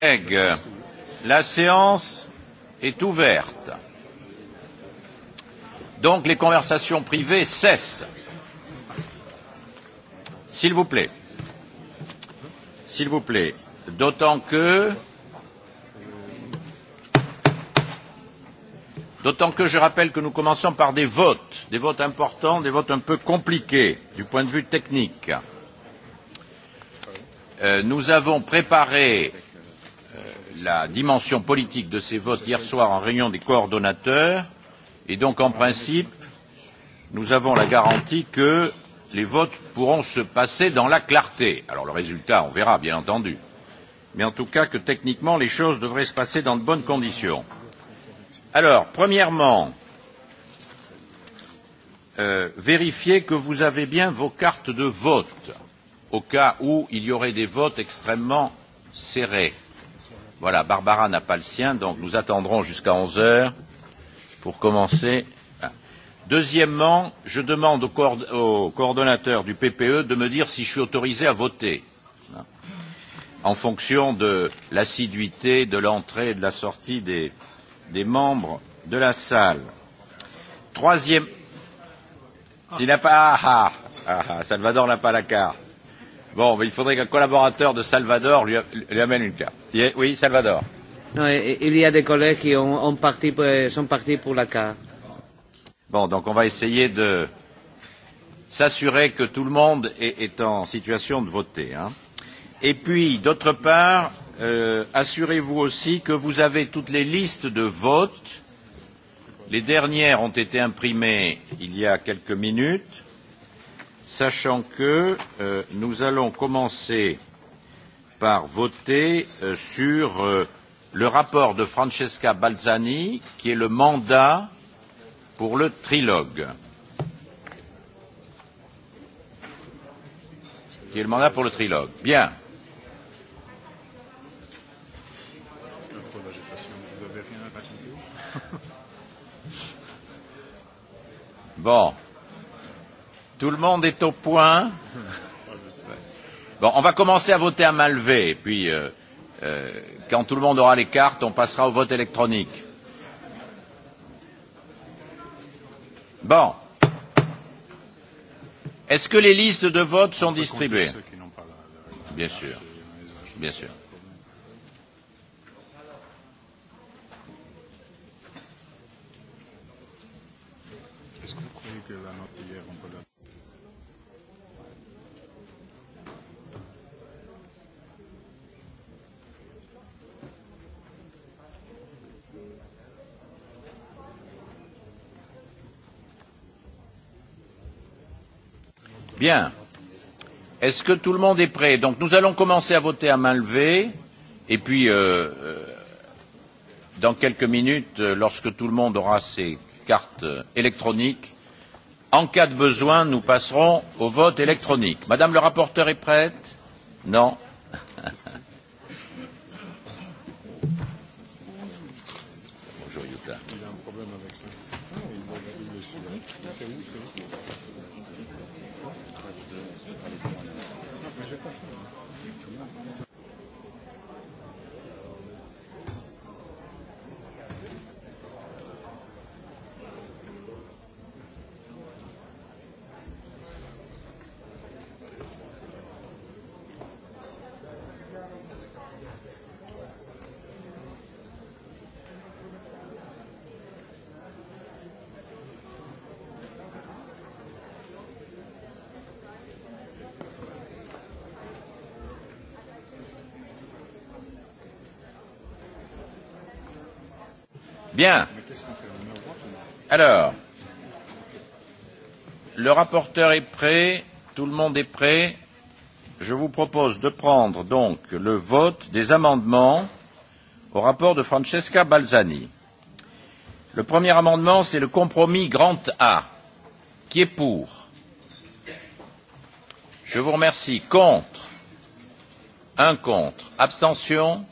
Collègues, la séance est ouverte. Donc les conversations privées cessent. S'il vous plaît. S'il vous plaît. D'autant que. D'autant que je rappelle que nous commençons par des votes, des votes importants, des votes un peu compliqués du point de vue technique. Euh, nous avons préparé la dimension politique de ces votes hier soir en réunion des coordonnateurs et donc en principe, nous avons la garantie que les votes pourront se passer dans la clarté. Alors le résultat, on verra bien entendu, mais en tout cas que techniquement les choses devraient se passer dans de bonnes conditions. Alors, premièrement, euh, vérifiez que vous avez bien vos cartes de vote au cas où il y aurait des votes extrêmement serrés. Voilà, Barbara n'a pas le sien, donc nous attendrons jusqu'à 11 heures pour commencer. Ah. Deuxièmement, je demande au, coord au coordonnateur du PPE de me dire si je suis autorisé à voter en fonction de l'assiduité de l'entrée et de la sortie des, des membres de la salle. Troisième. Il n'a pas. Ah, ah, ah, ah Salvador n'a pas la carte. Bon, mais il faudrait qu'un collaborateur de Salvador lui, lui amène une carte. Oui, Salvador. Non, il y a des collègues qui ont, ont parti, sont partis pour la carte. Bon, donc on va essayer de s'assurer que tout le monde est, est en situation de voter. Hein. Et puis, d'autre part, euh, assurez-vous aussi que vous avez toutes les listes de vote. Les dernières ont été imprimées il y a quelques minutes sachant que euh, nous allons commencer par voter euh, sur euh, le rapport de Francesca Balzani, qui est le mandat pour le trilogue. Qui est le mandat pour le trilogue. Bien. Bon. Tout le monde est au point. Bon, on va commencer à voter à main levée, et puis euh, euh, quand tout le monde aura les cartes, on passera au vote électronique. Bon. Est-ce que les listes de vote sont distribuées Bien sûr. Bien sûr. Bien. Est-ce que tout le monde est prêt Donc nous allons commencer à voter à main levée et puis euh, euh dans quelques minutes, euh, lorsque tout le monde aura ses cartes euh, électroniques, en cas de besoin, nous passerons au vote électronique. Madame le rapporteur est prête Non Bien. Alors, le rapporteur est prêt, tout le monde est prêt. Je vous propose de prendre donc le vote des amendements au rapport de Francesca Balzani. Le premier amendement, c'est le compromis grand A. Qui est pour Je vous remercie. Contre Un contre. Abstention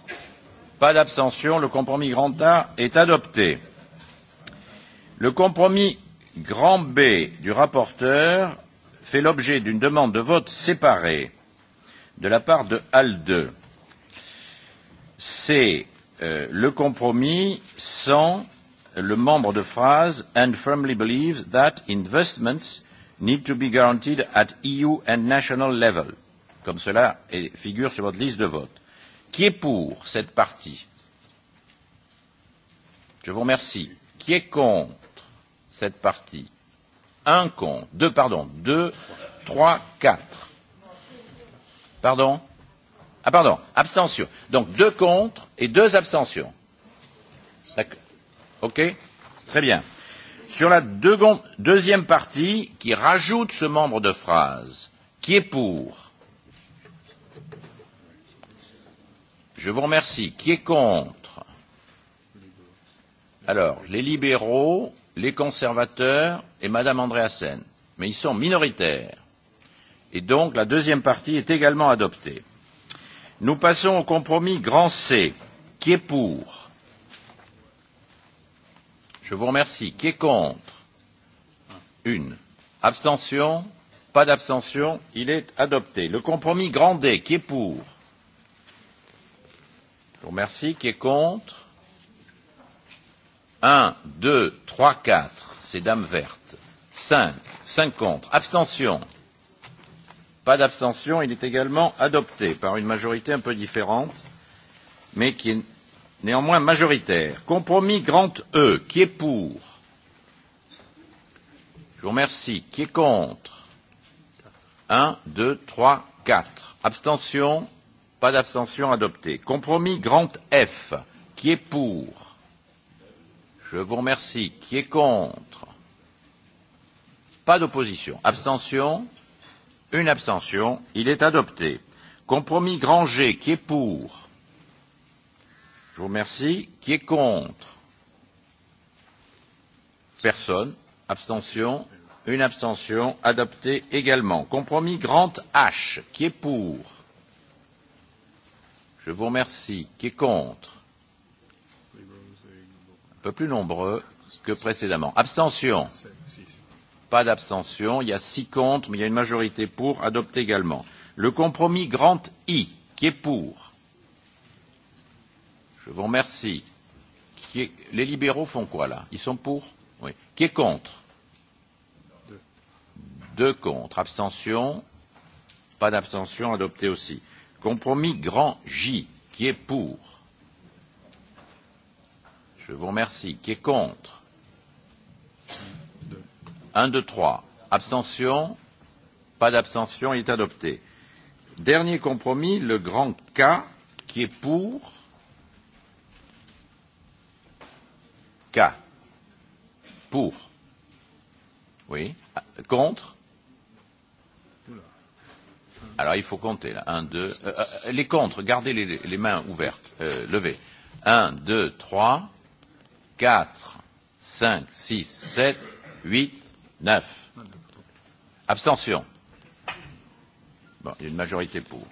Pas d'abstention. Le compromis grand A est adopté. Le compromis grand B du rapporteur fait l'objet d'une demande de vote séparée de la part de ALDE. C'est euh, le compromis sans le membre de phrase and firmly believes that investments need to be guaranteed at EU and national level, comme cela est, figure sur votre liste de vote. Qui est pour cette partie Je vous remercie. Qui est contre cette partie Un contre. Deux, pardon. Deux, trois, quatre. Pardon Ah, pardon. Abstention. Donc deux contre et deux abstentions. D'accord. OK Très bien. Sur la deuxième partie qui rajoute ce membre de phrase, qui est pour Je vous remercie. Qui est contre Alors, les libéraux, les conservateurs et Madame Andréassen. Mais ils sont minoritaires. Et donc, la deuxième partie est également adoptée. Nous passons au compromis grand C. Qui est pour Je vous remercie. Qui est contre Une. Abstention Pas d'abstention. Il est adopté. Le compromis grand D. Qui est pour vous remercie. Qui est contre Un, deux, trois, quatre. c'est dame verte. Cinq. Cinq contre. Abstention Pas d'abstention. Il est également adopté par une majorité un peu différente, mais qui est néanmoins majoritaire. Compromis grand E, qui est pour Je vous remercie. Qui est contre Un, deux, trois, quatre. Abstention Pas d'abstention adopté. Compromis grand F. Qui est pour Je vous remercie. Qui est contre Pas d'opposition. Abstention Une abstention. Il est adopté. Compromis grand G. Qui est pour Je vous remercie. Qui est contre Personne. Abstention Une abstention. Adopté également. Compromis grand H. Qui est pour Je vous remercie. Qui est contre Un peu plus nombreux que précédemment. Abstention Pas d'abstention. Il y a six contre, mais il y a une majorité pour. Adopté également. Le compromis grand I, qui est pour Je vous remercie. Qui est... Les libéraux font quoi là Ils sont pour Oui. Qui est contre Deux contre. Abstention Pas d'abstention. Adopté aussi. Compromis grand J, qui est pour Je vous remercie. Qui est contre 1, 2, 3. Abstention Pas d'abstention, il est adopté. Dernier compromis, le grand K, qui est pour K. Pour. Oui. Ah, contre Alors il faut compter. Là. Un, deux. Euh, euh les contre, gardez les, les mains ouvertes, euh, levées. Un, deux, trois, quatre, cinq, six, sept, huit, neuf. Abstention. Bon, il y a une majorité pour.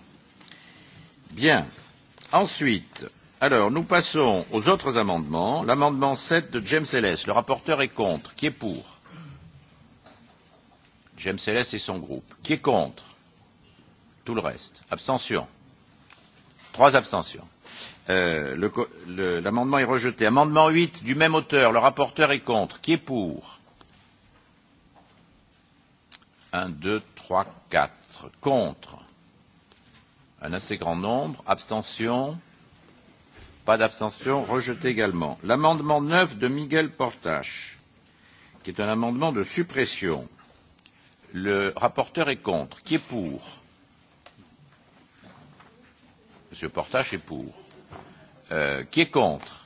Bien. Ensuite, alors nous passons aux autres amendements. L'amendement 7 de James Ellis. Le rapporteur est contre. Qui est pour James Ellis et son groupe. Qui est contre Tout le reste. Abstention. Trois abstentions. Euh, L'amendement est rejeté. Amendement 8 du même auteur. Le rapporteur est contre. Qui est pour 1, 2, 3, 4. Contre. Un assez grand nombre. Abstention. Pas d'abstention. Rejeté également. L'amendement 9 de Miguel Portache, qui est un amendement de suppression. Le rapporteur est contre. Qui est pour 1, Monsieur Portache est pour. Euh, qui est contre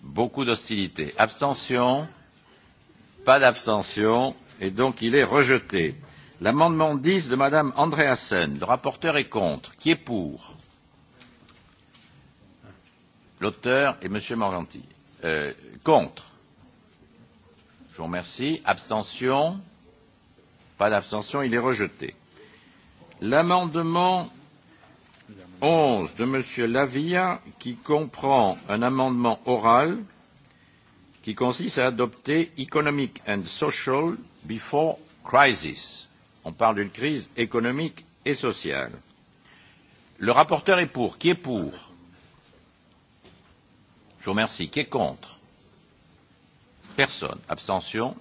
Beaucoup d'hostilité. Abstention Pas d'abstention. Et donc il est rejeté. L'amendement 10 de Madame Andreasen, le rapporteur est contre. Qui est pour L'auteur est Monsieur Morganti. Euh, contre Je vous remercie. Abstention Pas d'abstention, il est rejeté. L'amendement 11 de Monsieur Lavia qui comprend un amendement oral qui consiste à adopter Economic and Social Before Crisis. On parle d'une crise économique et sociale. Le rapporteur est pour. Qui est pour Je vous remercie. Qui est contre Personne. Abstention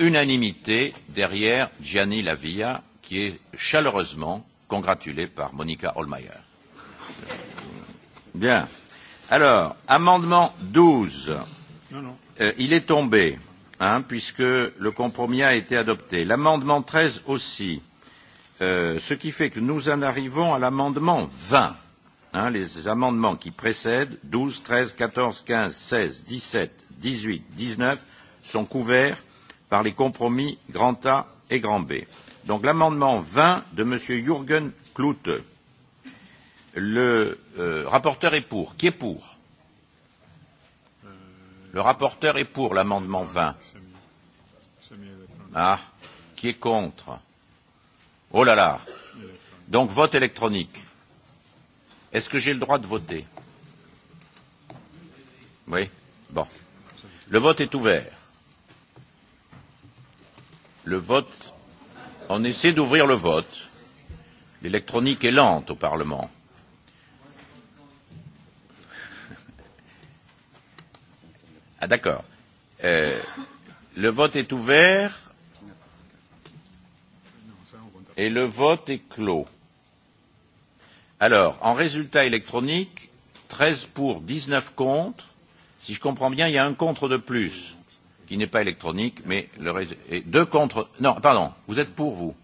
Unanimité derrière Gianni Lavia qui est chaleureusement congratulé par Monica Holmeyer. Bien. Alors, amendement 12. Non, non. Euh, il est tombé, hein, puisque le compromis a été adopté. L'amendement 13 aussi. Euh, ce qui fait que nous en arrivons à l'amendement 20. Hein, les amendements qui précèdent 12, 13, 14, 15, 16, 17, 18, 19 sont couverts par les compromis grand A et grand B. Donc l'amendement 20 de M. Jürgen Klute, Le euh, rapporteur est pour. Qui est pour euh, Le rapporteur est pour l'amendement 20. Euh, ah, qui est contre Oh là là Donc vote électronique. Est-ce que j'ai le droit de voter Oui Bon. Le vote est ouvert. Le vote On essaie d'ouvrir le vote. L'électronique est lente au Parlement. Ah d'accord. Euh, le vote est ouvert et le vote est clos. Alors, en résultat électronique, 13 pour, 19 contre. Si je comprends bien, il y a un contre de plus qui n'est pas électronique, mais le et deux contre. Non, pardon, vous êtes pour, vous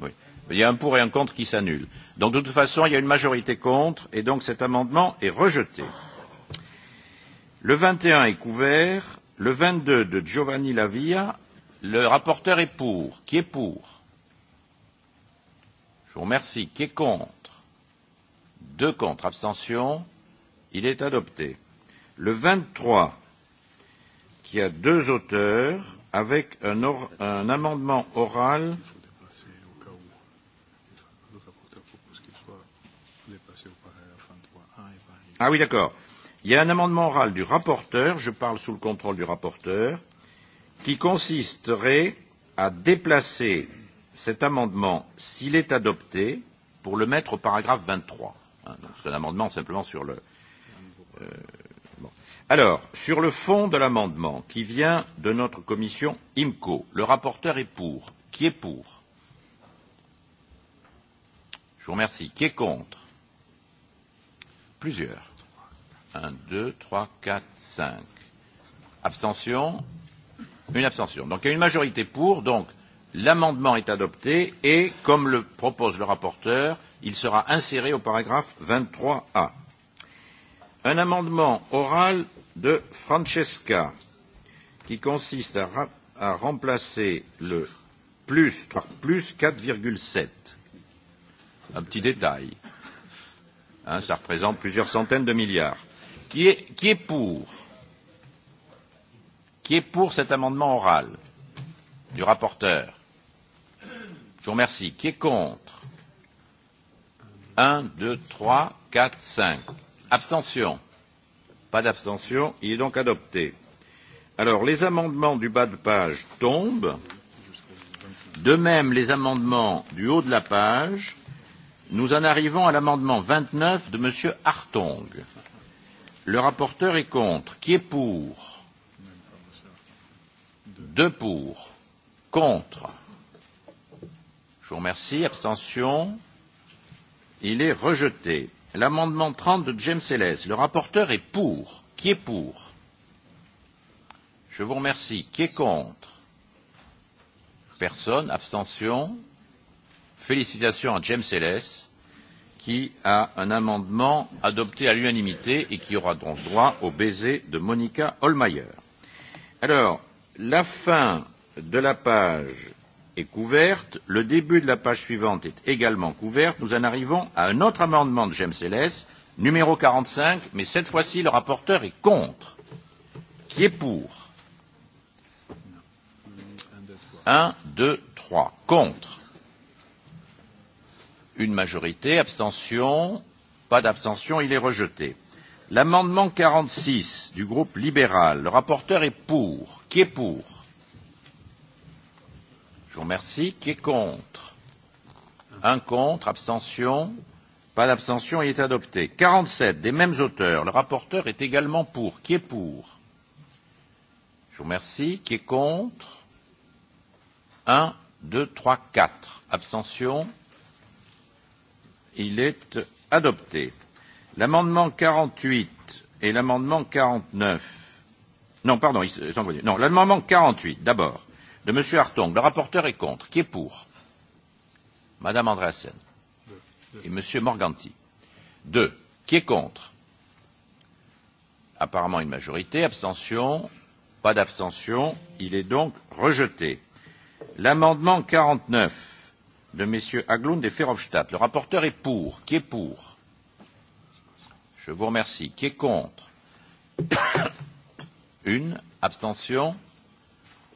Oui. Il y a un pour et un contre qui s'annulent. Donc, de toute façon, il y a une majorité contre, et donc cet amendement est rejeté. Le 21 est couvert. Le 22 de Giovanni Lavia, le rapporteur est pour. Qui est pour Je vous remercie. Qui est contre Deux contre. Abstention. Il est adopté. Le 23 qui a deux auteurs avec un, or, un amendement oral. Ah oui, d'accord. Il y a un amendement oral du rapporteur, je parle sous le contrôle du rapporteur, qui consisterait à déplacer cet amendement, s'il est adopté, pour le mettre au paragraphe 23. C'est un amendement simplement sur le, euh, Alors, sur le fond de l'amendement qui vient de notre commission IMCO, le rapporteur est pour. Qui est pour Je vous remercie. Qui est contre Plusieurs. 1, 2, 3, 4, 5. Abstention Une abstention. Donc il y a une majorité pour, donc l'amendement est adopté et, comme le propose le rapporteur, il sera inséré au paragraphe 23A. Un amendement oral de Francesca, qui consiste à, à remplacer le plus par plus 4,7. Un petit détail. Hein, ça représente plusieurs centaines de milliards. Qui est, qui est pour Qui est pour cet amendement oral du rapporteur Je vous remercie. Qui est contre 1, 2, 3, 4, 5. Abstention. Pas d'abstention. Il est donc adopté. Alors, les amendements du bas de page tombent. De même, les amendements du haut de la page. Nous en arrivons à l'amendement 29 de M. Hartong. Le rapporteur est contre. Qui est pour Deux pour. Contre. Je vous remercie. Abstention. Il est rejeté. L'amendement 30 de James Ellis. Le rapporteur est pour. Qui est pour Je vous remercie. Qui est contre Personne. Abstention. Félicitations à James Ellis qui a un amendement adopté à l'unanimité et qui aura donc droit au baiser de Monica Holmeyer. Alors, la fin de la page est couverte. Le début de la page suivante est également couverte. Nous en arrivons à un autre amendement de James Ellis, numéro 45, mais cette fois-ci, le rapporteur est contre. Qui est pour 1, 2, 3. Contre Une majorité. Abstention Pas d'abstention, il est rejeté. L'amendement 46 du groupe libéral, le rapporteur est pour. Qui est pour 1, Je vous remercie. Qui est contre Un contre, abstention Pas d'abstention, il est adopté. 47, des mêmes auteurs. Le rapporteur est également pour. Qui est pour Je vous remercie. Qui est contre 1, 2, 3, 4. Abstention Il est adopté. L'amendement 48 et l'amendement 49. Non, pardon, ils sont Non, l'amendement 48, d'abord de M. Hartong. Le rapporteur est contre. Qui est pour Madame Andreasen et M. Morganti. Deux. Qui est contre Apparemment une majorité. Abstention Pas d'abstention. Il est donc rejeté. L'amendement 49 de M. Aglund et Ferovstadt, Le rapporteur est pour. Qui est pour Je vous remercie. Qui est contre Une abstention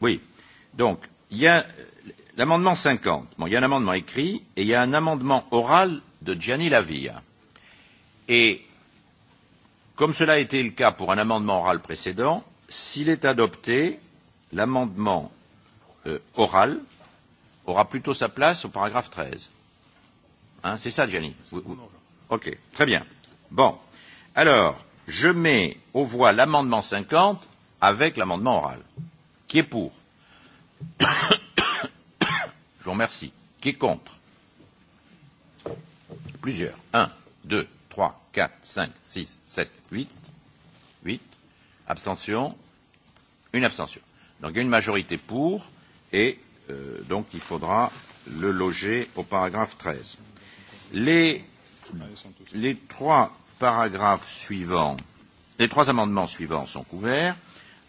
Oui. Donc, il y a l'amendement 50. Bon, il y a un amendement écrit et il y a un amendement oral de Gianni Lavia. Et comme cela a été le cas pour un amendement oral précédent, s'il est adopté, l'amendement euh, oral aura plutôt sa place au paragraphe 13. Hein, c'est ça, Gianni oui, oui. Ok, très bien. Bon. Alors, je mets aux voix l'amendement 50 avec l'amendement oral. Qui est pour Je vous remercie. Qui est contre Plusieurs. 1, 2, 3, 4, 5, 6, 7, 8. 8. Abstention. Une abstention. Donc il y a une majorité pour et euh, donc il faudra le loger au paragraphe 13. Les, les trois paragraphes suivants, les trois amendements suivants sont couverts.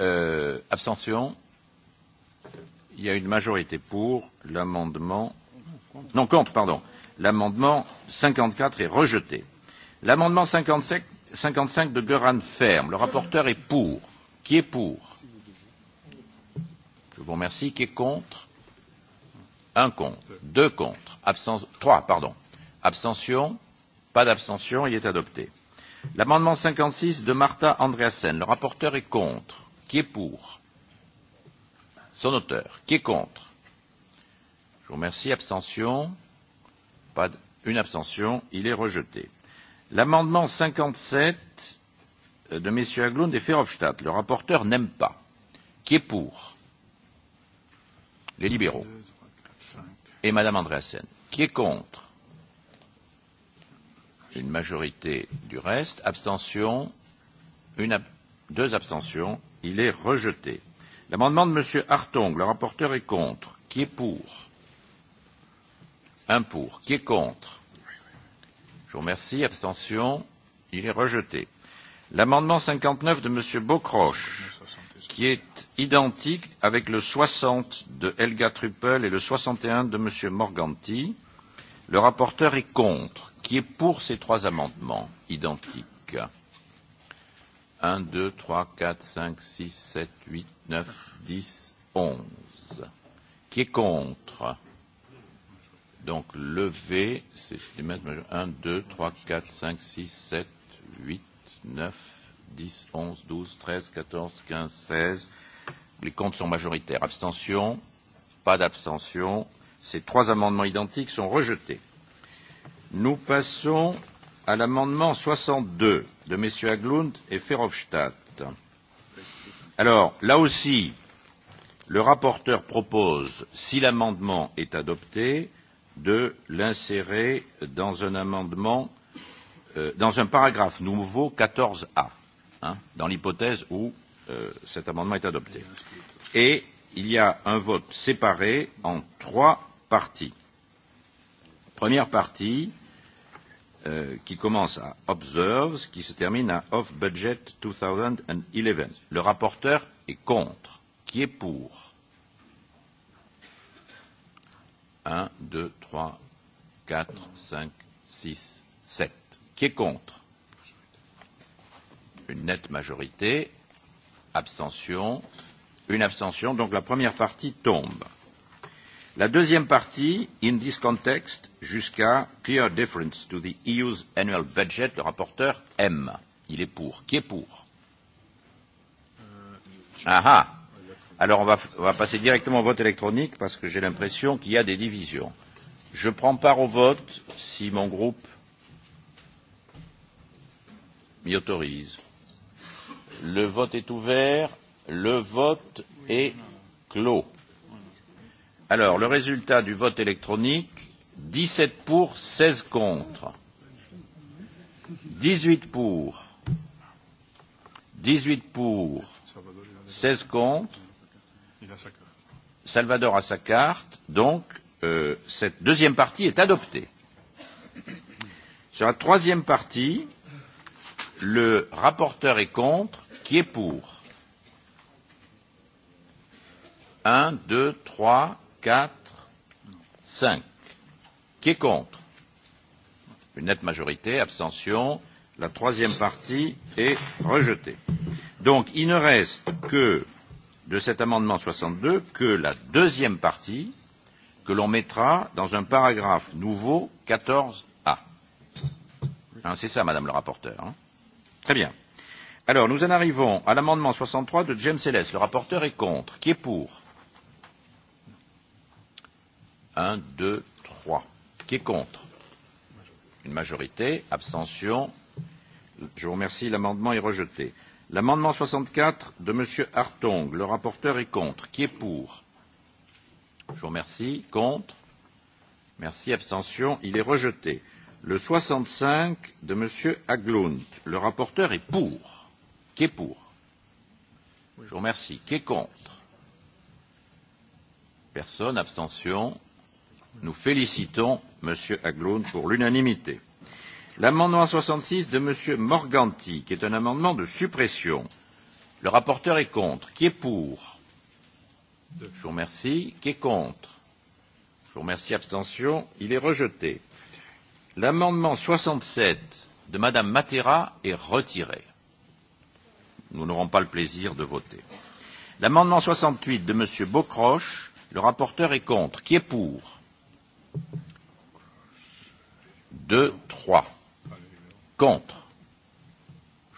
Euh, abstention Il y a une majorité pour l'amendement. Non, contre, pardon. L'amendement 54 est rejeté. L'amendement 55, 55 de Göran Ferme, le rapporteur est pour. Qui est pour Je vous remercie. Qui est contre Un contre. Deux contre. Absence, trois, pardon. Abstention Pas d'abstention. Il est adopté. L'amendement 56 de Martha Andreasen, le rapporteur est contre qui est pour Son auteur, qui est contre Je vous remercie. Abstention Pas de, Une abstention. Il est rejeté. L'amendement 57 euh, de M. Aglund et Verhofstadt, le rapporteur n'aime pas. Qui est pour Les libéraux. Et Mme Andreasen. Qui est contre Une majorité du reste. Abstention. Une ab deux abstentions. Il est rejeté. L'amendement de M. Hartong, le rapporteur est contre. Qui est pour Un pour. Qui est contre Je vous remercie. Abstention. Il est rejeté. L'amendement 59 de M. Bocroche, qui est identique avec le 60 de Helga Truppel et le 61 de M. Morganti. Le rapporteur est contre. Qui est pour ces trois amendements identiques 1, 2, 3, 4, 5, 6, 7, 8, 9, 10, 11. Qui est contre Donc levé, c'est 1, 2, 3, 4, 5, 6, 7, 8, 9, 10, 11, 12, 13, 14, 15, 16. Les comptes sont majoritaires. Abstention Pas d'abstention. Ces trois amendements identiques sont rejetés. Nous passons à l'amendement 62 de M. Aglund et Verhofstadt. Alors, là aussi, le rapporteur propose, si l'amendement est adopté, de l'insérer dans un amendement, euh, dans un paragraphe nouveau 14A, hein, dans l'hypothèse où euh, cet amendement est adopté. Et il y a un vote séparé en trois parties. Première partie, Euh, qui commence à Observes, qui se termine à Off Budget 2011. Le rapporteur est contre. Qui est pour 1, 2, 3, 4, 5, 6, 7. Qui est contre Une nette majorité. Abstention. Une abstention. Donc la première partie tombe. La deuxième partie, in this context, jusqu'à clear difference to the EU's annual budget, le rapporteur aime. Il est pour. Qui est pour euh, Ah ah Alors on va, on va passer directement au vote électronique parce que j'ai l'impression qu'il y a des divisions. Je prends part au vote si mon groupe m'y autorise. Le vote est ouvert. Le vote est clos. Alors, le résultat du vote électronique, 17 pour, 16 contre. 18 pour. 18 pour. 16 contre. Salvador a sa carte. Donc, euh, cette deuxième partie est adoptée. Sur la troisième partie, le rapporteur est contre. Qui est pour 1, 2, 3, 4, 5. Qui est contre Une nette majorité, abstention. La troisième partie est rejetée. Donc il ne reste que de cet amendement 62 que la deuxième partie que l'on mettra dans un paragraphe nouveau 14A. Hein, C'est ça, Madame le rapporteur. Hein. Très bien. Alors, nous en arrivons à l'amendement 63 de James Ellis. Le rapporteur est contre. Qui est pour 1, 2, 3. Qui est contre Une majorité. Abstention. Je vous remercie. L'amendement est rejeté. L'amendement 64 de M. Hartong. Le rapporteur est contre. Qui est pour Je vous remercie. Contre Merci. Abstention. Il est rejeté. Le 65 de M. Haglund. Le rapporteur est pour. Qui est pour Je vous remercie. Qui est contre Personne. Abstention. Nous félicitons M. Agloun pour l'unanimité. L'amendement 66 de M. Morganti, qui est un amendement de suppression. Le rapporteur est contre. Qui est pour Je vous remercie. Qui est contre Je vous remercie. Abstention. Il est rejeté. L'amendement 67 de Mme Matera est retiré. Nous n'aurons pas le plaisir de voter. L'amendement 68 de M. Bocroche, le rapporteur est contre. Qui est pour 2, 3. Contre.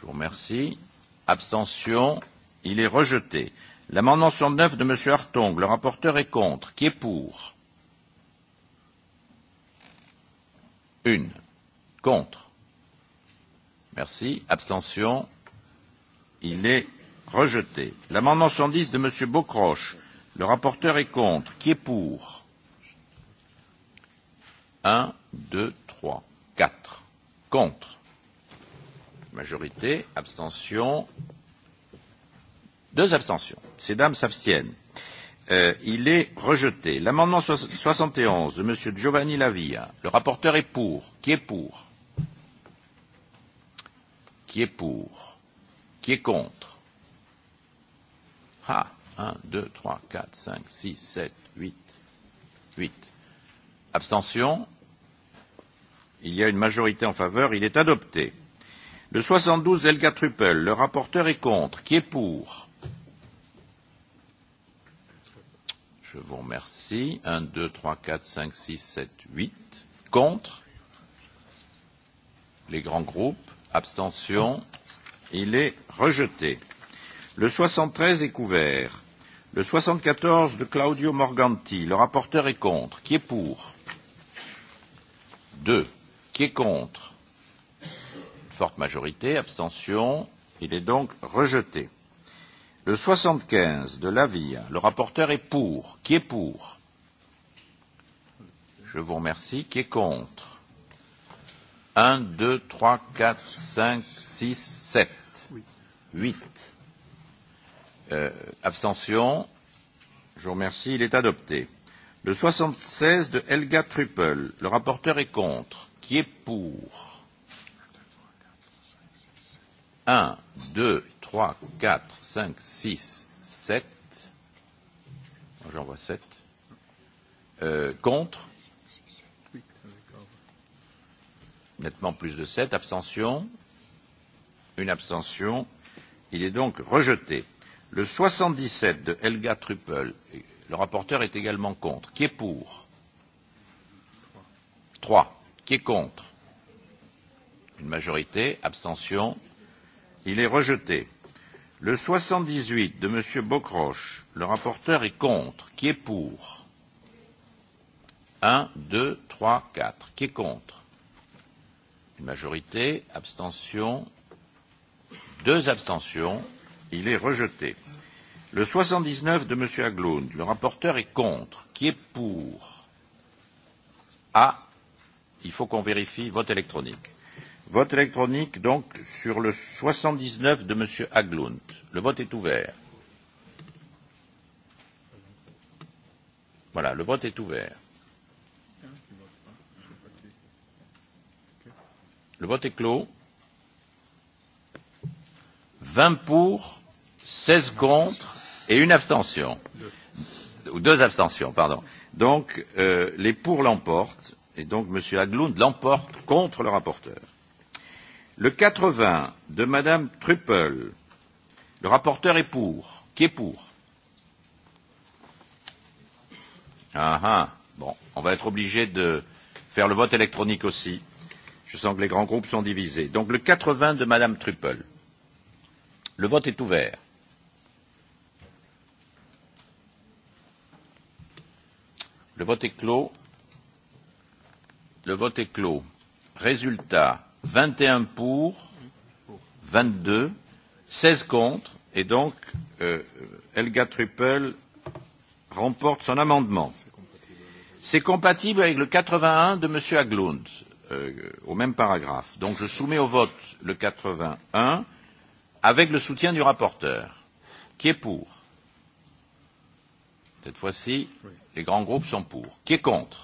Je vous remercie. Abstention. Il est rejeté. L'amendement 109 de M. Hartong, le rapporteur est contre. Qui est pour Une. Contre. Merci. Abstention. Il est rejeté. L'amendement 110 de M. Bocroche, le rapporteur est contre. Qui est pour 1, 2, 3, 4. Contre. Majorité. Abstention. Deux abstentions. Ces dames s'abstiennent. Euh, il est rejeté. L'amendement so 71 de M. Giovanni Lavia. Le rapporteur est pour. Qui est pour Qui est pour Qui est contre Ah 1, 2, 3, 4, 5, 6, 7, 8. 8. Abstention Il y a une majorité en faveur. Il est adopté. Le 72 Elga Truppel, le rapporteur est contre. Qui est pour Je vous remercie. 1, 2, 3, 4, 5, 6, 7, 8. Contre Les grands groupes. Abstention. Il est rejeté. Le 73 est couvert. Le 74 de Claudio Morganti, le rapporteur est contre. Qui est pour Deux. Qui est contre Une forte majorité. Abstention. Il est donc rejeté. Le 75 de l'avis, le rapporteur est pour. Qui est pour Je vous remercie. Qui est contre 1, 2, 3, 4, 5, 6, 7. 8. Euh, abstention. Je vous remercie. Il est adopté. Le 76 de Helga Truppel. Le rapporteur est contre qui est pour 1, 2, 3, 4, 5, 6, 7. J'en vois 7. Euh, contre Nettement plus de 7. Abstention Une abstention. Il est donc rejeté. Le 77 de Helga Truppel, le rapporteur est également contre. Qui est pour 3. Qui est contre Une majorité. Abstention. Il est rejeté. Le 78 de M. Bocroche, le rapporteur est contre. Qui est pour 1, 2, 3, 4. Qui est contre Une majorité. Abstention. Deux abstentions. Il est rejeté. Le 79 de M. Agloun, le rapporteur est contre. Qui est pour A, il faut qu'on vérifie vote électronique. Vote électronique donc sur le 79 de Monsieur Aglund. Le vote est ouvert. Voilà, le vote est ouvert. Le vote est clos. 20 pour, 16 contre et une abstention. Ou deux abstentions, pardon. Donc, euh, les pour l'emportent Et donc M. Haglund l'emporte contre le rapporteur. Le 80 de Mme Truppel, le rapporteur est pour. Qui est pour Ah ah, bon, on va être obligé de faire le vote électronique aussi. Je sens que les grands groupes sont divisés. Donc le 80 de Mme Truppel. Le vote est ouvert. Le vote est clos. Le vote est clos. Résultat, 21 pour, 22, 16 contre, et donc euh, Elga Truppel remporte son amendement. C'est compatible avec le 81 de M. Aglund, euh, au même paragraphe. Donc je soumets au vote le 81 avec le soutien du rapporteur. Qui est pour Cette fois-ci, les grands groupes sont pour. Qui est contre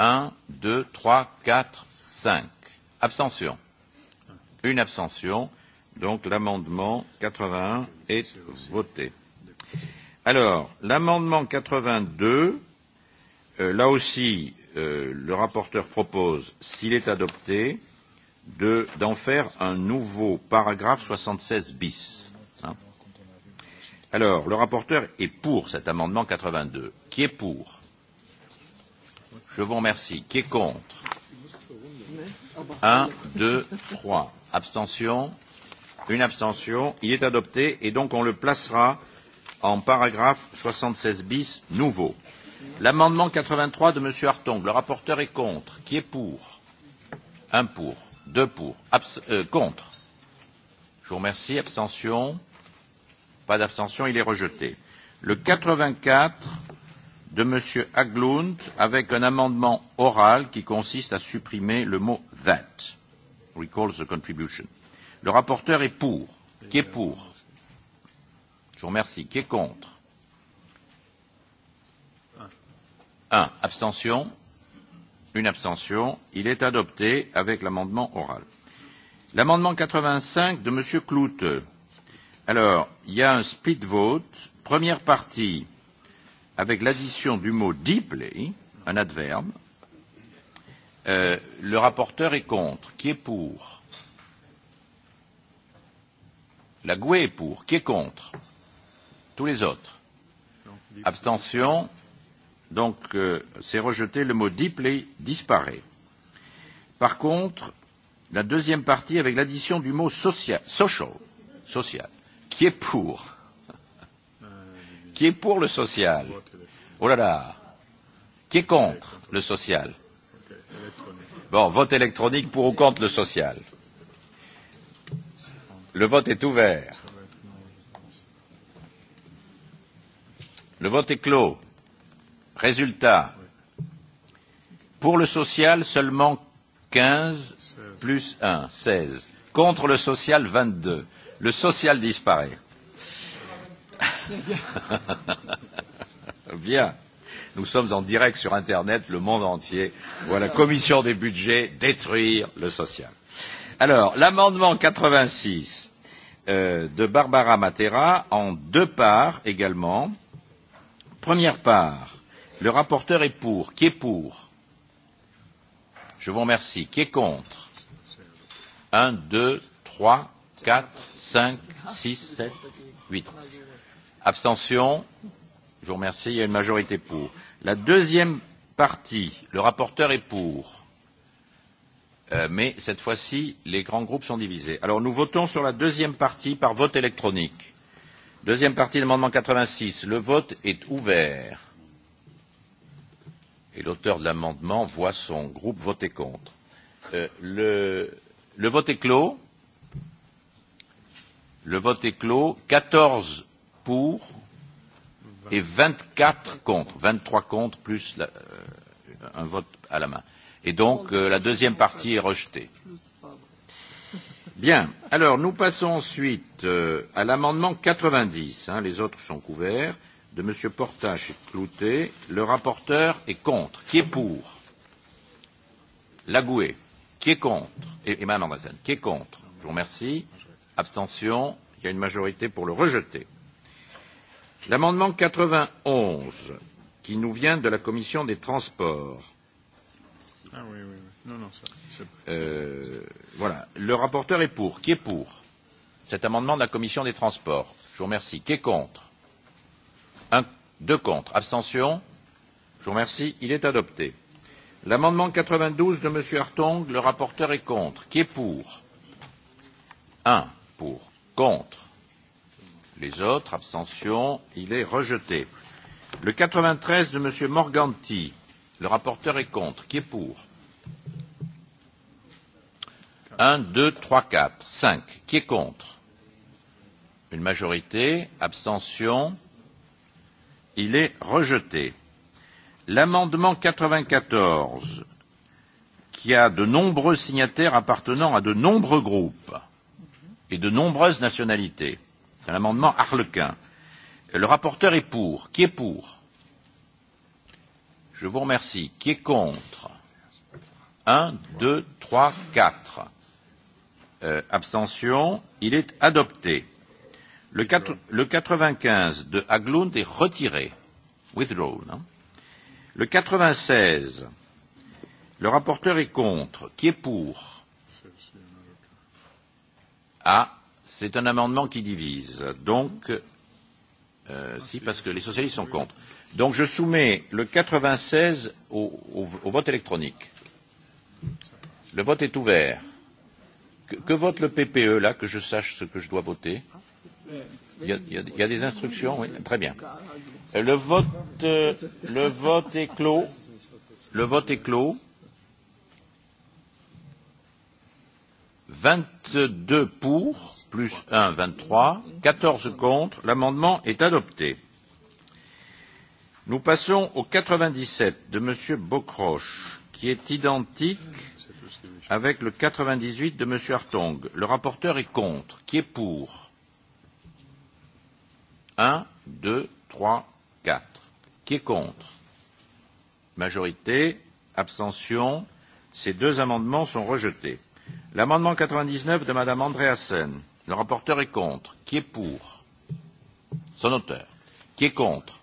1, 2, 3, 4, 5. Abstention. Une abstention. Donc l'amendement 81 est voté. Alors, l'amendement 82, euh, là aussi, euh, le rapporteur propose, s'il est adopté, d'en de, faire un nouveau paragraphe 76 bis. Hein Alors, le rapporteur est pour cet amendement 82. Qui est pour Je vous remercie. Qui est contre 1, 2, 3. Abstention Une abstention. Il est adopté et donc on le placera en paragraphe 76 bis nouveau. L'amendement 83 de M. Hartong, le rapporteur est contre. Qui est pour Un pour, deux pour, abs euh, contre. Je vous remercie. Abstention Pas d'abstention, il est rejeté. Le 84 de M. Haglund avec un amendement oral qui consiste à supprimer le mot « that »,« recalls the contribution ». Le rapporteur est pour. Qui est pour Je vous remercie. Qui est contre Un. Abstention Une abstention. Il est adopté avec l'amendement oral. L'amendement 85 de M. Cloute. Alors, il y a un split vote. Première partie. « avec l'addition du mot deeply, un adverbe. Euh, le rapporteur est contre. Qui est pour La GUE est pour. Qui est contre Tous les autres. Abstention. Donc, euh, c'est rejeté. Le mot deeply disparaît. Par contre, la deuxième partie avec l'addition du mot social, social, social, qui est pour, euh, qui est pour le social, Oh là là. Qui est contre le social Bon, vote électronique pour ou contre le social. Le vote est ouvert. Le vote est clos. Résultat. Pour le social, seulement 15 plus 1, 16. Contre le social, 22. Le social disparaît. Bien. Nous sommes en direct sur Internet, le monde entier, voit la commission des budgets détruire le social. Alors, l'amendement 86 euh, de Barbara Matera, en deux parts également. Première part, le rapporteur est pour. Qui est pour Je vous remercie. Qui est contre 1, 2, 3, 4, 5, 6, 7, 8. Abstention Je vous remercie. Il y a une majorité pour. La deuxième partie, le rapporteur est pour. Euh, mais cette fois-ci, les grands groupes sont divisés. Alors nous votons sur la deuxième partie par vote électronique. Deuxième partie de l'amendement 86. Le vote est ouvert. Et l'auteur de l'amendement voit son groupe voter contre. Euh, le, le vote est clos. Le vote est clos. 14 pour, et 24 contre, 23 contre plus la, euh, un vote à la main. Et donc euh, la deuxième partie est rejetée. Bien, alors nous passons ensuite euh, à l'amendement 90, hein, les autres sont couverts, de M. Portache et Clouté. Le rapporteur est contre. Qui est pour Lagoué. Qui est contre Et Mme Andersen. Qui est contre Je vous remercie. Abstention. Il y a une majorité pour le rejeter. L'amendement 91, qui nous vient de la commission des transports. Ah oui, oui, oui. Non, non, ça, c'est, euh, voilà. Le rapporteur est pour. Qui est pour cet amendement de la commission des transports Je vous remercie. Qui est contre Un, Deux contre. Abstention Je vous remercie. Il est adopté. L'amendement 92 de M. Hartong, le rapporteur est contre. Qui est pour Un pour. Contre Les autres, abstention, il est rejeté. Le 93 de M. Morganti, le rapporteur est contre. Qui est pour 1, 2, 3, 4, 5. Qui est contre Une majorité. Abstention. Il est rejeté. L'amendement 94, qui a de nombreux signataires appartenant à de nombreux groupes et de nombreuses nationalités, C'est un amendement arlequin. Le rapporteur est pour. Qui est pour Je vous remercie. Qui est contre 1, 2, 3, 4. Euh, abstention. Il est adopté. Le, 4, le 95 de Haglund est retiré. Withdrawn. Hein. Le 96. Le rapporteur est contre. Qui est pour Ah, C'est un amendement qui divise. Donc, euh, si, parce que les socialistes sont contre. Donc, je soumets le 96 au, au, au vote électronique. Le vote est ouvert. Que, que vote le PPE, là, que je sache ce que je dois voter il y, a, il y a il y a des instructions, oui. Très bien. Euh, le vote, euh, le vote est clos. Le vote est clos. 22 pour, plus 1, 23, 14 contre, l'amendement est adopté. Nous passons au 97 de Monsieur Bocroche, qui est identique avec le 98 de Monsieur Hartong. Le rapporteur est contre. Qui est pour 1, 2, 3, 4. Qui est contre Majorité, abstention. Ces deux amendements sont rejetés. L'amendement 99 de Mme Andréassen. Le rapporteur est contre. Qui est pour Son auteur. Qui est contre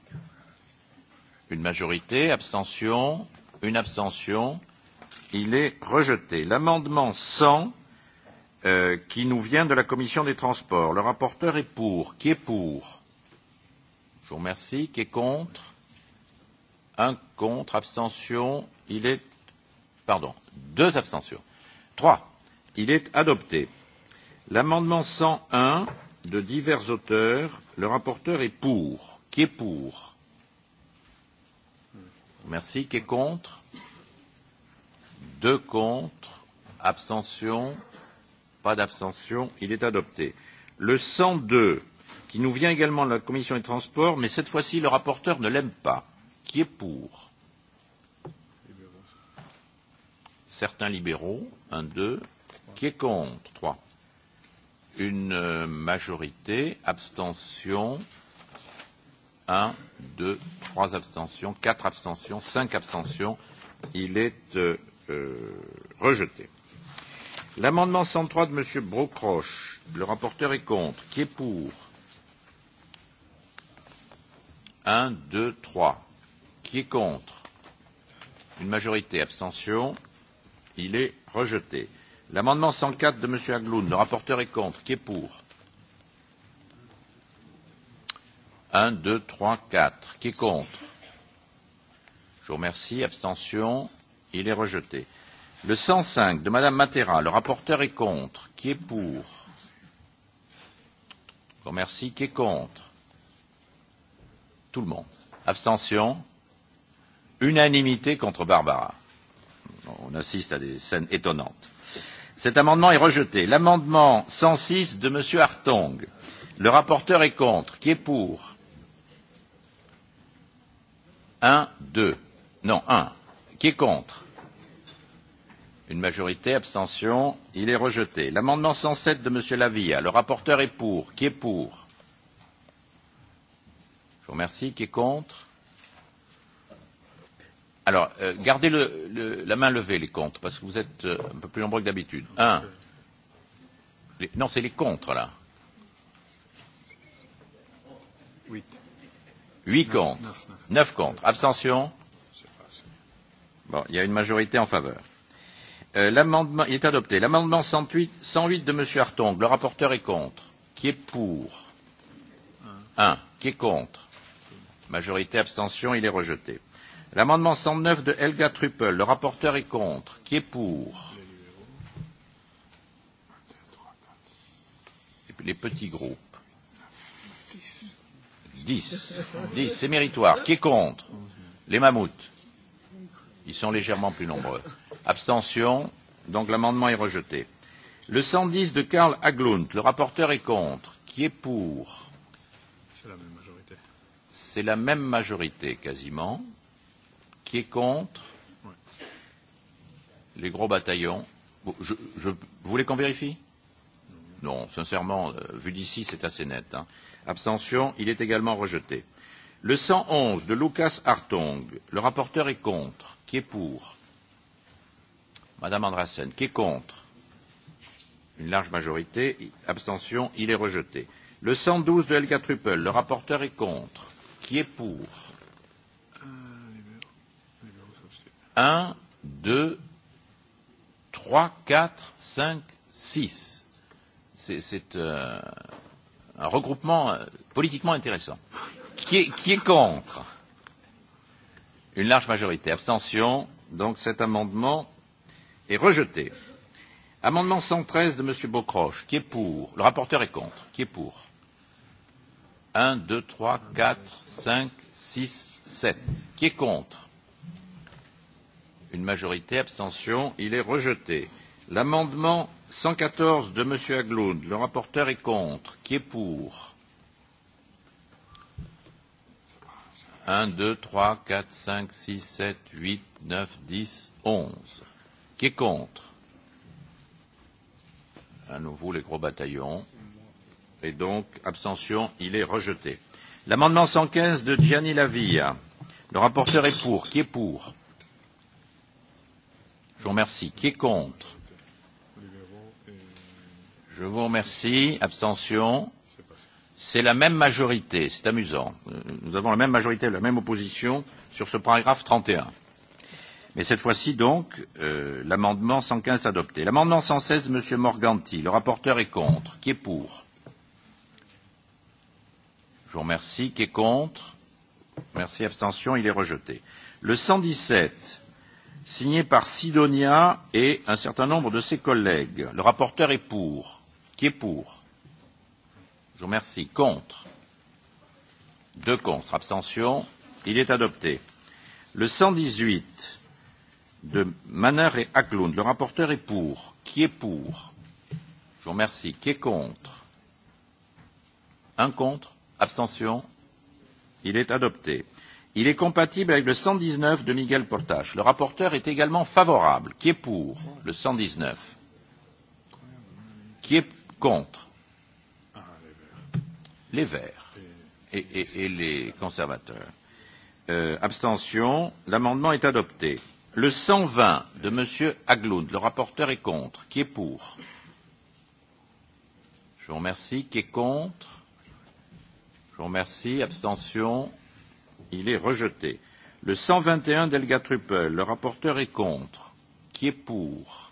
Une majorité. Abstention. Une abstention. Il est rejeté. L'amendement 100 euh, qui nous vient de la commission des transports. Le rapporteur est pour. Qui est pour Je vous remercie. Qui est contre Un contre. Abstention. Il est. Pardon. Deux abstentions. Trois. Il est adopté. L'amendement 101 de divers auteurs, le rapporteur est pour. Qui est pour Merci. Qui est contre Deux contre. Abstention Pas d'abstention. Il est adopté. Le 102, qui nous vient également de la Commission des Transports, mais cette fois-ci, le rapporteur ne l'aime pas. Qui est pour Certains libéraux. Un, deux. Qui est contre Trois une euh, majorité, abstention, 1, 2, 3 abstentions, 4 abstentions, 5 abstentions. Il est euh, euh, rejeté. L'amendement 103 de M. Brocroche, le rapporteur est contre. Qui est pour 1, 2, 3. Qui est contre Une majorité, abstention. Il est rejeté. L'amendement 104 de M. Agloun, le rapporteur est contre. Qui est pour 1, 2, 3, 4. Qui est contre Je vous remercie. Abstention. Il est rejeté. Le 105 de Mme Matera, le rapporteur est contre. Qui est pour Je vous remercie. Qui est contre Tout le monde. Abstention. Unanimité contre Barbara. On assiste à des scènes étonnantes. Cet amendement est rejeté. L'amendement 106 de Monsieur Hartong. Le rapporteur est contre. Qui est pour 1, 2. Non, 1. Qui est contre Une majorité, abstention. Il est rejeté. L'amendement 107 de Monsieur Lavia. Le rapporteur est pour. Qui est pour Je vous remercie. Qui est contre Alors, euh, gardez le, le, la main levée, les contre, parce que vous êtes euh, un peu plus nombreux que d'habitude. Un. Les, non, c'est les contre, là. Huit. Huit neuf, contre. Neuf, neuf. neuf contre. Abstention Bon, il y a une majorité en faveur. Euh, L'amendement, il est adopté. L'amendement 108, 108 de M. Hartong, le rapporteur est contre. Qui est pour Un. Qui est contre Majorité, abstention, il est rejeté. L'amendement 109 de Helga Truppel, le rapporteur est contre. Qui est pour Les petits groupes. 10. 10, c'est méritoire. Qui est contre Les mammouths. Ils sont légèrement plus nombreux. Abstention. Donc l'amendement est rejeté. Le 110 de Karl Haglund, le rapporteur est contre. Qui est pour C'est la même majorité. C'est la même majorité quasiment. Qui est contre Les gros bataillons. Je, je, vous voulez qu'on vérifie Non, sincèrement, euh, vu d'ici, c'est assez net. Hein. Abstention, il est également rejeté. Le 111 de Lucas Hartong, le rapporteur est contre. Qui est pour Madame Andrassen, qui est contre Une large majorité. Abstention, il est rejeté. Le 112 de Helga Truppel, le rapporteur est contre. Qui est pour 1, 2, 3, 4, 5, 6. C'est euh, un regroupement euh, politiquement intéressant. Qui est, qui est contre Une large majorité. Abstention. Donc cet amendement est rejeté. Amendement 113 de M. Bocroche. Qui est pour Le rapporteur est contre. Qui est pour 1, 2, 3, 4, 5, 6, 7. Qui est contre une majorité, abstention, il est rejeté. L'amendement 114 de monsieur Agloun, le rapporteur est contre. Qui est pour 1, 2, 3, 4, 5, 6, 7, 8, 9, 10, 11. Qui est contre À nouveau, les gros bataillons. Et donc, abstention, il est rejeté. L'amendement 115 de Gianni Lavia. Le rapporteur est pour. Qui est pour vous remercie. Qui est contre Je vous remercie. Abstention C'est la même majorité. C'est amusant. Nous avons la même majorité, la même opposition sur ce paragraphe 31. Mais cette fois-ci, donc, euh, l'amendement 115 adopté. L'amendement 116, Monsieur Morganti. Le rapporteur est contre. Qui est pour Je vous remercie. Qui est contre Merci. Abstention. Il est rejeté. Le 117, signé par Sidonia et un certain nombre de ses collègues. Le rapporteur est pour. Qui est pour Je vous remercie. Contre Deux contre. Abstention. Il est adopté. Le 118 de Manner et Aklund. Le rapporteur est pour. Qui est pour Je vous remercie. Qui est contre Un contre Abstention. Il est adopté. Il est compatible avec le 119 de Miguel Portache. Le rapporteur est également favorable. Qui est pour le 119 Qui est contre Les Verts et, et, et les conservateurs. Euh, abstention. L'amendement est adopté. Le 120 de M. Aglund. le rapporteur est contre. Qui est pour Je vous remercie. Qui est contre Je vous remercie. Abstention. Il est rejeté. Le 121 d'Elga Truppel, le rapporteur est contre. Qui est pour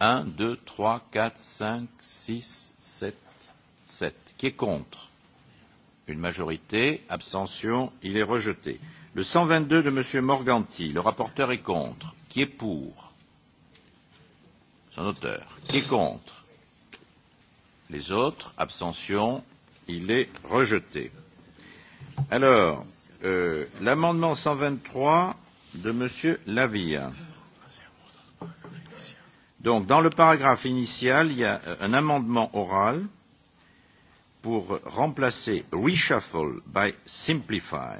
1, 2, 3, 4, 5, 6, 7, 7. Qui est contre Une majorité. Abstention. Il est rejeté. Le 122 de M. Morganti, le rapporteur est contre. Qui est pour Son auteur. Qui est contre Les autres Abstention. Il est rejeté. Alors, euh, l'amendement 123 de Monsieur Lavia. Donc, dans le paragraphe initial, il y a euh, un amendement oral pour remplacer reshuffle by simplify,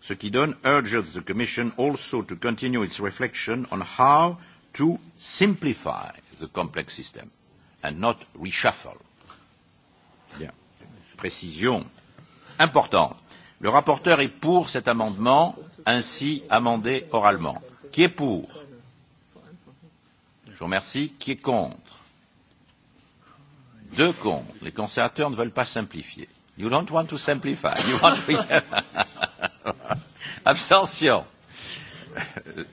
ce qui donne urges the Commission also to continue its reflection on how to simplify the complex system and not reshuffle. Bien précision importante. Le rapporteur est pour cet amendement, ainsi amendé oralement. Qui est pour Je vous remercie. Qui est contre Deux contre. Les conservateurs ne veulent pas simplifier. You don't want to simplify. You want to... Abstention.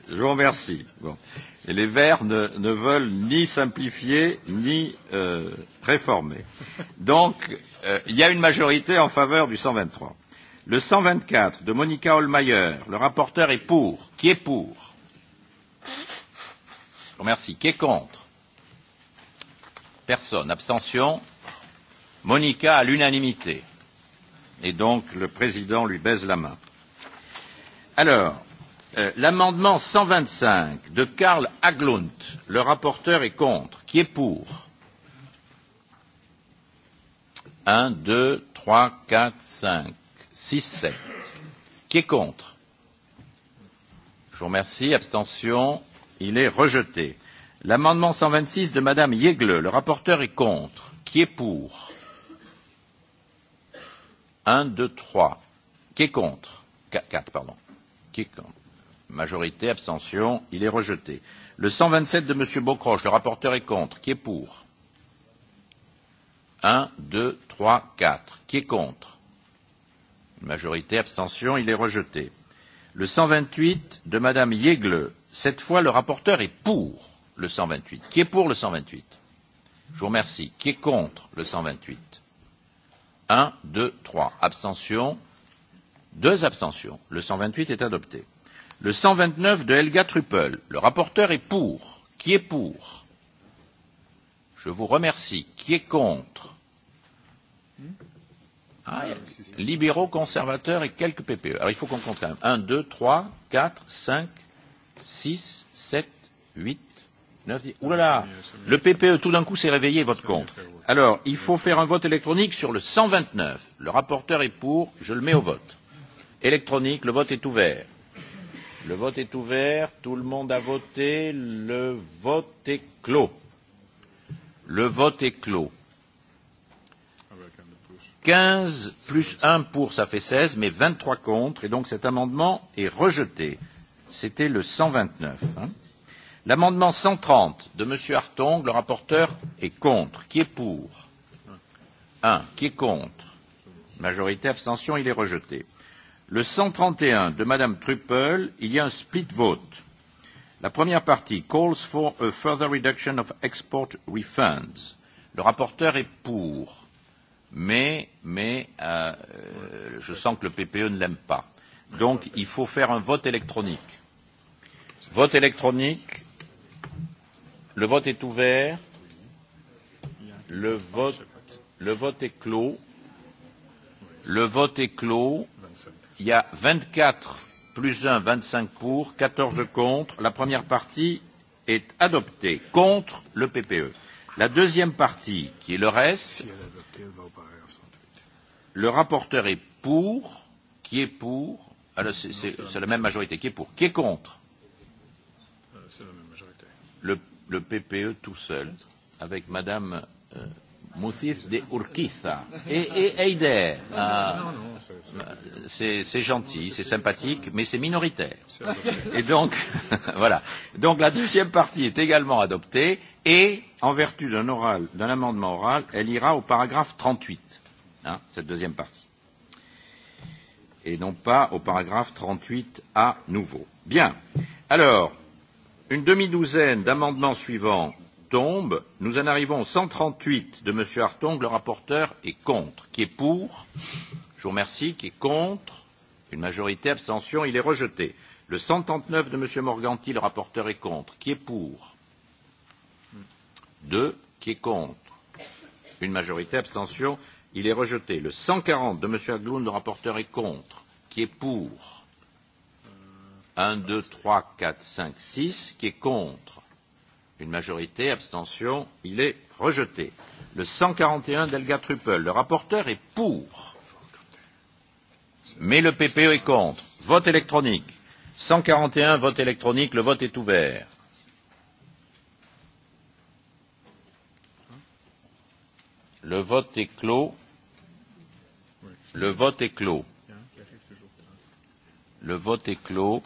Je vous remercie. Bon. Et les Verts ne, ne veulent ni simplifier ni euh, réformer. Donc, euh, il y a une majorité en faveur du 123. Le 124 de Monica Holmeyer, le rapporteur est pour. Qui est pour Je vous remercie. Qui est contre Personne. Abstention Monica à l'unanimité. Et donc, le président lui baise la main. Alors, Euh, l'amendement 125 de Karl Haglund, le rapporteur est contre. Qui est pour 1, 2, 3, 4, 5, 6, 7. Qui est contre Je vous remercie. Abstention. Il est rejeté. L'amendement 126 de Madame Yegle, le rapporteur est contre. Qui est pour 1, 2, 3. Qui est contre 4, Quatre, pardon. Qui est contre Majorité, abstention, il est rejeté. Le 127 de M. Bocroche, le rapporteur est contre. Qui est pour 1, 2, 3, 4. Qui est contre Une majorité, abstention, il est rejeté. Le 128 de Mme Yegle, cette fois le rapporteur est pour le 128. Qui est pour le 128 Je vous remercie. Qui est contre le 128 1, 2, 3. Abstention. Deux abstentions. Le 128 est adopté. Le 129 de Helga Truppel, le rapporteur est pour. Qui est pour Je vous remercie. Qui est contre hmm ah, ah Libéraux, conservateurs et quelques PPE. Alors il faut qu'on compte quand même. 1, 2, 3, 4, 5, 6, 7, 8, 9, 10. Ouh là là Le PPE tout d'un coup s'est réveillé vote contre. Alors il faut faire un vote électronique sur le 129. Le rapporteur est pour. Je le mets au vote. Électronique, le vote est ouvert. Le vote est ouvert. Tout le monde a voté. Le vote est clos. Le vote est clos. 15 plus 1 pour, ça fait 16, mais 23 contre, et donc cet amendement est rejeté. C'était le 129. Hein. L'amendement 130 de M. Hartong, le rapporteur, est contre. Qui est pour 1. Qui est contre Majorité, abstention, il est rejeté. Le 131 de Madame Truppel, il y a un split vote. La première partie calls for a further reduction of export refunds. Le rapporteur est pour, mais, mais euh, euh je sens que le PPE ne l'aime pas. Donc il faut faire un vote électronique. Vote électronique. Le vote est ouvert. Le vote, le vote est clos. Le vote est clos. Il y a 24 plus 1, 25 pour, 14 contre. La première partie est adoptée contre le PPE. La deuxième partie, qui est le reste, le rapporteur est pour, qui est pour, ah, c'est la même majorité, qui est pour, qui est contre euh, le, le PPE tout seul, avec Madame euh, Moussis de Urquiza. Et, et, et euh, c'est gentil, c'est sympathique, mais c'est minoritaire. Et donc, voilà. Donc la deuxième partie est également adoptée et, en vertu d'un oral, d'un amendement oral, elle ira au paragraphe 38, hein, cette deuxième partie. Et non pas au paragraphe 38 à nouveau. Bien. Alors, une demi-douzaine d'amendements suivants tombe. Nous en arrivons au 138 de M. Hartong. Le rapporteur est contre. Qui est pour Je vous remercie. Qui est contre Une majorité. Abstention. Il est rejeté. Le 139 de M. Morganti. Le rapporteur est contre. Qui est pour Deux. Qui est contre Une majorité. Abstention. Il est rejeté. Le 140 de M. Agloun. Le rapporteur est contre. Qui est pour 1, 2, 3, 4, 5, 6. Qui est contre Une majorité, abstention, il est rejeté. Le 141 d'Elga Truppel, le rapporteur est pour, mais le PPE est contre. Vote électronique. 141, vote électronique, le vote est ouvert. Le vote est clos. Le vote est clos. Le vote est clos.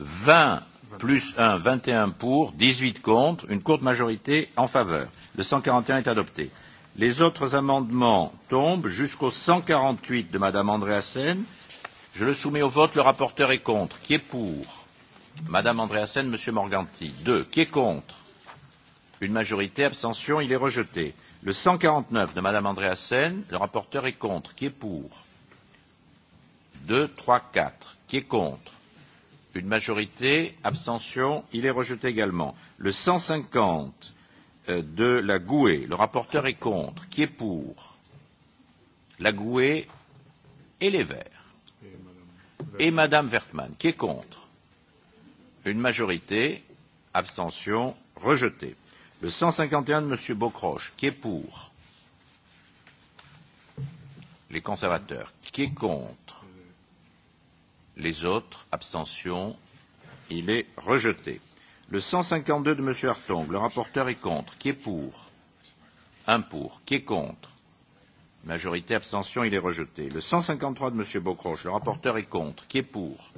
20 plus 1, 21 pour, 18 contre, une courte majorité en faveur. Le 141 est adopté. Les autres amendements tombent jusqu'au 148 de Madame Andréassen. Je le soumets au vote. Le rapporteur est contre. Qui est pour Madame Andréassen, Monsieur Morganti. 2. Qui est contre Une majorité. Abstention. Il est rejeté. Le 149 de Madame Andréassen. Le rapporteur est contre. Qui est pour 2, 3, 4. Qui est contre une majorité, abstention, il est rejeté également. Le 150 euh, de la Gouée, le rapporteur est contre, qui est pour La Gouée et les Verts. Et Madame Vertman, qui est contre Une majorité, abstention, rejeté. Le 151 de Monsieur Bocroche, qui est pour Les conservateurs, qui est contre Les autres, abstention, il est rejeté. Le 152 de M. Hartong, le rapporteur est contre. Qui est pour Un pour. Qui est contre Majorité, abstention, il est rejeté. Le 153 de M. Bocroche, le rapporteur est contre. Qui est pour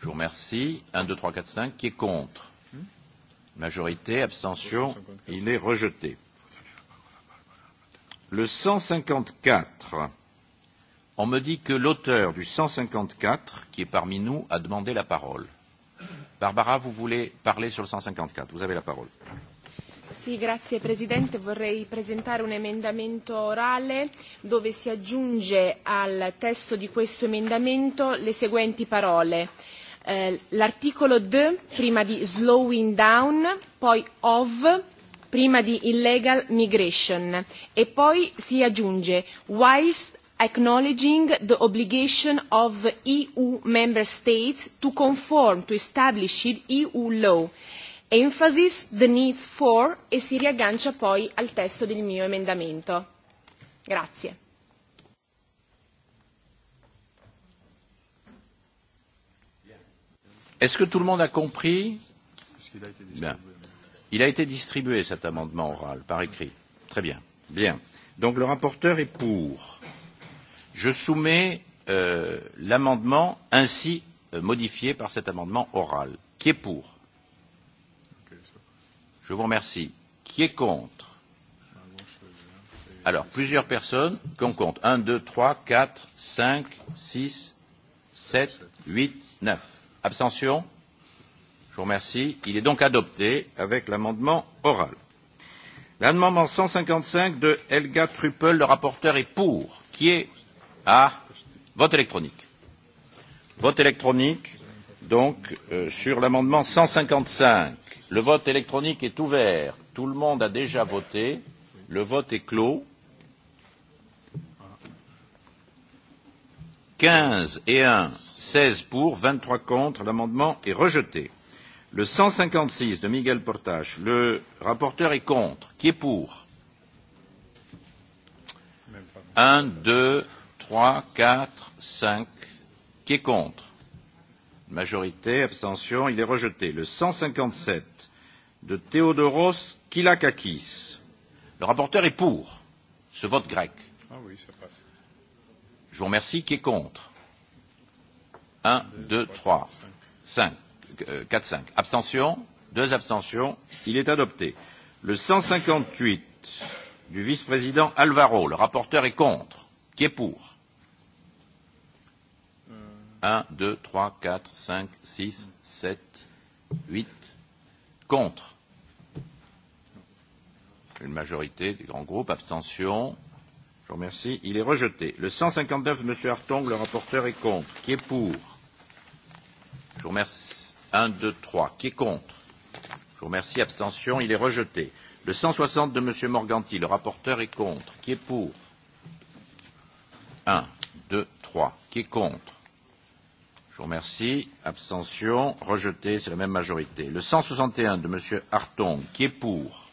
Je vous remercie. 1, 2, 3, 4, 5. Qui est contre Majorité, abstention, il est rejeté. Le 154 On me dit que l'auteur du 154, qui est parmi nous, a demandé la parole. Barbara, vous voulez parler sur le 154. Vous avez la parole. Sì, grazie Presidente. Vorrei presentare un emendamento orale dove si aggiunge al testo di questo emendamento le seguenti parole. Eh, l'articolo D prima di slowing down, poi of, prima di illegal migration e poi si aggiunge whilst acknowledging the obligation of EU member states to conform to established EU law. Emphasis the needs for e si riaggancia poi al testo del mio emendamento. Grazie. Est-ce que tout le monde a compris Bien. Il a été distribué cet amendement oral par écrit. Très bien. Bien. Donc le rapporteur est pour. Euh, Je soumets euh, l'amendement ainsi euh, modifié par cet amendement oral. Qui est pour Je vous remercie. Qui est contre Alors, plusieurs personnes qu'on compte. 1, 2, 3, 4, 5, 6, 7, 8, 9. Abstention Je vous remercie. Il est donc adopté avec l'amendement oral. L'amendement 155 de Helga Truppel, le rapporteur, est pour. Qui est Ah, vote électronique. Vote électronique, donc, euh, sur l'amendement 155. Le vote électronique est ouvert. Tout le monde a déjà voté. Le vote est clos. 15 et 1, 16 pour, 23 contre. L'amendement est rejeté. Le 156 de Miguel Portache, le rapporteur est contre. Qui est pour 1, 2, 3, 4, 5. Qui est contre Majorité, abstention, il est rejeté. Le 157 de Théodoros Kilakakis. Le rapporteur est pour ce vote grec. Ah oui, ça passe. Je vous remercie. Qui est contre 1, 2, 3, 5, 4, 5. Abstention Deux abstentions. Il est adopté. Le 158 du vice-président Alvaro, le rapporteur est contre. Qui est pour 1, 2, 3, 4, 5, 6, 7, 8. Contre. Une majorité des grands groupes. Abstention. Je vous remercie. Il est rejeté. Le 159, M. Hartong, le rapporteur est contre. Qui est pour Je vous remercie. 1, 2, 3. Qui est contre Je vous remercie. Abstention. Il est rejeté. Le 160 de M. Morganti, le rapporteur est contre. Qui est pour 1, 2, 3. Qui est contre Je vous remercie. Abstention. Rejeté. C'est la même majorité. Le 161 de Monsieur Harton. Qui est pour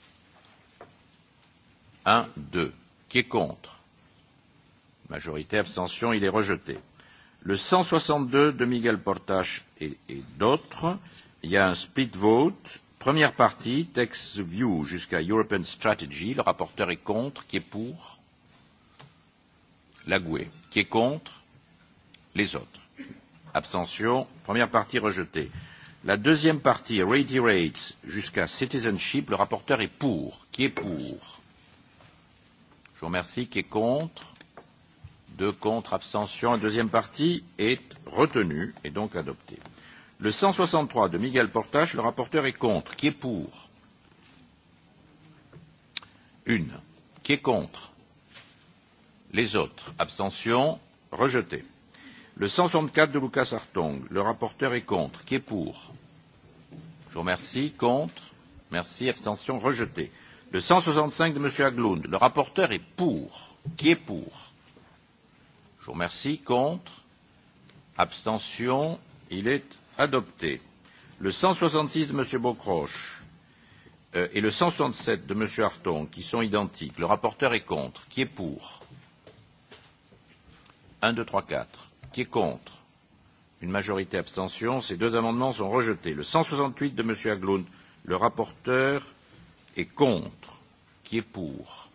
1, 2. Qui est contre Majorité. Abstention. Il est rejeté. Le 162 de Miguel Portache et, et d'autres. Il y a un split vote. Première partie, text view jusqu'à European Strategy. Le rapporteur est contre. Qui est pour Lagoué. Qui est contre Les autres. Abstention. Première partie rejetée. La deuxième partie, Rates jusqu'à citizenship, le rapporteur est pour. Qui est pour Je vous remercie. Qui est contre Deux contre, abstention. La deuxième partie est retenue et donc adoptée. Le 163 de Miguel Portache, le rapporteur est contre. Qui est pour Une. Qui est contre Les autres. Abstention. Rejeté. Le 164 de Lucas Hartong, le rapporteur est contre. Qui est pour Je vous remercie. Contre Merci. Abstention rejeté. Le 165 de M. Aglund, le rapporteur est pour. Qui est pour Je vous remercie. Contre Abstention Il est adopté. Le 166 de M. Bocroche euh, et le 167 de M. Harton, qui sont identiques, le rapporteur est contre. Qui est pour 1, 2, 3, 4. Qui est contre Une majorité abstention. Ces deux amendements sont rejetés. Le 168 de M. Aglund le rapporteur, est contre. Qui est pour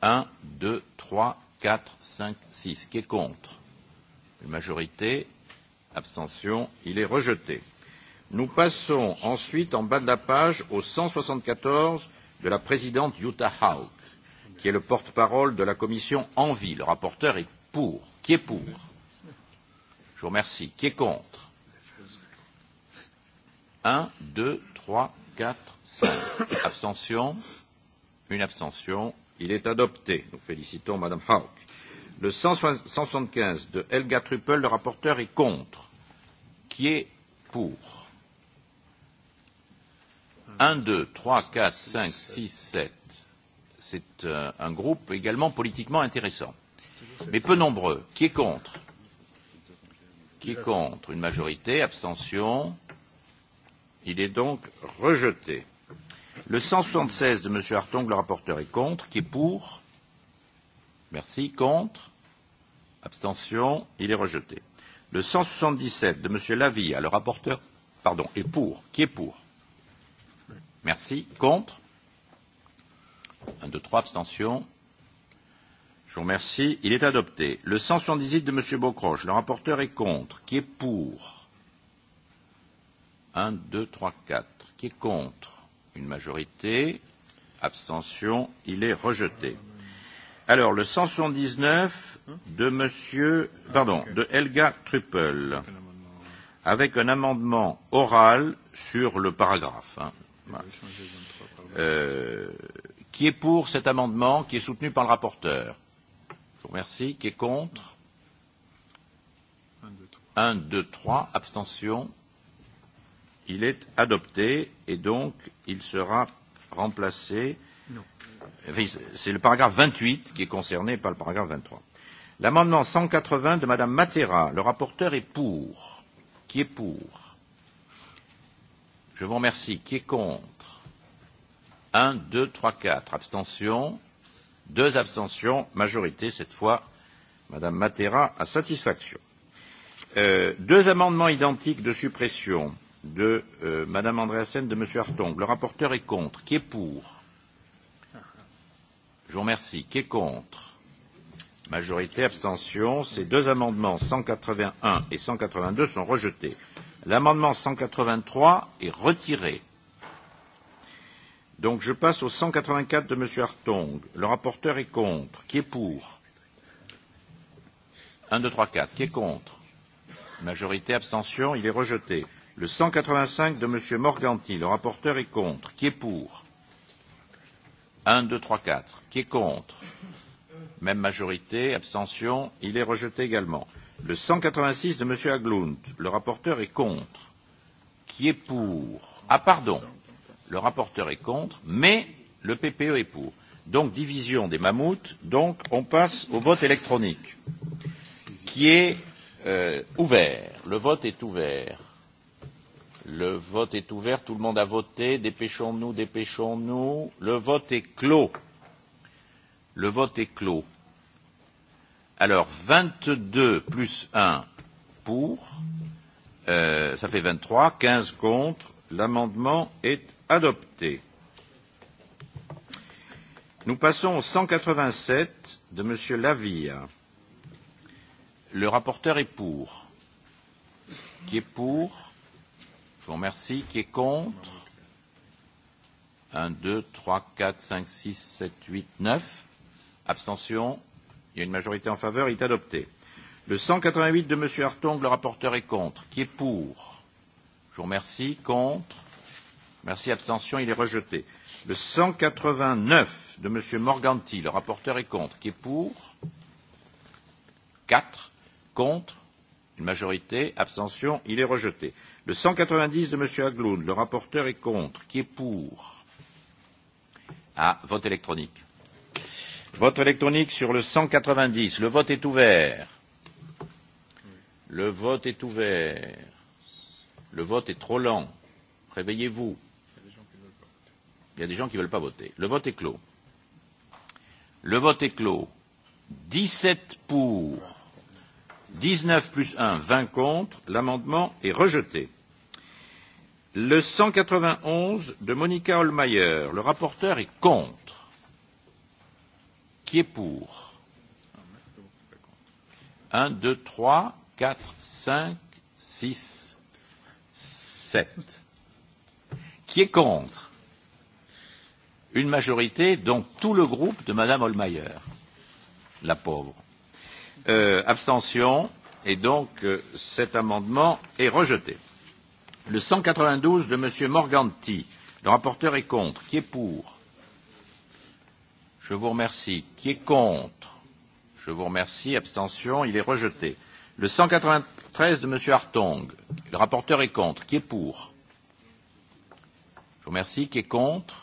1, 2, 3, 4, 5, 6. Qui est contre Une majorité. Abstention. Il est rejeté. Nous passons ensuite en bas de la page au 174 de la présidente Jutta Haug, qui est le porte-parole de la commission Envie. Le rapporteur est Pour. Qui est pour Je vous remercie. Qui est contre 1, 2, 3, 4, 5. Abstention Une abstention. Il est adopté. Nous félicitons Madame Hauck. Le 175 de Helga Truppel, le rapporteur, est contre. Qui est pour 1, 2, 3, 4, 5, 6, 7. C'est euh, un groupe également politiquement intéressant mais peu nombreux. Qui est contre Qui est contre Une majorité, abstention. Il est donc rejeté. Le 176 de M. Hartong, le rapporteur, est contre. Qui est pour Merci. Contre Abstention. Il est rejeté. Le 177 de M. Lavia, le rapporteur, pardon, est pour. Qui est pour Merci. Contre 1, 2, 3, abstention. Je vous remercie. Il est adopté. Le 178 de M. Bocroche, le rapporteur est contre. Qui est pour 1, 2, 3, 4. Qui est contre Une majorité. Abstention. Il est rejeté. Alors, le 179 de M. pardon, de Helga Truppel, avec un amendement oral sur le paragraphe. Hein. Voilà. Euh, qui est pour cet amendement qui est soutenu par le rapporteur Je vous remercie. Qui est contre 1, 2, 3. Abstention. Il est adopté et donc il sera remplacé. C'est le paragraphe 28 qui est concerné par le paragraphe 23. L'amendement 180 de Madame Matera, le rapporteur est pour. Qui est pour Je vous remercie. Qui est contre 1, 2, 3, 4. Abstention. Deux abstentions, majorité cette fois, Madame Matera à satisfaction. Euh, deux amendements identiques de suppression de euh, Madame Andreasen de Monsieur Hartong. Le rapporteur est contre. Qui est pour Je vous remercie. Qui est contre Majorité, abstention. Ces deux amendements 181 et 182 sont rejetés. L'amendement 183 est retiré. Donc je passe au 184 de M. Hartong. Le rapporteur est contre. Qui est pour 1, 2, 3, 4. Qui est contre Majorité, abstention, il est rejeté. Le 185 de M. Morganti, le rapporteur est contre. Qui est pour 1, 2, 3, 4. Qui est contre Même majorité, abstention, il est rejeté également. Le 186 de M. Aglound, le rapporteur est contre. Qui est pour Ah pardon, le rapporteur est contre, mais le PPE est pour. Donc division des mammouths, donc on passe au vote électronique qui est euh, ouvert. Le vote est ouvert. Le vote est ouvert, tout le monde a voté, dépêchons-nous, dépêchons-nous. Le vote est clos. Le vote est clos. Alors, 22 plus 1 pour, euh, ça fait 23, 15 contre, l'amendement est adopté. Nous passons au 187 de M. Lavia. Le rapporteur est pour. Qui est pour Je vous remercie. Qui est contre 1, 2, 3, 4, 5, 6, 7, 8, 9. Abstention. Il y a une majorité en faveur. Il est adopté. Le 188 de M. Hartong, le rapporteur est contre. Qui est pour Je vous remercie. Contre Merci, abstention, il est rejeté. Le 189 de Monsieur Morganti, le rapporteur est contre. Qui est pour 4 contre, une majorité, abstention, il est rejeté. Le 190 de Monsieur Agloun, le rapporteur est contre. Qui est pour Ah, vote électronique. Vote électronique sur le 190. Le vote est ouvert. Le vote est ouvert. Le vote est trop lent. Réveillez-vous. Il y a des gens qui ne veulent pas voter. Le vote est clos. Le vote est clos. 17 pour, 19 plus 1, 20 contre. L'amendement est rejeté. Le 191 de Monica Holmeyer. Le rapporteur est contre. Qui est pour 1, 2, 3, 4, 5, 6, 7. Qui est contre une majorité, dont tout le groupe de Madame Holmeyer, la pauvre. Euh, abstention, et donc euh, cet amendement est rejeté. Le 192 de Monsieur Morganti, le rapporteur est contre. Qui est pour Je vous remercie. Qui est contre Je vous remercie. Abstention, il est rejeté. Le 193 de Monsieur Hartong, le rapporteur est contre. Qui est pour Je vous remercie. Qui est contre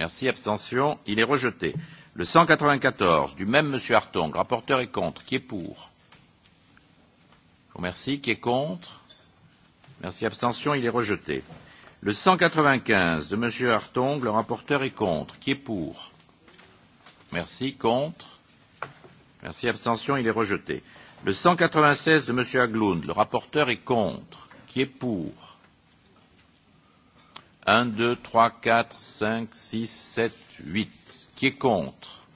Merci, abstention, il est rejeté. Le 194 du même monsieur Hartong, rapporteur est contre, qui est pour Je vous remercie, qui est contre Merci, abstention, il est rejeté. Le 195 de monsieur Hartong, le rapporteur est contre, qui est pour Merci, contre Merci, abstention, il est rejeté. Le 196 de monsieur Agloun, le rapporteur est contre, qui est pour 1, 2, 3, 4, 5, 6, 7, 8. Qui est contre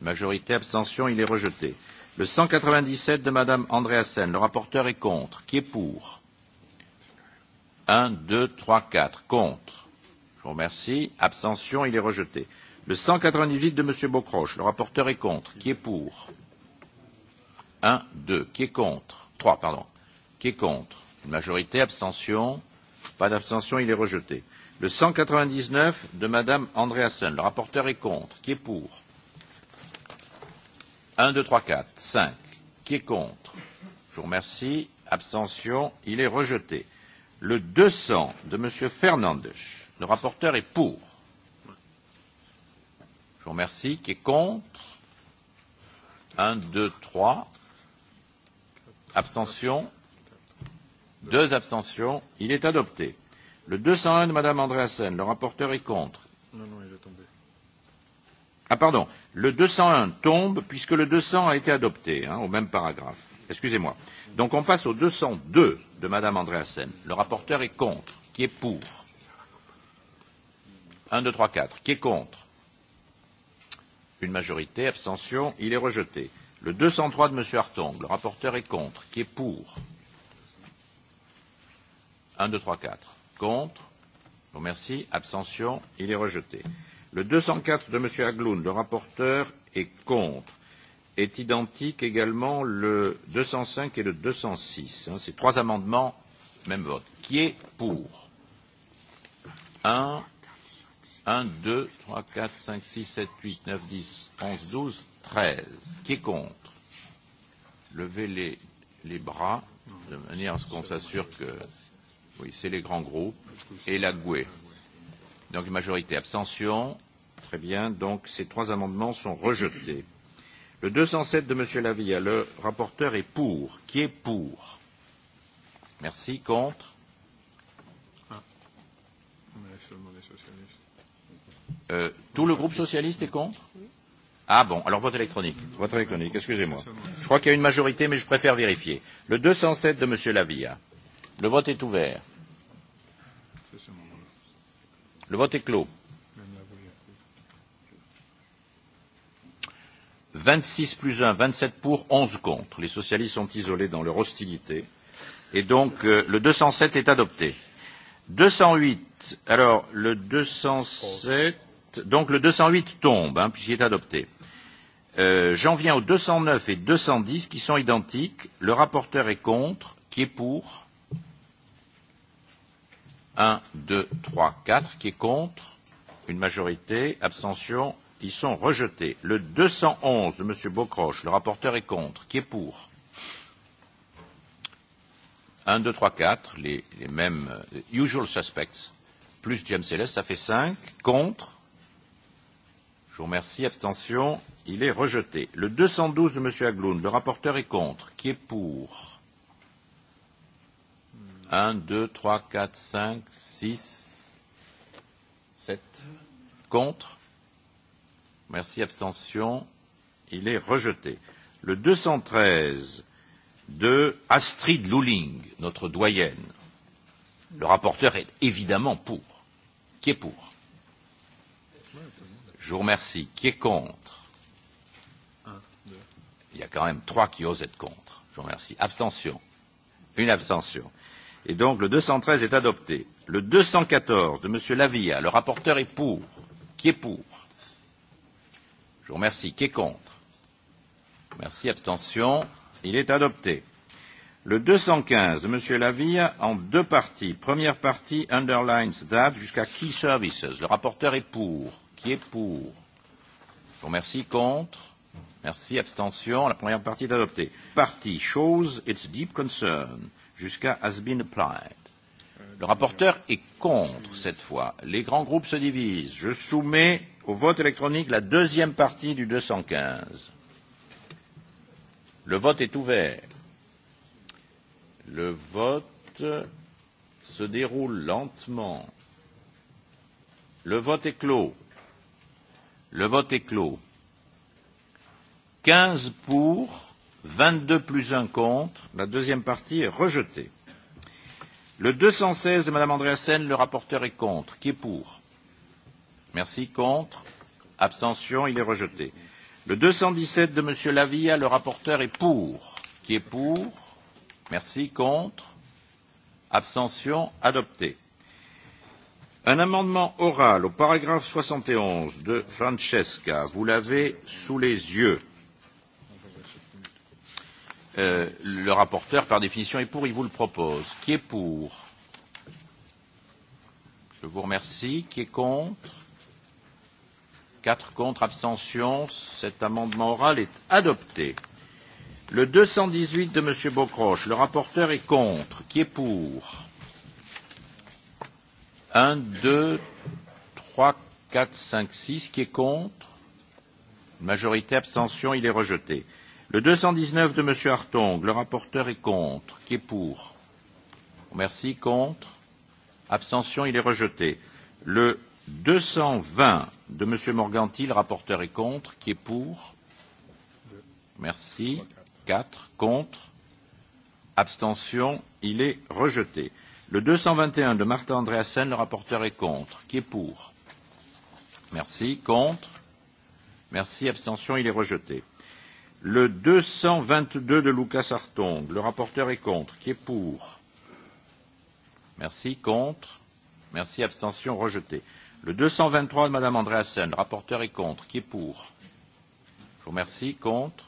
Majorité, abstention, il est rejeté. Le 197 de Madame Andréassen, le rapporteur est contre. Qui est pour 1, 2, 3, 4. Contre. Je vous remercie. Abstention, il est rejeté. Le 198 de Monsieur Bocroche, le rapporteur est contre. Qui est pour 1, 2. Qui est contre 3, pardon. Qui est contre majorité, abstention. Pas d'abstention, il est rejeté. Le 199 de Madame Andreasen, le rapporteur est contre. Qui est pour 1, 2, 3, 4, 5. Qui est contre Je vous remercie. Abstention, il est rejeté. Le 200 de Monsieur Fernandes, le rapporteur est pour. Je vous remercie. Qui est contre 1, 2, 3. Abstention, Deux abstentions. Il est adopté. Le 201 de Madame Andréassen, le rapporteur est contre. Non, non, il est tombé. Ah, pardon. Le 201 tombe puisque le 200 a été adopté, hein, au même paragraphe. Excusez-moi. Donc on passe au 202 de Madame Andréassen. Le rapporteur est contre. Qui est pour 1, 2, 3, 4. Qui est contre Une majorité. Abstention. Il est rejeté. Le 203 de M. Artong. Le rapporteur est contre. Qui est pour 1, 2, 3, 4. Contre Je vous remercie. Abstention Il est rejeté. Le 204 de M. Agloun, le rapporteur, est contre. Est identique également le 205 et le 206. Hein, ces trois amendements, même vote. Qui est pour 1, 1, 2, 3, 4, 5, 6, 7, 8, 9, 10, 11, 12, 13. Qui est contre Levez les, les bras de manière à ce qu'on s'assure que... Oui, c'est les grands groupes et la GUE. Donc une majorité abstention. Très bien. Donc ces trois amendements sont rejetés. Le 207 de M. Lavia, le rapporteur est pour. Qui est pour Merci. Contre ah, euh, Tout le groupe socialiste est contre Ah bon, alors vote électronique. Vote électronique, excusez-moi. Je crois qu'il y a une majorité, mais je préfère vérifier. Le 207 de M. Lavia. Le vote est ouvert. Le vote est clos. 26 plus 1, 27 pour, 11 contre. Les socialistes sont isolés dans leur hostilité. Et donc, euh, le 207 est adopté. 208, alors, le 207, donc le 208 tombe, hein, puisqu'il est adopté. Euh, J'en viens aux 209 et 210 qui sont identiques. Le rapporteur est contre. Qui est pour 1, 2, 3, 4, qui est contre, une majorité, abstention, ils sont rejetés. Le 211 de M. Bocroche, le rapporteur est contre, qui est pour 1, 2, 3, 4, les, les mêmes uh, usual suspects, plus James Ellis, ça fait 5, contre, je vous remercie, abstention, il est rejeté. Le 212 de M. Agloun, le rapporteur est contre, qui est pour 1, 2, 3, 4, 5, 6, 7. Contre Merci, abstention. Il est rejeté. Le 213 de Astrid Luling, notre doyenne. Le rapporteur est évidemment pour. Qui est pour Je vous remercie. Qui est contre Il y a quand même trois qui osent être contre. Je vous remercie. Abstention. Une abstention. Et donc le 213 est adopté. Le 214 de M. Lavia, le rapporteur est pour. Qui est pour Je vous remercie. Qui est contre Merci. Abstention. Il est adopté. Le 215 de M. Lavia en deux parties. Première partie, underlines that jusqu'à key services. Le rapporteur est pour. Qui est pour Je vous remercie. Contre Merci. Abstention. La première partie est adoptée. Partie, shows its deep concern jusqu'à Has been applied. Le rapporteur est contre cette fois. Les grands groupes se divisent. Je soumets au vote électronique la deuxième partie du 215. Le vote est ouvert. Le vote se déroule lentement. Le vote est clos. Le vote est clos. 15 pour, 22 plus 1 contre. La deuxième partie est rejetée. Le 216 de Mme Andreasen, le rapporteur est contre. Qui est pour Merci. Contre Abstention, il est rejeté. Le 217 de M. Lavia, le rapporteur est pour. Qui est pour Merci. Contre Abstention, adopté. Un amendement oral au paragraphe 71 de Francesca, vous l'avez sous les yeux. Euh, le rapporteur, par définition, est pour. Il vous le propose. Qui est pour Je vous remercie. Qui est contre Quatre contre, abstention. Cet amendement oral est adopté. Le 218 de M. Bocroche, le rapporteur est contre. Qui est pour 1, 2, 3, 4, 5, 6. Qui est contre Majorité, abstention, il est rejeté. Le 219 de M. Hartong, le rapporteur est contre. Qui est pour Merci. Contre Abstention, il est rejeté. Le 220 de M. Morganti, le rapporteur est contre. Qui est pour Merci. 4 contre. Abstention, il est rejeté. Le 221 de Martin Andreasen, le rapporteur est contre. Qui est pour Merci. Contre Merci. Abstention, il est rejeté. Le 222 de Lucas Hartong, le rapporteur est contre. Qui est pour Merci. Contre Merci. Abstention rejeté. Le 223 de Madame Andréassen, le rapporteur est contre. Qui est pour Je vous remercie. Contre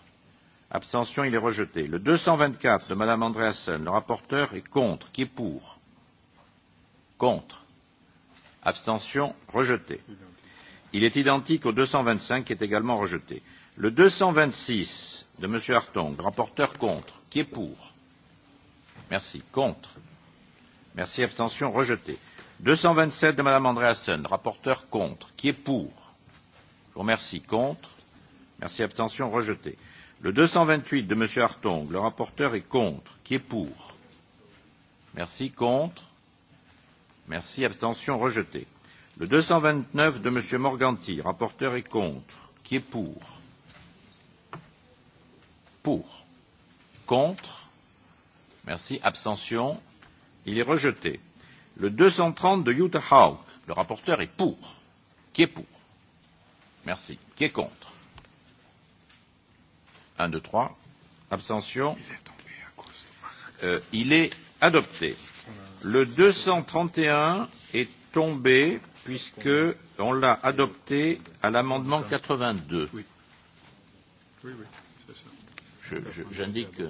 Abstention, il est rejeté. Le 224 de Madame Andréassen, le rapporteur est contre. Qui est pour Contre. Abstention, rejeté. Il est identique au 225 qui est également rejeté. Le 226 de M. Hartong, rapporteur contre. Qui est pour Merci. Contre Merci. Abstention rejeté. 227 de Mme Andreasen, rapporteur contre. Qui est pour Je vous remercie. Contre Merci. Abstention rejeté. Le 228 de M. Hartong, le rapporteur est contre. Qui est pour Merci. Contre Merci. Abstention rejetée. Le 229 de M. Morganti, rapporteur est contre. Qui est pour pour, contre, merci, abstention, il est rejeté. Le 230 de Utah Hawk, le rapporteur est pour. Qui est pour Merci. Qui est contre 1, 2, 3. Abstention. Il est, tombé à cause de... euh, il est adopté. Le 231 est tombé puisque on l'a adopté à l'amendement 82. Oui. Oui, oui. J'indique que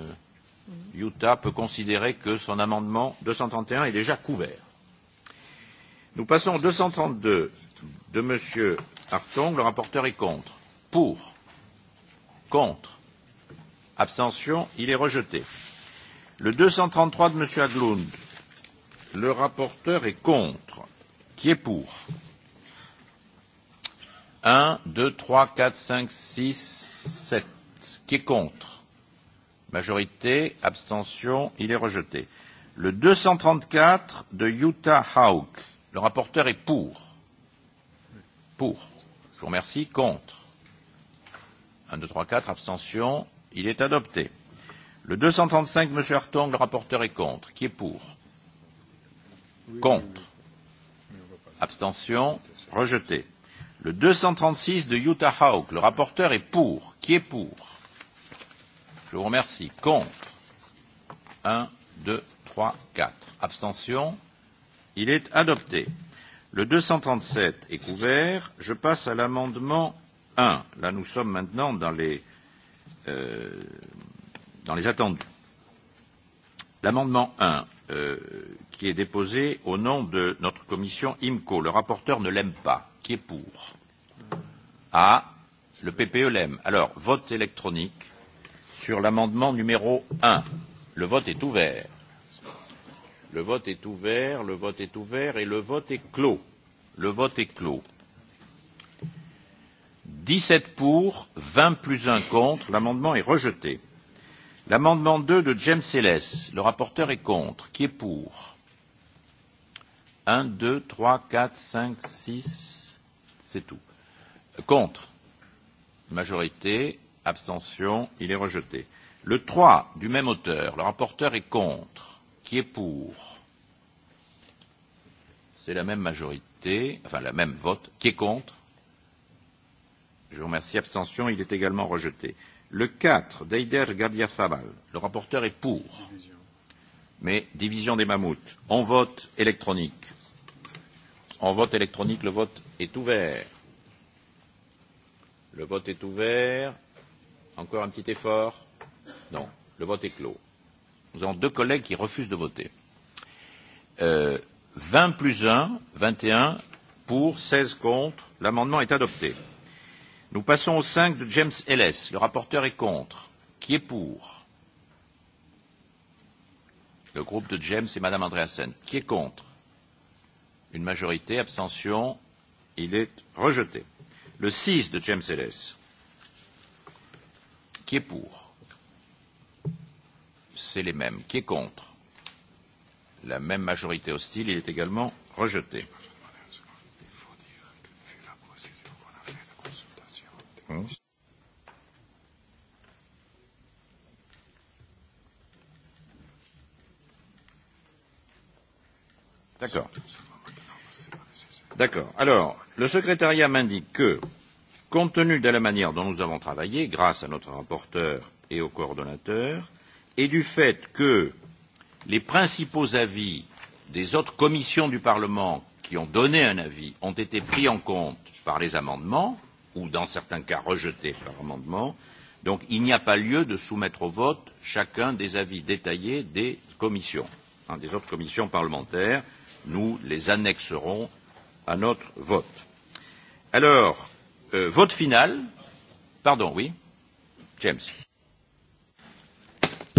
Utah peut considérer que son amendement 231 est déjà couvert. Nous passons au 232 de M. Hartong. Le rapporteur est contre. Pour. Contre. Abstention. Il est rejeté. Le 233 de M. Adlund. Le rapporteur est contre. Qui est pour 1, 2, 3, 4, 5, 6, 7. Qui est contre Majorité, abstention, il est rejeté. Le 234 de Utah Hawk. Le rapporteur est pour. Pour. Je vous remercie. Contre. 1, 2, 3, 4. Abstention. Il est adopté. Le 235, M. Hartong, le rapporteur est contre. Qui est pour Contre. Abstention. Rejeté. Le 236 de Utah Hawk. Le rapporteur est pour. Qui est pour Je vous remercie. Contre 1, 2, 3, 4. Abstention Il est adopté. Le 237 est couvert. Je passe à l'amendement 1. Là, nous sommes maintenant dans les, euh, dans les attendus. L'amendement 1, euh, qui est déposé au nom de notre commission IMCO. Le rapporteur ne l'aime pas. Qui est pour Ah, le PPE l'aime. Alors, vote électronique sur l'amendement numéro 1. Le vote est ouvert. Le vote est ouvert, le vote est ouvert et le vote est clos. Le vote est clos. 17 pour, 20 plus 1 contre. L'amendement est rejeté. L'amendement 2 de James Seles, le rapporteur est contre. Qui est pour 1, 2, 3, 4, 5, 6, c'est tout. Contre Majorité, Abstention. Il est rejeté. Le 3 du même auteur. Le rapporteur est contre. Qui est pour C'est la même majorité, enfin la même vote. Qui est contre Je vous remercie. Abstention. Il est également rejeté. Le 4, Deider Gardiazabal. Le rapporteur est pour. Mais division des mammouths. On vote électronique. On vote électronique. Le vote est ouvert. Le vote est ouvert. Encore un petit effort Non. Le vote est clos. Nous avons deux collègues qui refusent de voter. Euh, 20 plus 1, 21 pour, 16 contre. L'amendement est adopté. Nous passons au 5 de James Ellis. Le rapporteur est contre. Qui est pour Le groupe de James et Madame Andreasen. Qui est contre Une majorité. Abstention. Il est rejeté. Le 6 de James Ellis qui est pour C'est les mêmes. Qui est contre La même majorité hostile, il est également rejeté. D'accord. D'accord. Alors, le secrétariat m'indique que Compte tenu de la manière dont nous avons travaillé, grâce à notre rapporteur et au coordonnateur, et du fait que les principaux avis des autres commissions du Parlement qui ont donné un avis ont été pris en compte par les amendements, ou dans certains cas rejetés par amendement, donc il n'y a pas lieu de soumettre au vote chacun des avis détaillés des commissions, hein, des autres commissions parlementaires. Nous les annexerons à notre vote. Alors, Euh, vote final. Pardon, oui. James.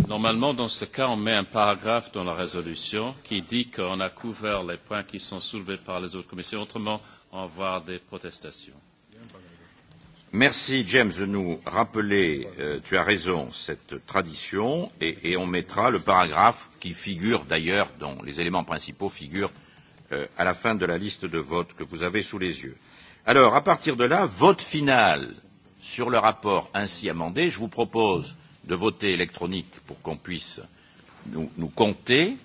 Normalement, dans ce cas, on met un paragraphe dans la résolution qui dit qu'on a couvert les points qui sont soulevés par les autres commissions. Autrement, on va avoir des protestations. Merci James de nous rappeler, euh, tu as raison, cette tradition et, et on mettra le paragraphe qui figure d'ailleurs, dont les éléments principaux figurent euh, à la fin de la liste de vote que vous avez sous les yeux. Alors, à partir de là, vote final sur le rapport ainsi amendé. Je vous propose de voter électronique pour qu'on puisse nous, nous compter.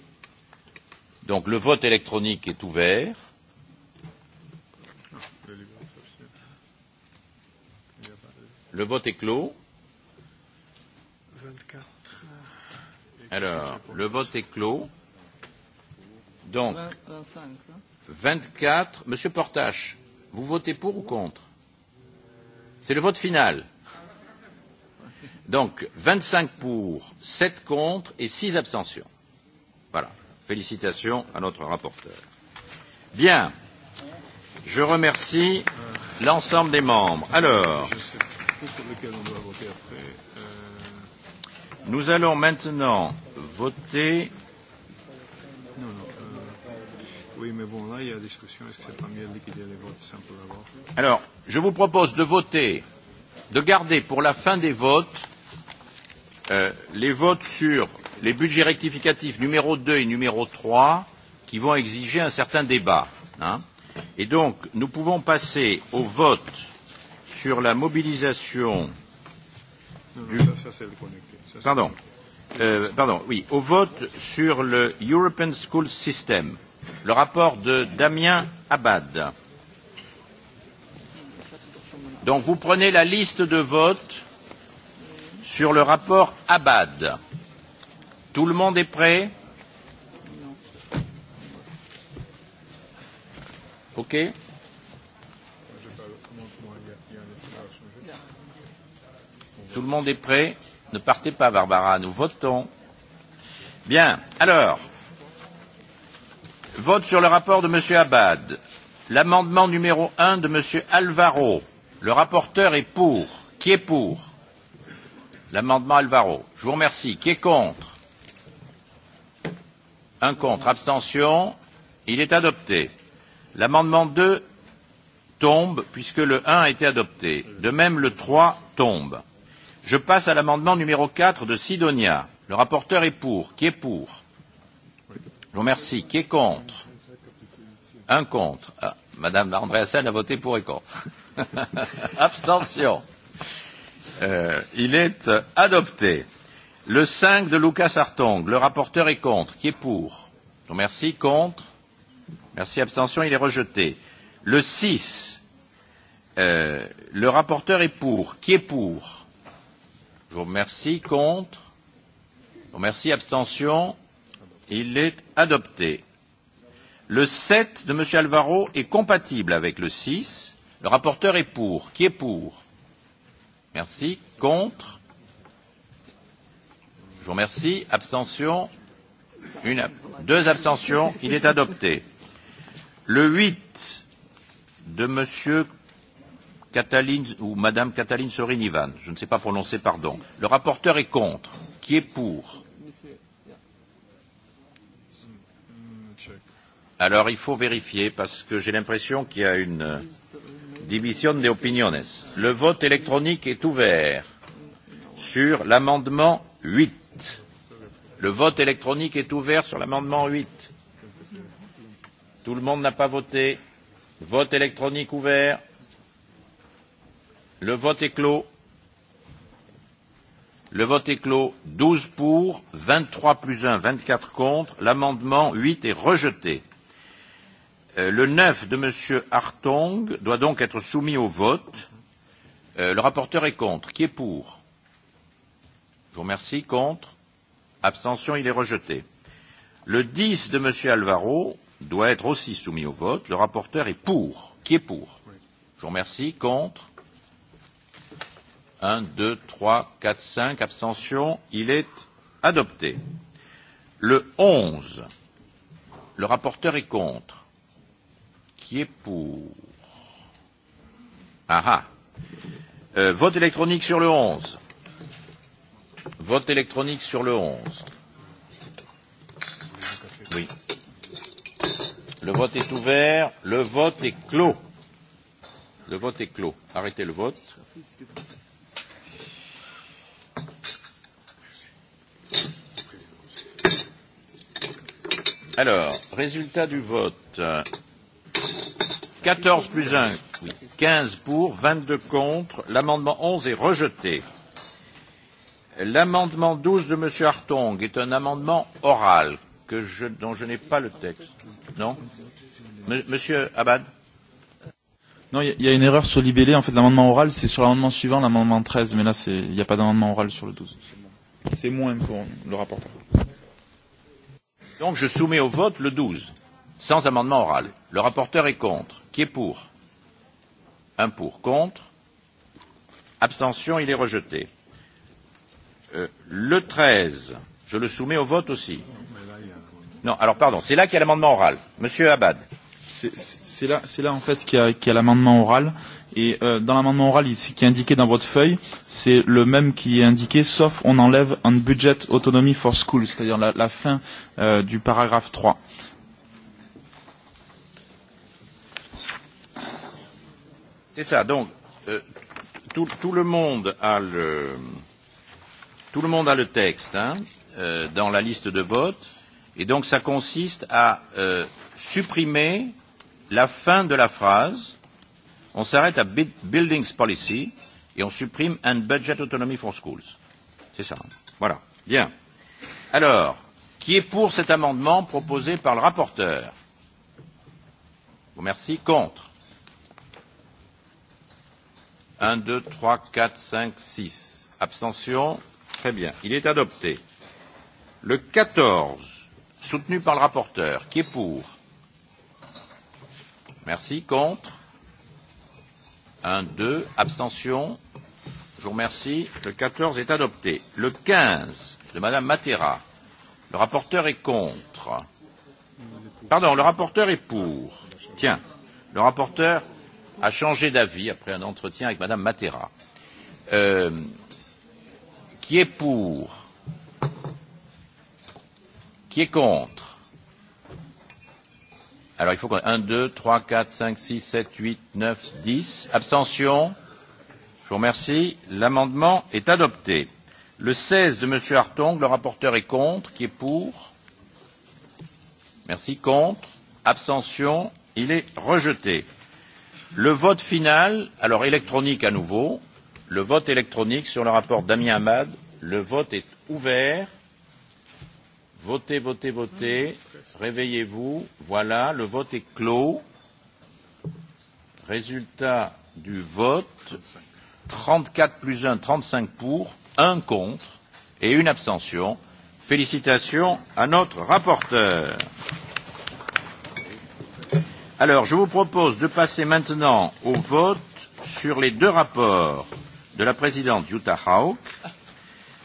Donc, le vote électronique est ouvert. Le vote est clos. Alors, euh, le vote est clos. Donc, 24. Monsieur Portache. Vous votez pour ou contre C'est le vote final. Donc, 25 pour, 7 contre et 6 abstentions. Voilà. Félicitations à notre rapporteur. Bien. Je remercie l'ensemble des membres. Alors, euh, nous allons maintenant voter. Oui, mais bon, là, il y a discussion. Est-ce que c'est pas mieux de liquider les votes simplement Alors, je vous propose de voter, de garder pour la fin des votes euh, les votes sur les budgets rectificatifs numéro 2 et numéro 3 qui vont exiger un certain débat. Hein. Et donc, nous pouvons passer au vote sur la mobilisation non, non, Ça, ça c'est le connecté. Ça, pardon. Le Euh, pardon, oui, au vote sur le European School System le rapport de Damien Abad. Donc vous prenez la liste de votes sur le rapport Abad. Tout le monde est prêt OK Tout le monde est prêt Ne partez pas, Barbara, nous votons. Bien, alors, Vote sur le rapport de M. Abad. L'amendement numéro 1 de M. Alvaro. Le rapporteur est pour. Qui est pour L'amendement Alvaro. Je vous remercie. Qui est contre Un contre. Abstention. Il est adopté. L'amendement 2 tombe puisque le 1 a été adopté. De même, le 3 tombe. Je passe à l'amendement numéro 4 de Sidonia. Le rapporteur est pour. Qui est pour Je vous remercie. Qui est contre Un contre. Ah, Madame Andréassel a voté pour et contre. Abstention. Euh, il est euh, adopté. Le 5 de Lucas Artong, le rapporteur est contre. Qui est pour Je vous remercie. Contre Merci. Abstention. Il est rejeté. Le 6, euh, le rapporteur est pour. Qui est pour Je vous remercie. Contre Je vous remercie. Abstention. Il est adopté. Le 7 de M. Alvaro est compatible avec le 6. Le rapporteur est pour. Qui est pour Merci. Contre Je vous remercie. Abstention Une, Deux abstentions. Il est adopté. Le 8 de M. Cataline ou Madame Cataline Sorin-Ivan, je ne sais pas prononcer, pardon. Le rapporteur est contre. Qui est pour Alors il faut vérifier parce que j'ai l'impression qu'il y a une euh, division de opiniones. Le vote électronique est ouvert sur l'amendement 8. Le vote électronique est ouvert sur l'amendement 8. Tout le monde n'a pas voté. Vote électronique ouvert. Le vote est clos. Le vote est clos. 12 pour, 23 plus 1, 24 contre. L'amendement 8 est rejeté. Euh, le neuf de M. Hartong doit donc être soumis au vote. Euh, le rapporteur est contre. Qui est pour Je vous remercie. Contre Abstention, il est rejeté. Le dix de M. Alvaro doit être aussi soumis au vote. Le rapporteur est pour. Qui est pour Je vous remercie. Contre un, deux, trois, quatre, cinq. Abstention, il est adopté. Le onze. le rapporteur est contre. Qui Ah ah. Euh, vote électronique sur le 11. Vote électronique sur le 11. Oui. Le vote est ouvert. Le vote est clos. Le vote est clos. Arrêtez le vote. Alors, résultat du vote. 14 plus 1, 15 pour, 22 contre. L'amendement 11 est rejeté. L'amendement 12 de M. Hartong est un amendement oral que je, dont je n'ai pas le texte. Non M Monsieur Abad Non, il y, y a une erreur sur l'IBL. En fait, l'amendement oral, c'est sur l'amendement suivant, l'amendement 13. Mais là, il n'y a pas d'amendement oral sur le 12. C'est moins pour le rapporteur. Donc, je soumets au vote le 12, sans amendement oral. Le rapporteur est contre qui est pour Un pour, contre Abstention, il est rejeté. Euh, le 13, je le soumets au vote aussi. Non, alors pardon, c'est là qu'il y a l'amendement oral. Monsieur Abad. C'est là, là en fait qu'il y a, qu a l'amendement oral. Et euh, dans l'amendement oral, ici, qui est indiqué dans votre feuille, c'est le même qui est indiqué, sauf on enlève un budget autonomie for school, c'est-à-dire la, la fin euh, du paragraphe 3. C'est ça. Donc, euh, tout, tout le monde a le, tout le monde a le texte hein, euh, dans la liste de vote, et donc ça consiste à euh, supprimer la fin de la phrase. On s'arrête à Buildings Policy et on supprime And Budget Autonomy for Schools. C'est ça. Voilà. Bien. Alors, qui est pour cet amendement proposé par le rapporteur Vous merci. Contre 1, 2, 3, 4, 5, 6. Abstention Très bien. Il est adopté. Le 14, soutenu par le rapporteur, qui est pour Merci. Contre 1, 2. Abstention Je vous remercie. Le 14 est adopté. Le 15 de Madame Matera. Le rapporteur est contre. Pardon, le rapporteur est pour. Tiens, le rapporteur a changé d'avis après un entretien avec Madame Matera, euh, qui est pour, qui est contre. Alors il faut qu'on 1, 2, 3, 4, 5, 6, 7, 8, 9, 10. Abstention. Je vous remercie. L'amendement est adopté. Le 16 de Monsieur Hartong, le rapporteur est contre. Qui est pour Merci. Contre. Abstention. Il est rejeté. Le vote final, alors électronique à nouveau, le vote électronique sur le rapport Damien Hamad. Le vote est ouvert. Votez, votez, votez. Réveillez-vous. Voilà, le vote est clos. Résultat du vote, 34 plus 1, 35 pour, 1 contre et une abstention. Félicitations à notre rapporteur. Alors, je vous propose de passer maintenant au vote sur les deux rapports de la présidente Jutta Haug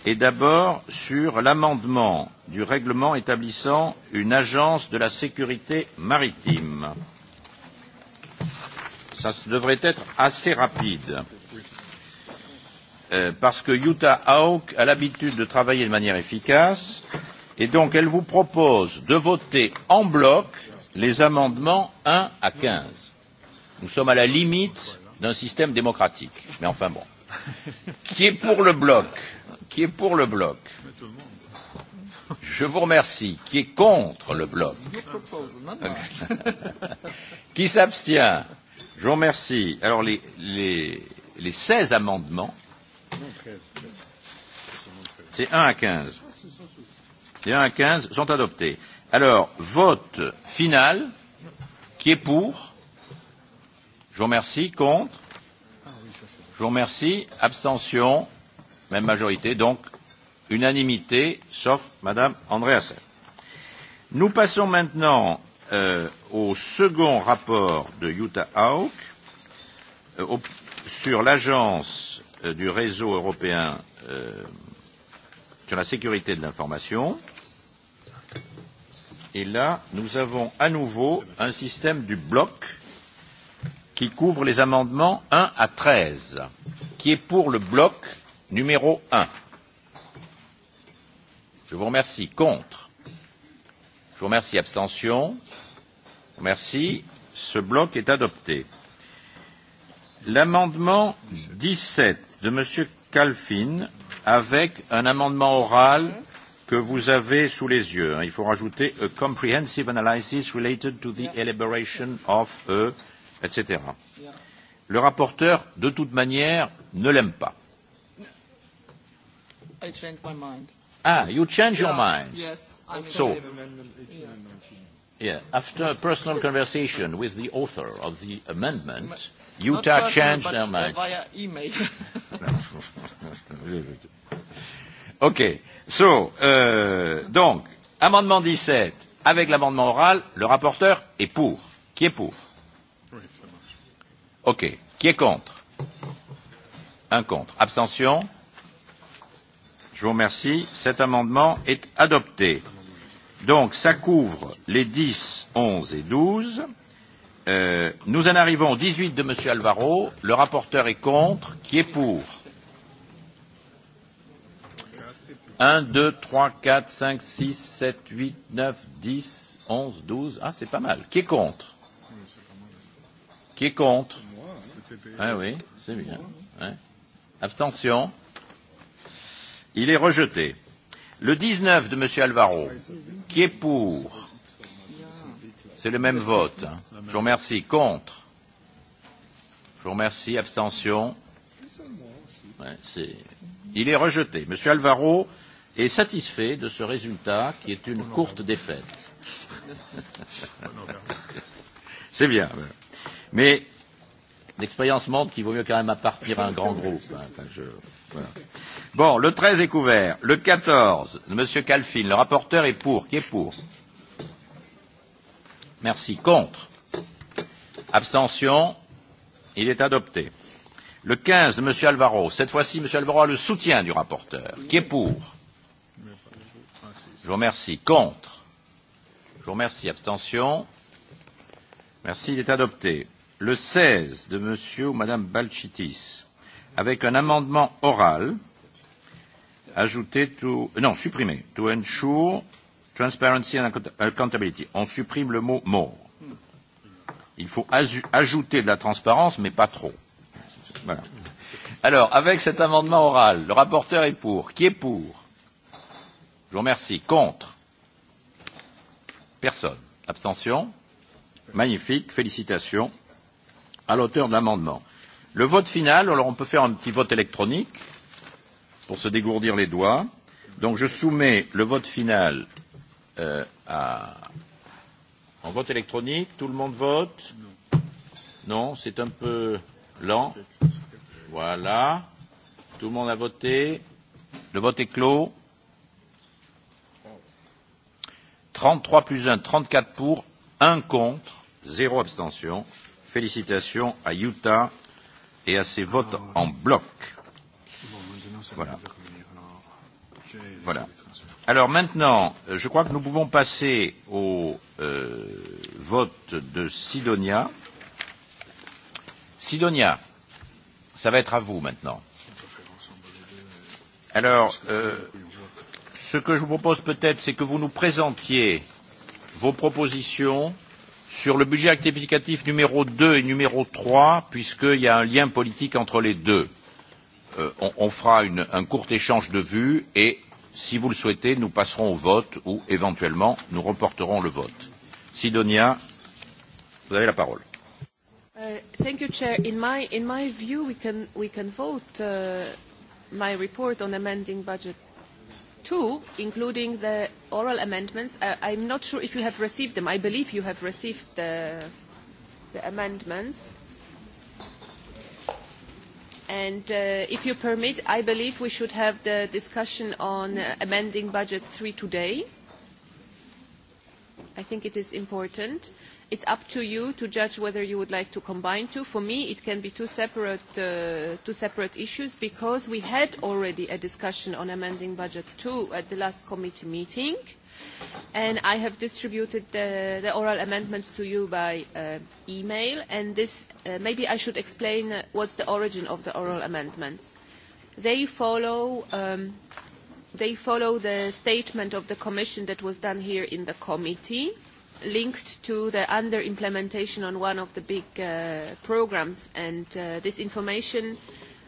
et d'abord sur l'amendement du règlement établissant une agence de la sécurité maritime. Ça devrait être assez rapide euh, parce que Jutta Haug a l'habitude de travailler de manière efficace et donc elle vous propose de voter en bloc les amendements 1 à 15. Nous sommes à la limite d'un système démocratique. Mais enfin bon. Qui est pour le bloc Qui est pour le bloc Je vous remercie. Qui est contre le bloc Qui s'abstient Je vous remercie. Alors les, les, les 16 amendements. C'est 1 à 15. Les 1 à 15 sont adoptés. Alors, vote final. Qui est pour Je vous remercie. Contre Je vous remercie. Abstention Même majorité. Donc, unanimité, sauf Madame Andréassen. Nous passons maintenant euh, au second rapport de Jutta Haug euh, au, sur l'agence euh, du réseau européen euh, sur la sécurité de l'information. Et là, nous avons à nouveau un système du bloc qui couvre les amendements 1 à 13. Qui est pour le bloc numéro 1 Je vous remercie. Contre Je vous remercie. Abstention Merci. Ce bloc est adopté. L'amendement 17 de M. Calfin avec un amendement oral que vous avez sous les yeux. Il faut rajouter a comprehensive analysis related to the elaboration of a, etc. Le rapporteur, de toute manière, ne l'aime pas. I changed my mind. Ah, you change yeah. your mind. Yes, I'm so. Yeah, after a personal conversation with the author of the amendment, Utah personal, changed their uh, mind. Via email. OK. So, euh, donc, amendement 17 avec l'amendement oral, le rapporteur est pour. Qui est pour OK. Qui est contre Un contre. Abstention Je vous remercie. Cet amendement est adopté. Donc, ça couvre les 10, 11 et 12. Euh, nous en arrivons au 18 de M. Alvaro. Le rapporteur est contre. Qui est pour 1, 2, 3, 4, 5, 6, 7, 8, 9, 10, 11, 12. Ah, c'est pas mal. Qui est contre Qui est contre Ah oui, c'est bien. Ouais. Abstention. Il est rejeté. Le 19 de M. Alvaro, qui est pour C'est le même vote. Je vous remercie. Contre Je vous remercie. Abstention ouais, est... Il est rejeté. Monsieur Alvaro, est satisfait de ce résultat qui est une courte défaite. C'est bien. Mais l'expérience montre qu'il vaut mieux quand même appartir à un grand groupe. Enfin, je... voilà. Bon, le 13 est couvert. Le 14, M. Calfin, le rapporteur est pour. Qui est pour Merci. Contre Abstention Il est adopté. Le 15 de M. Alvaro. Cette fois-ci, M. Alvaro a le soutien du rapporteur. Qui est pour vous remercie. Contre Je vous remercie. Abstention Merci, il est adopté. Le 16 de Monsieur ou Madame Balchitis, avec un amendement oral ajouté tout, non, supprimé, to ensure transparency and accountability. On supprime le mot more. Il faut ajouter de la transparence, mais pas trop. Voilà. Alors, avec cet amendement oral, le rapporteur est pour. Qui est pour Je vous remercie. Contre Personne. Abstention Magnifique. Félicitations à l'auteur de l'amendement. Le vote final, alors on peut faire un petit vote électronique pour se dégourdir les doigts. Donc je soumets le vote final euh, à... en vote électronique. Tout le monde vote Non, c'est un peu lent. Voilà. Tout le monde a voté. Le vote est clos. 33 plus 1, 34 pour, 1 contre, 0 abstention. Félicitations à Utah et à ses votes ah en bloc. Voilà. Voilà. Alors maintenant, euh, je crois que nous pouvons passer au euh, vote de Sidonia. Sidonia, ça va être à vous maintenant. Alors, euh, ce que je vous propose peut-être, c'est que vous nous présentiez vos propositions sur le budget rectificatif numéro 2 et numéro 3, puisqu'il y a un lien politique entre les deux. Euh, on, on fera une, un court échange de vues et, si vous le souhaitez, nous passerons au vote ou, éventuellement, nous reporterons le vote. Sidonia, vous avez la parole. Uh, thank you, Chair. In my, in my view, we can, we can vote uh, my report on amending budget two, including the oral amendments. Uh, I'm not sure if you have received them. I believe you have received the, the amendments. And uh, if you permit, I believe we should have the discussion on uh, amending Budget three today. I think it is important. It's up to you to judge whether you would like to combine two. For me, it can be two separate, uh, two separate issues because we had already a discussion on amending budget two at the last committee meeting. And I have distributed the, the oral amendments to you by uh, email. And this, uh, maybe I should explain uh, what's the origin of the oral amendments. They follow um, they follow the statement of the Commission that was done here in the committee linked to the under-implementation on one of the big uh, programs. And uh, this information,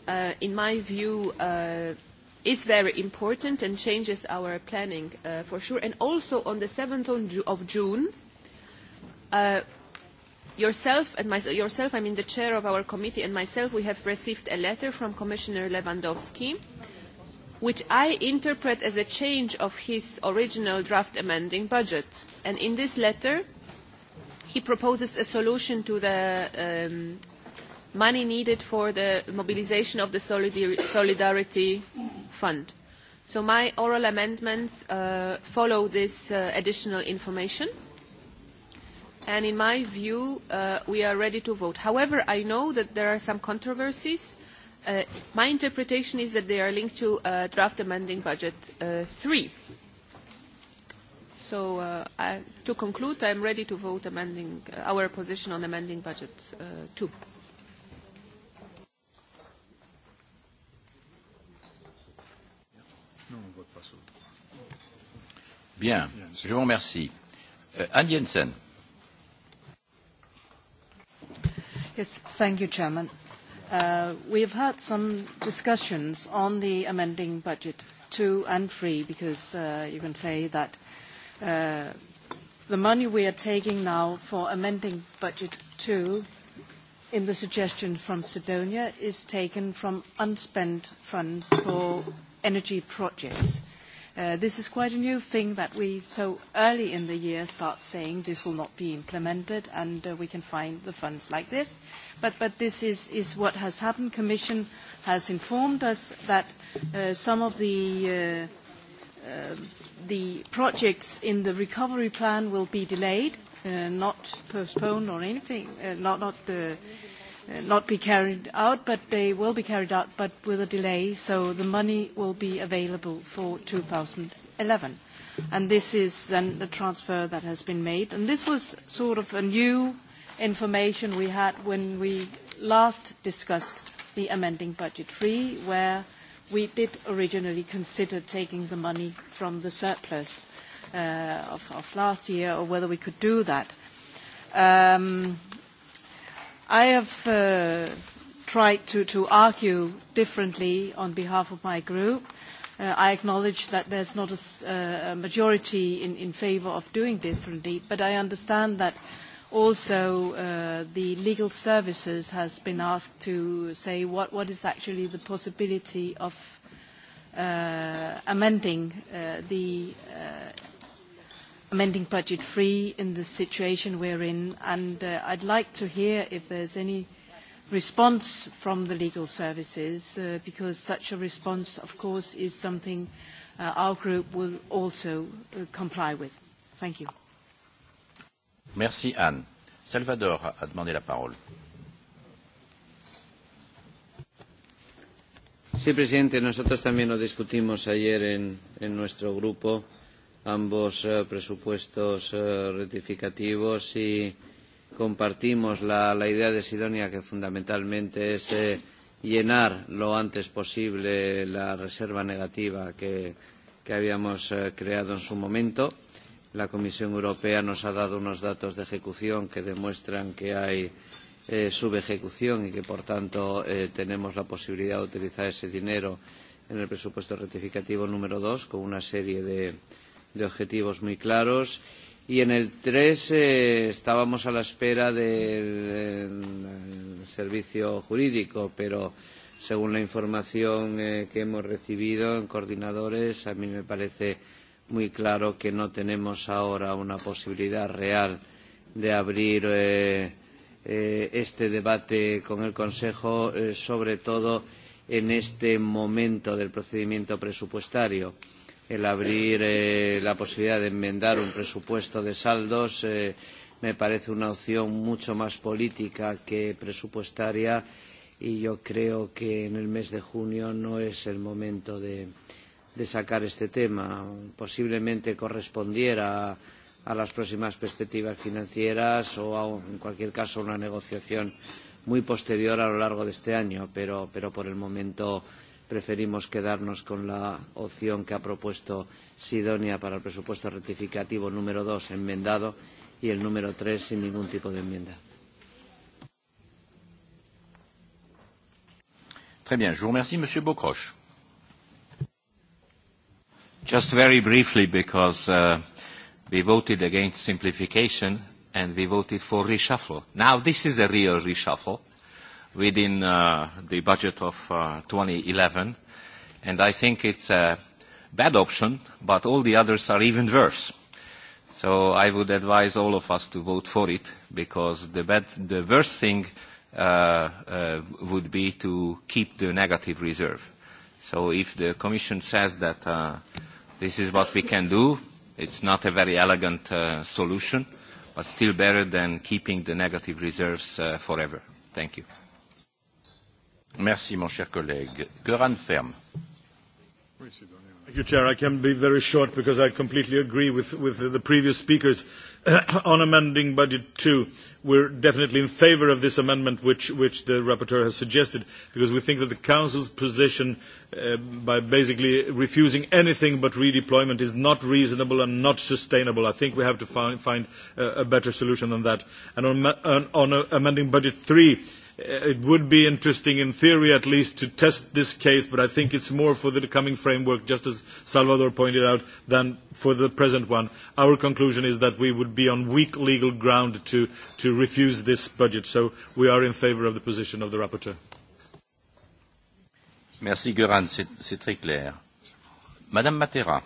uh, in my view, uh, is very important and changes our planning uh, for sure. And also on the 7th of June, uh, yourself and myself, yourself, I mean the chair of our committee and myself, we have received a letter from Commissioner Lewandowski which I interpret as a change of his original draft amending budget. And in this letter, he proposes a solution to the um, money needed for the mobilization of the Solidarity Fund. So my oral amendments uh, follow this uh, additional information. And in my view, uh, we are ready to vote. However, I know that there are some controversies Uh, my interpretation is that they are linked to uh, draft amending budget uh, 3. So uh, I, to conclude, I am ready to vote amending uh, our position on amending budget uh, 2. Bien, je vous remercie. Uh, Anne Jensen. Yes, thank you, Chairman. Uh, we have had some discussions on the amending budget two and three because uh, you can say that uh, the money we are taking now for amending budget two in the suggestion from Sidonia is taken from unspent funds for energy projects. Uh, this is quite a new thing that we so early in the year start saying this will not be implemented and uh, we can find the funds like this. But, but this is, is what has happened. Commission has informed us that uh, some of the, uh, uh, the projects in the recovery plan will be delayed, not postponed or anything, not, not Uh, not be carried out, but they will be carried out, but with a delay, so the money will be available for 2011. And this is then the transfer that has been made. And this was sort of a new information we had when we last discussed the amending budget free, where we did originally consider taking the money from the surplus uh, of, of last year, or whether we could do that. Um, I have uh, tried to, to argue differently on behalf of my group. Uh, I acknowledge that there's not a, uh, majority in, in favour of doing differently, but I understand that also uh, the legal services has been asked to say what, what is actually the possibility of uh, amending uh, the uh, amending budget free in the situation we're in, and uh, I'd like to hear if there's any response from the legal services, uh, because such a response, of course, is something uh, our group will also uh, comply with. Thank you. Merci, Anne. Salvador a demandé la parole. Sí, presidente, nosotros también lo discutimos ayer en, en nuestro grupo ambos eh, presupuestos eh, rectificativos y compartimos la, la idea de Sidonia que fundamentalmente es eh, llenar lo antes posible la reserva negativa que, que habíamos eh, creado en su momento. La Comisión Europea nos ha dado unos datos de ejecución que demuestran que hay eh, subejecución y que, por tanto, eh, tenemos la posibilidad de utilizar ese dinero en el presupuesto rectificativo número 2 con una serie de, de objetivos muy claros. Y en el 3 eh, estábamos a la espera del el servicio jurídico, pero según la información eh, que hemos recibido en coordinadores, a mí me parece muy claro que no tenemos ahora una posibilidad real de abrir eh, eh, este debate con el Consejo, eh, sobre todo en este momento del procedimiento presupuestario el abrir eh, la posibilidad de enmendar un presupuesto de saldos eh, me parece una opción mucho más política que presupuestaria y yo creo que en el mes de junio no es el momento de, de sacar este tema. Posiblemente correspondiera a, a las próximas perspectivas financieras o a, en cualquier caso a una negociación muy posterior a lo largo de este año, pero, pero por el momento preferimos quedarnos con la opción que ha propuesto Sidonia para el presupuesto rectificativo número 2 enmendado y el número 3 sin ningún tipo de enmienda. Très bien, je vous remercie, Monsieur Bocroche. Just very briefly, because uh, we voted against simplification and we voted for reshuffle. Now, this is a real reshuffle within uh, the budget of uh, 2011. And I think it's a bad option, but all the others are even worse. So I would advise all of us to vote for it, because the, bad, the worst thing uh, uh, would be to keep the negative reserve. So if the Commission says that uh, this is what we can do, it's not a very elegant uh, solution, but still better than keeping the negative reserves uh, forever. Thank you. Merci, mon cher collègue. Göran Ferm. Thank you, Chair. I can be very short because I completely agree with, with the previous speakers. On amending Budget 2, we're definitely in favor of this amendment which, which the rapporteur has suggested because we think that the Council's position uh, by basically refusing anything but redeployment is not reasonable and not sustainable. I think we have to find, find a, a better solution than that. And on, on, on amending Budget 3, Uh, it would be interesting in theory at least to test this case, but I think it's more for the coming framework, just as Salvador pointed out, than for the present one. Our conclusion is that we would be on weak legal ground to, to refuse this budget, so we are in favour of the position of the rapporteur. Merci, Göran. C'est très clair. Madame Matera.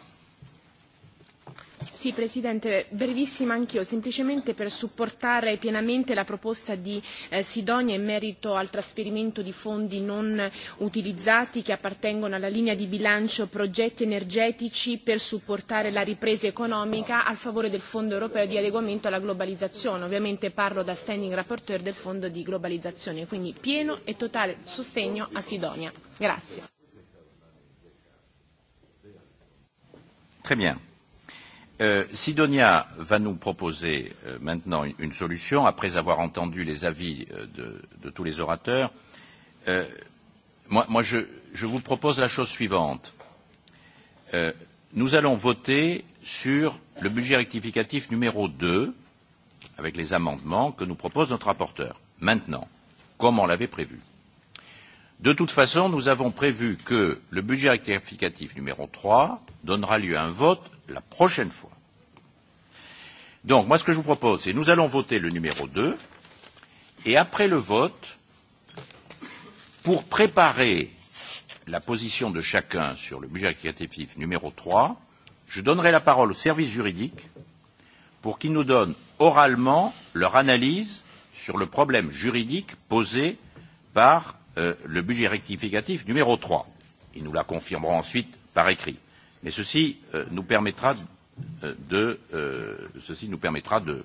Sì, Presidente, brevissima anch'io, semplicemente per supportare pienamente la proposta di eh, Sidonia in merito al trasferimento di fondi non utilizzati che appartengono alla linea di bilancio progetti energetici per supportare la ripresa economica a favore del Fondo europeo di adeguamento alla globalizzazione. Ovviamente parlo da standing rapporteur del Fondo di globalizzazione, quindi pieno e totale sostegno a Sidonia. Grazie. Très bien. Euh, Sidonia va nous proposer euh, maintenant une solution, après avoir entendu les avis euh, de, de tous les orateurs. Euh, moi, moi je, je vous propose la chose suivante. Euh, nous allons voter sur le budget rectificatif numéro 2, avec les amendements que nous propose notre rapporteur, maintenant, comme on l'avait prévu. De toute façon, nous avons prévu que le budget rectificatif numéro 3 donnera lieu à un vote la prochaine fois. Donc, moi, ce que je vous propose, c'est nous allons voter le numéro 2, et après le vote, pour préparer la position de chacun sur le budget rectificatif numéro 3, je donnerai la parole au service juridique pour qu'ils nous donnent oralement leur analyse sur le problème juridique posé par euh, le budget rectificatif numéro 3. Ils nous la confirmeront ensuite par écrit. Mais ceci euh, nous permettra euh, de, euh, ceci nous permettra de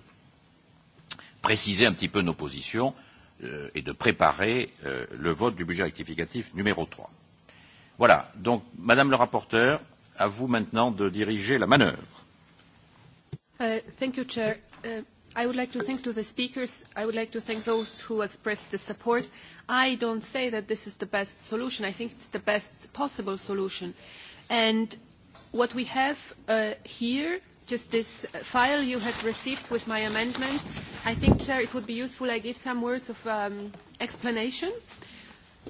préciser un petit peu nos positions euh, et de préparer euh, le vote du budget rectificatif numéro 3. Voilà. Donc, Madame le rapporteur, à vous maintenant de diriger la manœuvre. Uh, thank you, Chair. Uh, I would like to thank to the speakers. I would like to thank those who expressed the support. I don't say that this is the best solution. I think it's the best possible solution. And what we have uh, here, just this file you have received with my amendment, I think, Chair, it would be useful I give some words of um, explanation.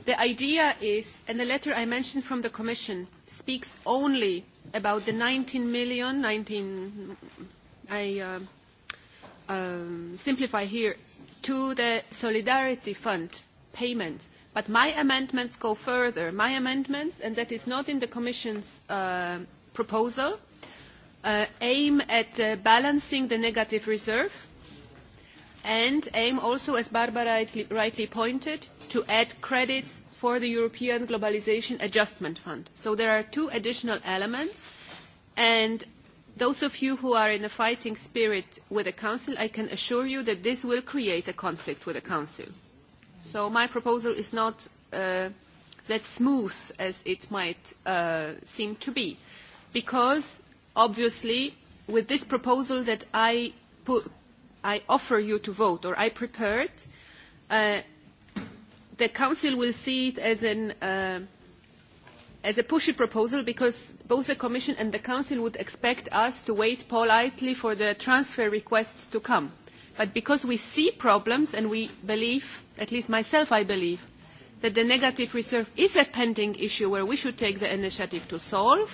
The idea is, and the letter I mentioned from the Commission speaks only about the 19 million, 19, I uh, um, simplify here, to the Solidarity Fund payment. But my amendments go further. My amendments, and that is not in the Commission's uh, proposal uh, aim at uh, balancing the negative reserve and aim also, as Barbara rightly, rightly pointed, to add credits for the European Globalization Adjustment Fund. So there are two additional elements, and those of you who are in a fighting spirit with the Council, I can assure you that this will create a conflict with the Council. So my proposal is not uh, that smooth as it might uh, seem to be because obviously with this proposal that I, put, I offer you to vote or I prepared, uh, the Council will see it as, an, uh, as a pushy proposal because both the Commission and the Council would expect us to wait politely for the transfer requests to come. But because we see problems and we believe, at least myself I believe, that the negative reserve is a pending issue where we should take the initiative to solve,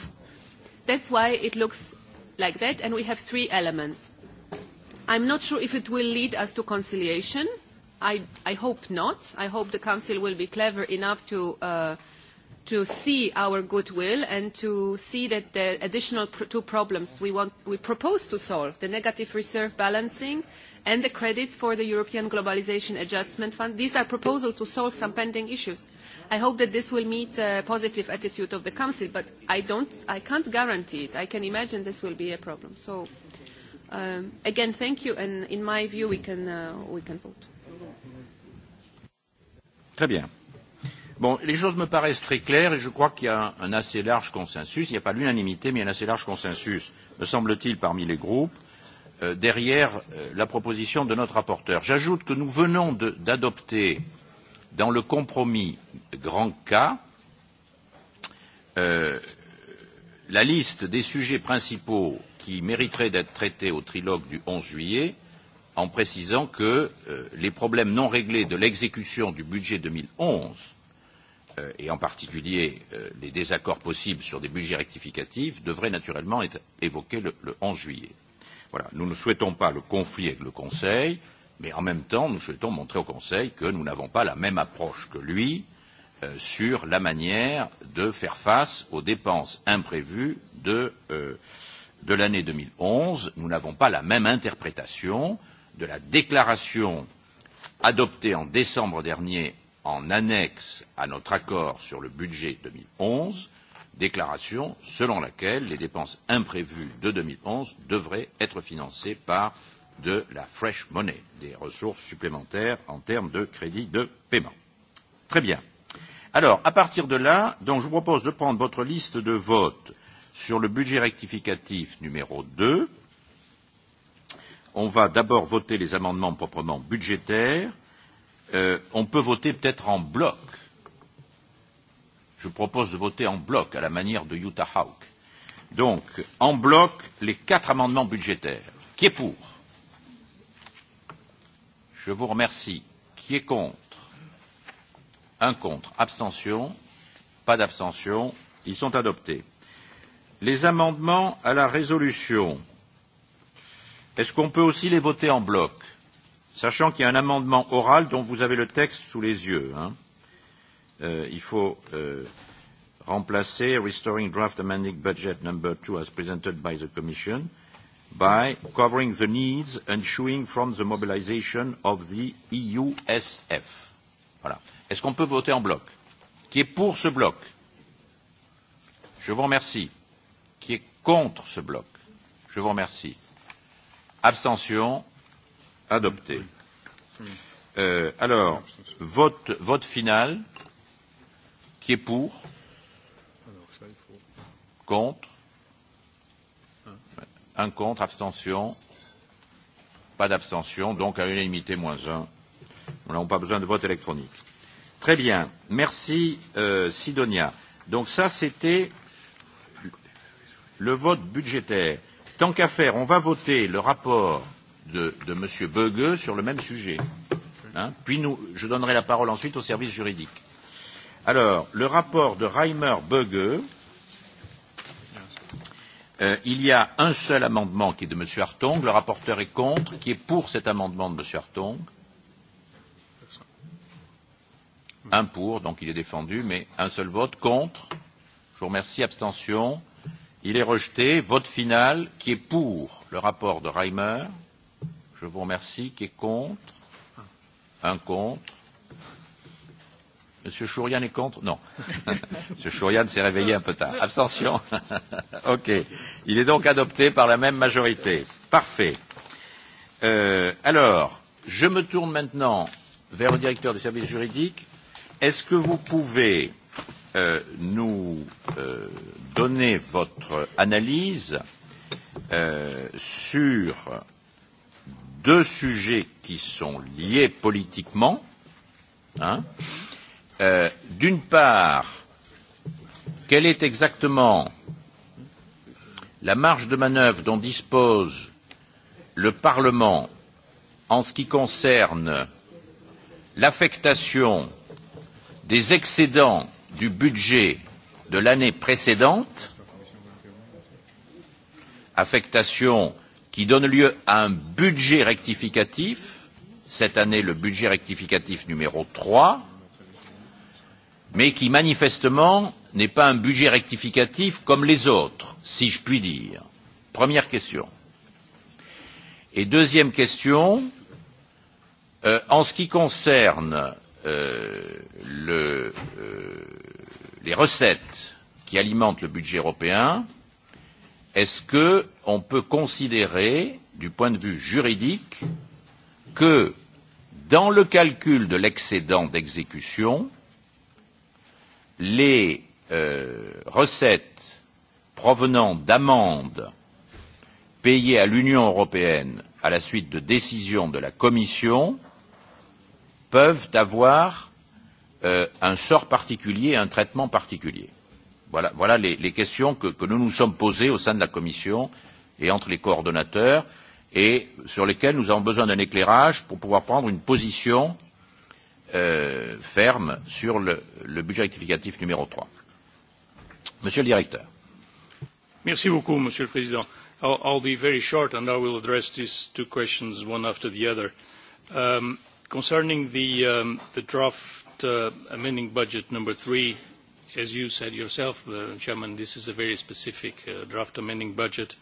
That's why it looks like that, and we have three elements. I'm not sure if it will lead us to conciliation. I, I hope not. I hope the Council will be clever enough to, uh, to see our goodwill and to see that the additional pr two problems we, want, we propose to solve, the negative reserve balancing and the credits for the European Globalization Adjustment Fund, these are proposals to solve some pending issues. I hope that this will meet a positive attitude of the Council, but I, don't, I can't guarantee it. I can imagine this will be a problem. So, um, again, thank you, and in my view, we can, uh, we can vote. Très bien. Bon, les choses me paraissent très claires et je crois qu'il y a un assez large consensus. Il n'y a pas l'unanimité, mais il y a un assez large consensus, me semble-t-il, parmi les groupes, euh, derrière euh, la proposition de notre rapporteur. J'ajoute que nous venons d'adopter euh, Dans le compromis grand K, euh, la liste des sujets principaux qui mériteraient d'être traités au trilogue du 11 juillet, en précisant que euh, les problèmes non réglés de l'exécution du budget 2011, euh, et en particulier euh, les désaccords possibles sur des budgets rectificatifs, devraient naturellement être évoqués le, le 11 juillet. Voilà. Nous ne souhaitons pas le conflit avec le Conseil. Mais en même temps, nous souhaitons montrer au Conseil que nous n'avons pas la même approche que lui euh, sur la manière de faire face aux dépenses imprévues de, euh, de l'année 2011. Nous n'avons pas la même interprétation de la déclaration adoptée en décembre dernier en annexe à notre accord sur le budget 2011, déclaration selon laquelle les dépenses imprévues de 2011 devraient être financées par euh, de la fresh money, des ressources supplémentaires en termes de crédit de paiement. Très bien. Alors, à partir de là, donc, je vous propose de prendre votre liste de vote sur le budget rectificatif numéro 2. On va d'abord voter les amendements proprement budgétaires. Euh, on peut voter peut-être en bloc. Je propose de voter en bloc, à la manière de Utah Hawk. Donc, en bloc, les quatre amendements budgétaires. Qui est pour Je vous remercie. Qui est contre Un contre. Abstention Pas d'abstention. Ils sont adoptés. Les amendements à la résolution. Est-ce qu'on peut aussi les voter en bloc Sachant qu'il y a un amendement oral dont vous avez le texte sous les yeux. Hein. Euh, il faut euh, remplacer Restoring Draft Amending Budget Number 2 as presented by the Commission. Euh, by covering the needs ensuing from the mobilization of the EUSF. Voilà. Est-ce qu'on peut voter en bloc Qui est pour ce bloc Je vous remercie. Qui est contre ce bloc Je vous remercie. Abstention Adopté. Euh, alors, vote, vote final. Qui est pour Contre un contre, abstention Pas d'abstention, donc à unanimité moins un. Nous n'avons pas besoin de vote électronique. Très bien. Merci euh, Sidonia. Donc ça, c'était le vote budgétaire. Tant qu'à faire, on va voter le rapport de, de M. Beugueux sur le même sujet. Hein Puis nous, je donnerai la parole ensuite au service juridique. Alors, le rapport de Reimer Beugueux, Euh, il y a un seul amendement qui est de M. Hartong. Le rapporteur est contre. Qui est pour cet amendement de M. Hartong Un pour, donc il est défendu, mais un seul vote. Contre Je vous remercie. Abstention Il est rejeté. Vote final qui est pour le rapport de Reimer. Je vous remercie. Qui est contre Un contre Monsieur Chourian est contre Non. Monsieur Chourian s'est réveillé un peu tard. Abstention Ok. Il est donc adopté par la même majorité. Parfait. Euh, alors, je me tourne maintenant vers le directeur des services juridiques. Est-ce que vous pouvez euh, nous euh, donner votre analyse euh, sur deux sujets qui sont liés politiquement hein, euh, Euh, d'une part, quelle est exactement la marge de manœuvre dont dispose le Parlement en ce qui concerne l'affectation des excédents du budget de l'année précédente, affectation qui donne lieu à un budget rectificatif, cette année le budget rectificatif numéro 3, mais qui manifestement n'est pas un budget rectificatif comme les autres, si je puis dire. Première question. Et deuxième question, euh, en ce qui concerne euh, le, euh, les recettes qui alimentent le budget européen, est-ce que on peut considérer, du point de vue juridique, que dans le calcul de l'excédent d'exécution, les euh, recettes provenant d'amendes payées à l'Union européenne à la suite de décisions de la Commission peuvent avoir euh, un sort particulier, un traitement particulier. Voilà, voilà les, les questions que, que nous nous sommes posées au sein de la Commission et entre les coordonnateurs et sur lesquelles nous avons besoin d'un éclairage pour pouvoir prendre une position euh, euh, ferme sur le, le budget rectificatif numéro 3. Monsieur le directeur. Merci beaucoup, Monsieur le Président. I'll, I'll be very short and I will address these two questions one after the other. Um, concerning the, um, the draft uh, amending budget number three, as you said yourself, uh, Chairman, this is a very specific uh, draft amending budget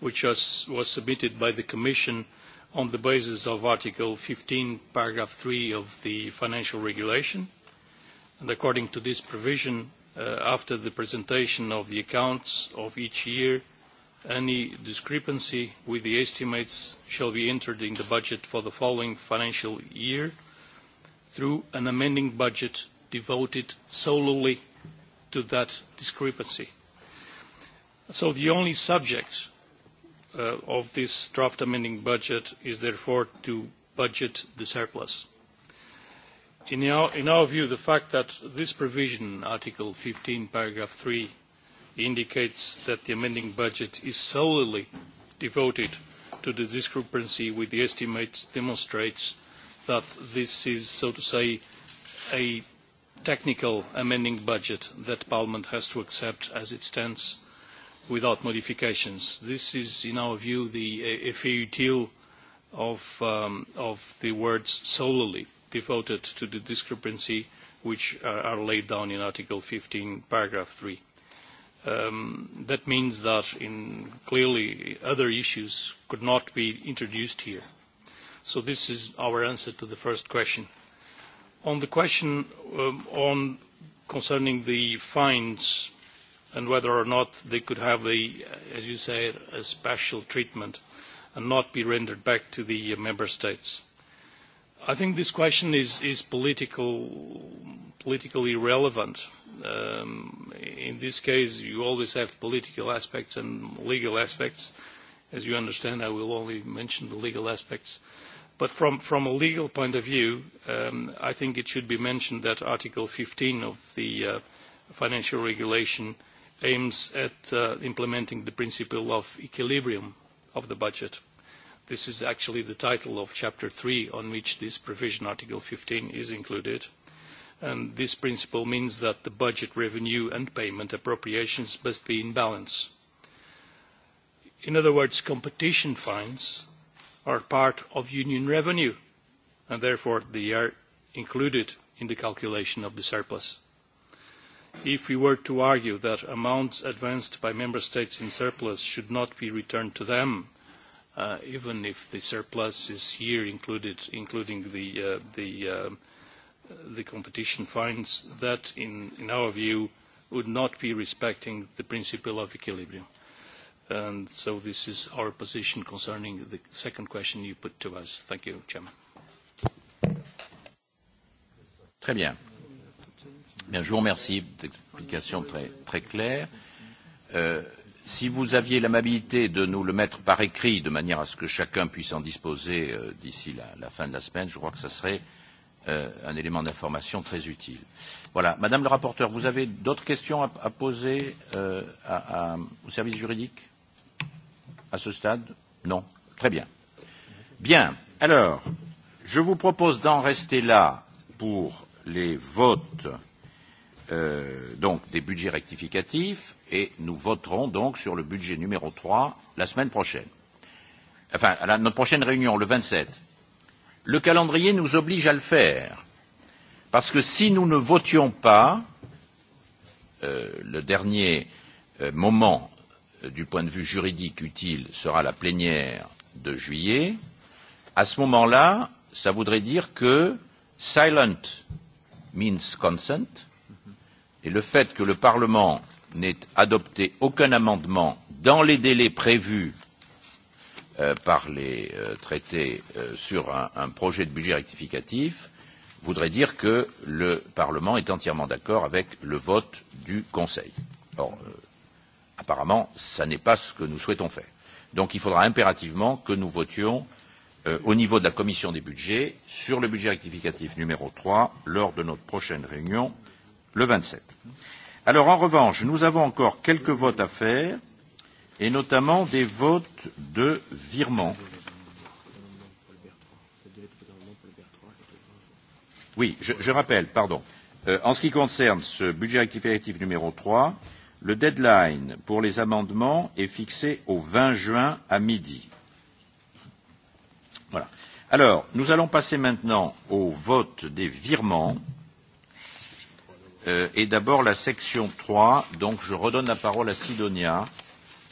which was, was submitted by the Commission uh, on the basis of Article 15, paragraph 3 of the financial regulation. And according to this provision, uh, after the presentation of the accounts of each year, any discrepancy with the estimates shall be entered in the budget for the following financial year through an amending budget devoted solely to that discrepancy. So the only subject uh, of this draft amending budget is therefore to budget the surplus. In our, in our view, the fact that this provision, Article 15, paragraph 3, indicates that the amending budget is solely devoted to the discrepancy with the estimates demonstrates that this is, so to say, a technical amending budget that Parliament has to accept as it stands without modifications. This is, in our view, the a fair of, um, of the words solely devoted to the discrepancy which are, uh, are laid down in Article 15, paragraph 3. Um, that means that in clearly other issues could not be introduced here. So this is our answer to the first question. On the question um, on concerning the fines and whether or not they could have a, as you say, a special treatment and not be rendered back to the uh, member states. I think this question is, is political, politically relevant. Um, in this case, you always have political aspects and legal aspects. As you understand, I will only mention the legal aspects. But from, from a legal point of view, um, I think it should be mentioned that Article 15 of the uh, financial regulation aims at uh, implementing the principle of equilibrium of the budget. This is actually the title of Chapter 3 on which this provision, Article 15, is included. And this principle means that the budget revenue and payment appropriations must be in balance. In other words, competition fines are part of union revenue, and therefore they are included in the calculation of the surplus if we were to argue that amounts advanced by member states in surplus should not be returned to them, uh, even if the surplus is here included, including the, uh, the, uh, the competition fines, that, in, in our view, would not be respecting the principle of equilibrium. And so this is our position concerning the second question you put to us. Thank you, Chairman. Très bien. Bien, je vous remercie d'explications très, très claires. Euh, si vous aviez l'amabilité de nous le mettre par écrit, de manière à ce que chacun puisse en disposer euh, d'ici la, la fin de la semaine, je crois que ce serait euh, un élément d'information très utile. Voilà. Madame le rapporteur, vous avez d'autres questions à, à poser euh, à, à, au service juridique à ce stade Non Très bien. Bien. Alors, je vous propose d'en rester là pour les votes Euh, donc des budgets rectificatifs et nous voterons donc sur le budget numéro 3 la semaine prochaine. Enfin, à la, notre prochaine réunion, le 27. Le calendrier nous oblige à le faire. Parce que si nous ne votions pas, euh, le dernier euh, moment euh, du point de vue juridique utile sera la plénière de juillet, à ce moment-là, ça voudrait dire que silent means consent, euh, et le fait que le Parlement n'ait adopté aucun amendement dans les délais prévus euh, par les euh, traités euh, sur un, un projet de budget rectificatif voudrait dire que le Parlement est entièrement d'accord avec le vote du Conseil. Or, euh, apparemment, ce n'est pas ce que nous souhaitons faire. Donc il faudra impérativement que nous votions euh, au niveau de la commission des budgets sur le budget rectificatif numéro 3 lors de notre prochaine réunion le 27. Alors, en revanche, nous avons encore quelques votes à faire, et notamment des votes de virement. Oui, je, je rappelle, pardon. Euh, en ce qui concerne ce budget rectificatif numéro 3, le deadline pour les amendements est fixé au 20 juin à midi. Voilà. Alors, nous allons passer maintenant au vote des virements. Euh, Euh, et d'abord la section 3, donc je redonne la parole à Sidonia,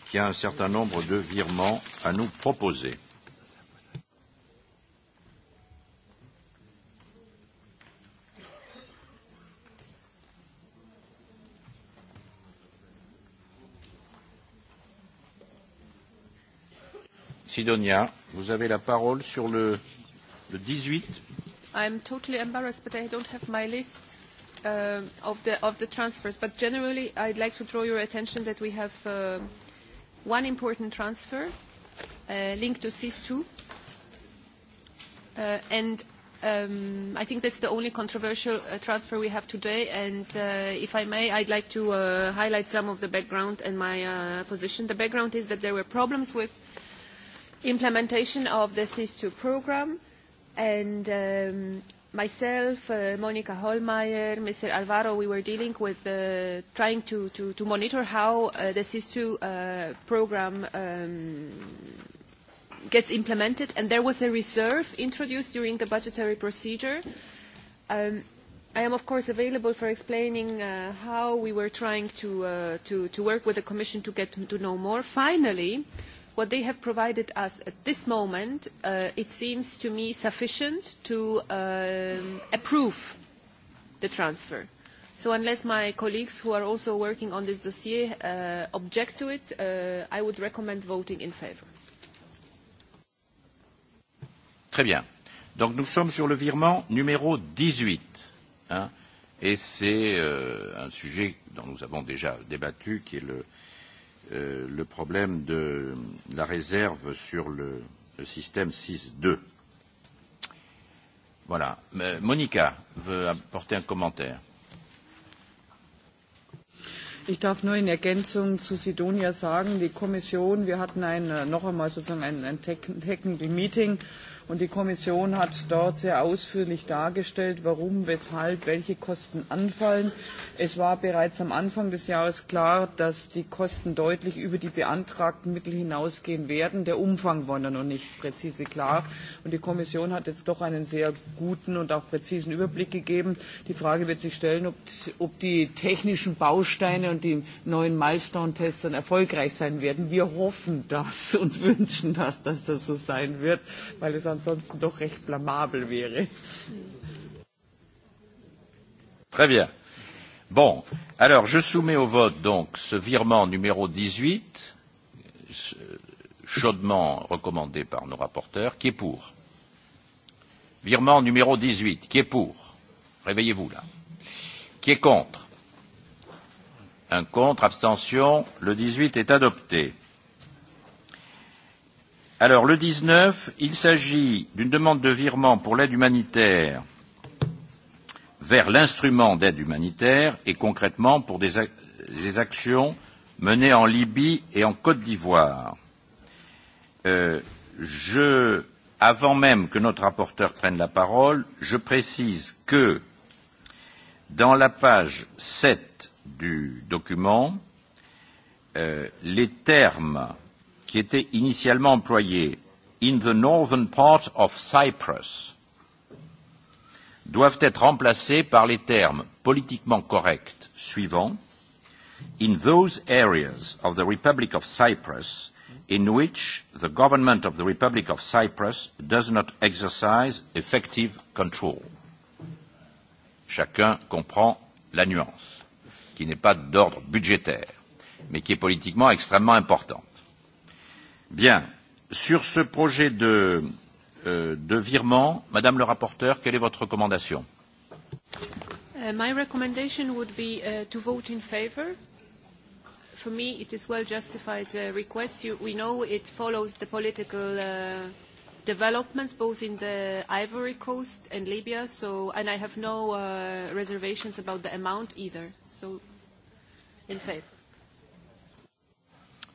qui a un certain nombre de virements à nous proposer. Sidonia, vous avez la parole sur le, le 18. I'm totally embarrassed, but I don't have my list uh, of, the, of the transfers. But generally, I'd like to draw your attention that we have uh, one important transfer uh, linked to SIS2. Uh, and um, I think that's the only controversial uh, transfer we have today. And uh, if I may, I'd like to uh, highlight some of the background and my uh, position. The background is that there were problems with implementation of the SIS2 program. And um, myself, uh, Monica Holmeyer, Mr. Alvaro, we were dealing with uh, trying to, to, to monitor how uh, the SIS2 uh, program um, gets implemented, and there was a reserve introduced during the budgetary procedure. Um, I am, of course, available for explaining uh, how we were trying to, uh, to, to work with the Commission to get to know more. Finally, uh, what they have provided us at this moment, uh, it seems to me sufficient to um, approve the transfer. So unless my colleagues who are also working on this dossier uh, object to it, uh, I would recommend voting in favor. Très bien. Donc nous sommes sur le virement numéro 18. Hein, et c'est euh, un sujet dont nous avons déjà débattu, qui est le, Euh, le problème de la réserve sur le, le système 6.2. Voilà. Euh, Monica veut apporter un commentaire. Ich darf nur in Ergänzung zu Sidonia sagen, die Kommission, wir hatten ein, äh, noch einmal sozusagen ein, ein Technical Meeting, Und die Kommission hat dort sehr ausführlich dargestellt, warum, weshalb, welche Kosten anfallen. Es war bereits am Anfang des Jahres klar, dass die Kosten deutlich über die beantragten Mittel hinausgehen werden. Der Umfang war dann noch nicht präzise klar. Und die Kommission hat jetzt doch einen sehr guten und auch präzisen Überblick gegeben. Die Frage wird sich stellen, ob, ob die technischen Bausteine und die neuen Milestone-Tests dann erfolgreich sein werden. Wir hoffen das und wünschen das, dass das so sein wird, weil es ansonsten doch recht blamabel wäre. Très bien. Bon, alors je soumets au vote donc ce virement numéro 18, chaudement recommandé par nos rapporteurs, qui est pour Virement numéro 18, qui est pour Réveillez-vous là. Qui est contre Un contre, abstention, le 18 est adopté. Alors, le 19, il s'agit d'une demande de virement pour l'aide humanitaire vers l'instrument d'aide humanitaire et concrètement pour des, ac des actions menées en Libye et en Côte d'Ivoire. Euh, je, avant même que notre rapporteur prenne la parole, je précise que dans la page 7 du document, euh, les termes qui était initialement employé in the northern part of Cyprus doivent être remplacés par les termes politiquement corrects suivants In those areas of the Republic of Cyprus in which the government of the Republic of Cyprus does not exercise effective control. Chacun comprend la nuance, qui n'est pas d'ordre budgétaire, mais qui est politiquement extrêmement important. Bien. Sur ce projet de, euh, de virement, Madame le rapporteur, quelle est votre recommandation uh, My recommendation would be uh, to vote in favor. For me, it is well justified uh, request. You, we know it follows the political uh, developments both in the Ivory Coast and Libya, so, and I have no uh, reservations about the amount either. So, in favor.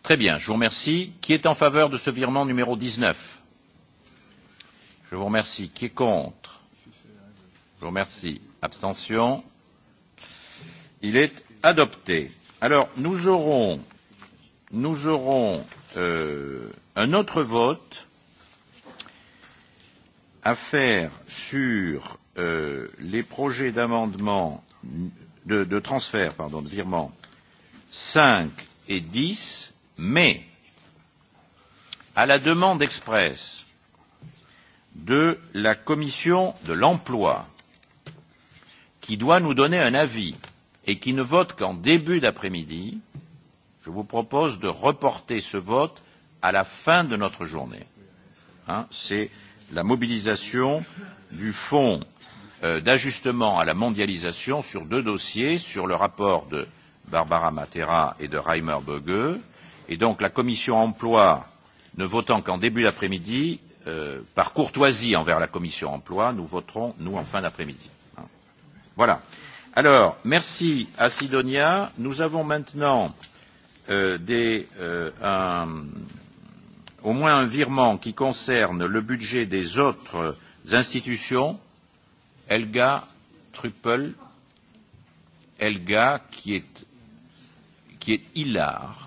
Très bien, je vous remercie. Qui est en faveur de ce virement numéro 19 Je vous remercie. Qui est contre Je vous remercie. Abstention Il est adopté. Alors, nous aurons, nous aurons euh, un autre vote à faire sur euh, les projets d'amendement de, de transfert, pardon, de virement 5 et 10 Mais, à la demande expresse de la commission de l'emploi, qui doit nous donner un avis et qui ne vote qu'en début d'après-midi, je vous propose de reporter ce vote à la fin de notre journée. Hein, C'est la mobilisation du fonds euh, d'ajustement à la mondialisation sur deux dossiers, sur le rapport de Barbara Matera et de Reimer Bogue, Et donc la commission emploi, ne votant qu'en début d'après-midi, euh, par courtoisie envers la commission emploi, nous voterons, nous, en fin d'après-midi. Voilà. Alors, merci à Sidonia. Nous avons maintenant euh, des, euh, un, au moins un virement qui concerne le budget des autres institutions. Elga Truppel, Elga qui est, qui est hilar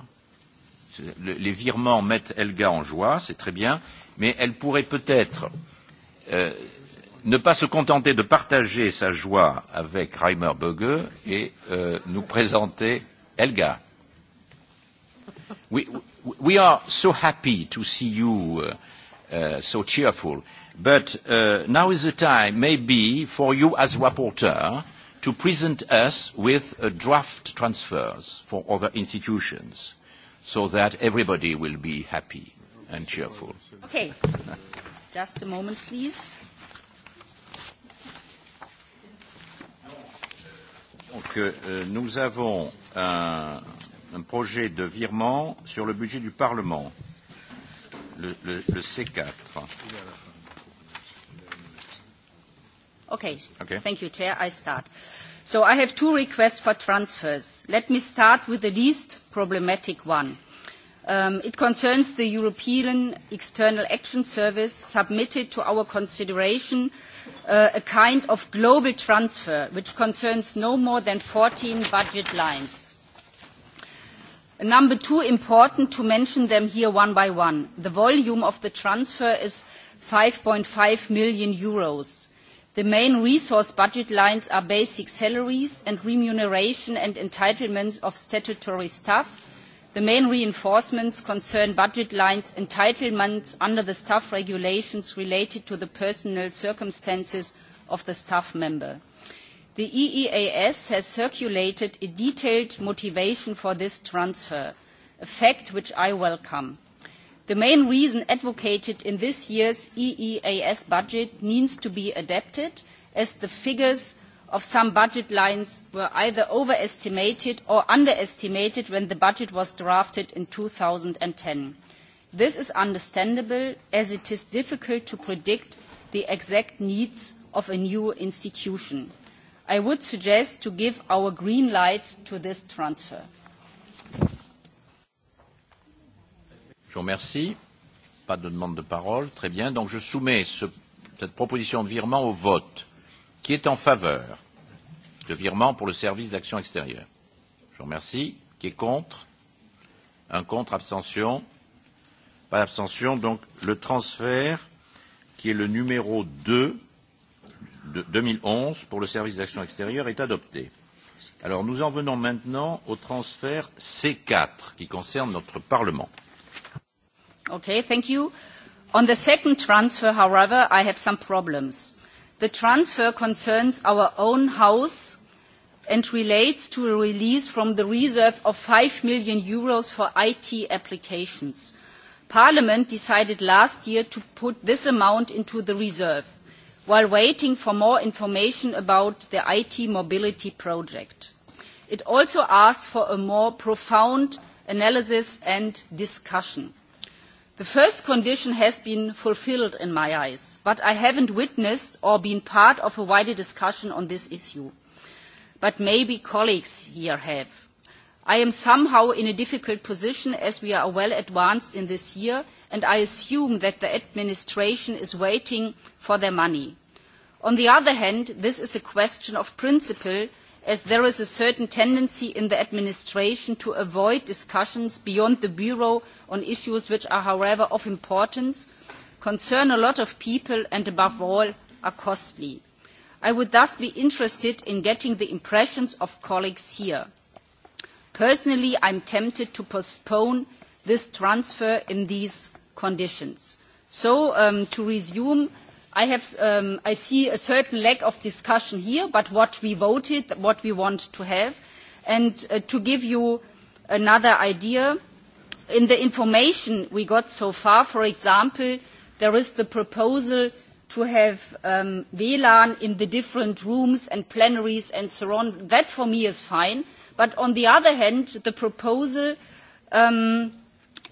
le, les virements mettent Elga en joie, c'est très bien, mais elle pourrait peut-être euh, ne pas se contenter de partager sa joie avec Reimer Böge et euh, nous présenter Elga. We, we are so happy to see you uh, uh so cheerful, but uh, now is the time maybe for you as rapporteur to present us with a draft transfers for other institutions so that everybody will be happy and cheerful. Okay. Just a moment, please. Donc, euh, euh, nous avons un, un projet de virement sur le budget du Parlement, le, le, le C4. Okay. okay. Thank you, Chair. I start. Euh, So I have two requests for transfers. Let me start with the least problematic one. Um, it concerns the European External Action Service submitted to our consideration uh, a kind of global transfer which concerns no more than 14 budget lines. Number two, important to mention them here one by one. The volume of the transfer is 5.5 million euros. The main resource budget lines are basic salaries and remuneration and entitlements of statutory staff. The main reinforcements concern budget lines entitlements under the staff regulations related to the personal circumstances of the staff member. The EEAS has circulated a detailed motivation for this transfer, a fact which I welcome. The main reason advocated in this year's EEAS budget needs to be adapted as the figures of some budget lines were either overestimated or underestimated when the budget was drafted in 2010. This is understandable as it is difficult to predict the exact needs of a new institution. I would suggest to give our green light to this transfer. Je vous remercie. Pas de demande de parole. Très bien. Donc je soumets ce, cette proposition de virement au vote. Qui est en faveur de virement pour le service d'action extérieure Je vous remercie. Qui est contre Un contre, abstention Pas d'abstention. Donc le transfert, qui est le numéro 2 de 2011 pour le service d'action extérieure, est adopté. Alors nous en venons maintenant au transfert C4 qui concerne notre Parlement. Okay, thank you. On the second transfer, however, I have some problems. The transfer concerns our own house and relates to a release from the reserve of 5 million euros for IT applications. Parliament decided last year to put this amount into the reserve while waiting for more information about the IT mobility project. It also asked for a more profound analysis and discussion. The first condition has been fulfilled in my eyes, but I haven't witnessed or been part of a wider discussion on this issue. But maybe colleagues here have. I am somehow in a difficult position as we are well advanced in this year and I assume that the administration is waiting for their money. On the other hand, this is a question of principle as there is a certain tendency in the administration to avoid discussions beyond the bureau on issues which are however of importance, concern a lot of people and above all are costly. I would thus be interested in getting the impressions of colleagues here. Personally, I am tempted to postpone this transfer in these conditions. So um, to resume, I, have, um, I see a certain lack of discussion here, but what we voted, what we want to have. And uh, to give you another idea, in the information we got so far, for example, there is the proposal to have um, VLAN in the different rooms and plenaries and so on. That for me is fine. But on the other hand, the proposal um,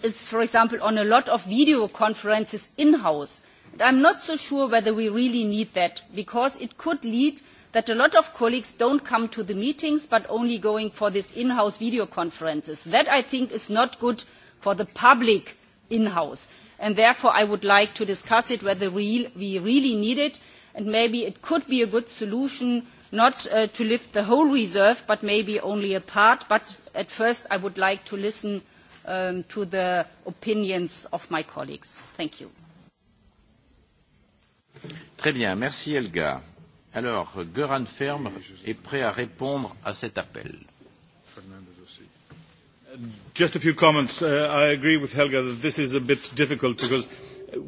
is, for example, on a lot of video conferences in-house. I'm not so sure whether we really need that because it could lead that a lot of colleagues don't come to the meetings but only going for these in-house video conferences. That I think is not good for the public in-house. And therefore I would like to discuss it whether we really need it and maybe it could be a good solution not uh, to lift the whole reserve but maybe only a part but at first I would like to listen um, to the opinions of my colleagues. Thank you. Très bien, merci Elga. Alors, Göran Ferm est prêt à répondre à cet appel. Uh, just a few comments. Uh, I agree with Helga that this is a bit difficult because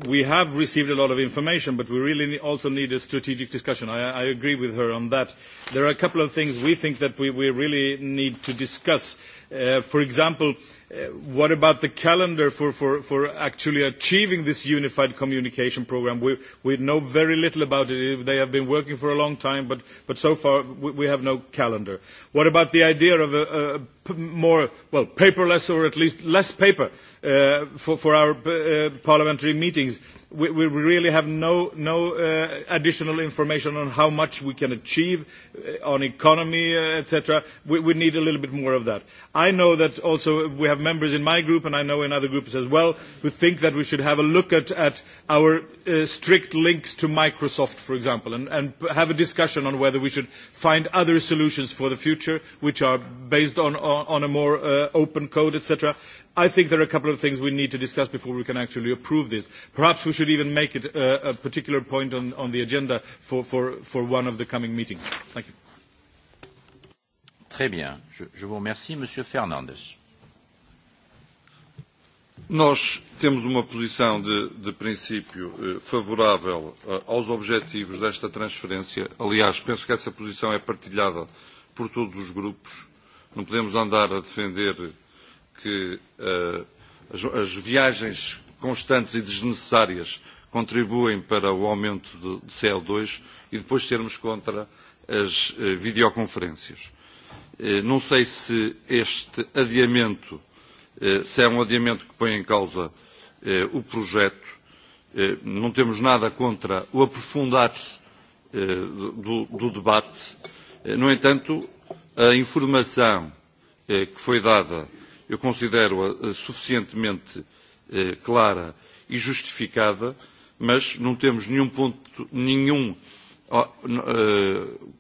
we have received a lot of information, but we really also need a strategic discussion. I, I agree with her on that. There are a couple of things we think that we, we really need to discuss. Uh, for example, uh, Uh, what about the calendar for, for, for actually achieving this unified communication program? We, we know very little about it. They have been working for a long time, but, but so far we, we have no calendar. What about the idea of a, a more, well, paperless or at least less paper uh, for, for our uh, parliamentary meetings? We, we really have no, no uh, additional information on how much we can achieve uh, on economy, uh, etc. We, we need a little bit more of that. I know that also we have have members in my group, and I know in other groups as well, who think that we should have a look at, at our uh, strict links to Microsoft, for example, and, and have a discussion on whether we should find other solutions for the future, which are based on, on, on a more uh, open code, etc. I think there are a couple of things we need to discuss before we can actually approve this. Perhaps we should even make it a, uh, a particular point on, on the agenda for, for, for one of the coming meetings. Thank you. Très bien. Je, je vous remercie, Monsieur Fernandez. Nós temos uma posição de, de princípio eh, favorável eh, aos objetivos desta transferência. Aliás, penso que essa posição é partilhada por todos os grupos. Não podemos andar a defender que eh, as, as viagens constantes e desnecessárias contribuem para o aumento de, de CO2 e depois sermos contra as eh, videoconferências. Eh, não sei se este adiamento Eh, se é um adiamento que põe em causa eh, o projeto, eh, não temos nada contra o aprofundar-se do, do debate. No entanto, a informação que foi dada eu considero-a suficientemente clara e justificada, mas não temos nenhum ponto, nenhum,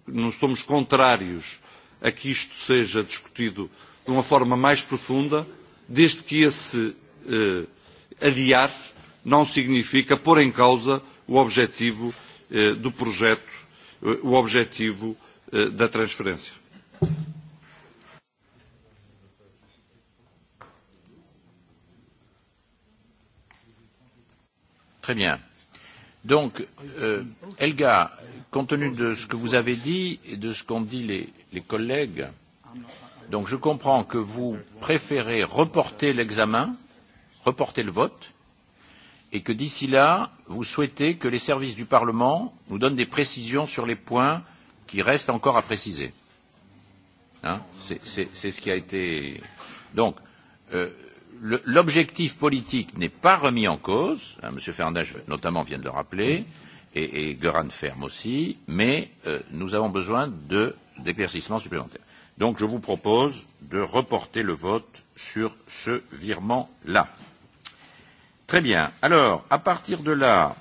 não somos contrários a que isto seja discutido de uma forma mais profunda desde que esse eh, adiar não significa pôr em causa o objetivo eh, do projeto, eh, o objetivo eh, da transferência. Très bien. Donc, euh, Elga, compte tenu de ce que vous avez dit et de ce qu'ont dit les, les collègues, euh, Donc je comprends que vous préférez reporter l'examen, reporter le vote, et que d'ici là, vous souhaitez que les services du Parlement nous donnent des précisions sur les points qui restent encore à préciser. Hein C'est ce qui a été. Donc, euh, l'objectif politique n'est pas remis en cause, hein, M. Fernandez notamment vient de le rappeler, et, et Göran Ferme aussi, mais euh, nous avons besoin d'éclaircissements supplémentaires. Donc je vous propose de reporter le vote sur ce virement-là. Très bien. Alors, à partir de là,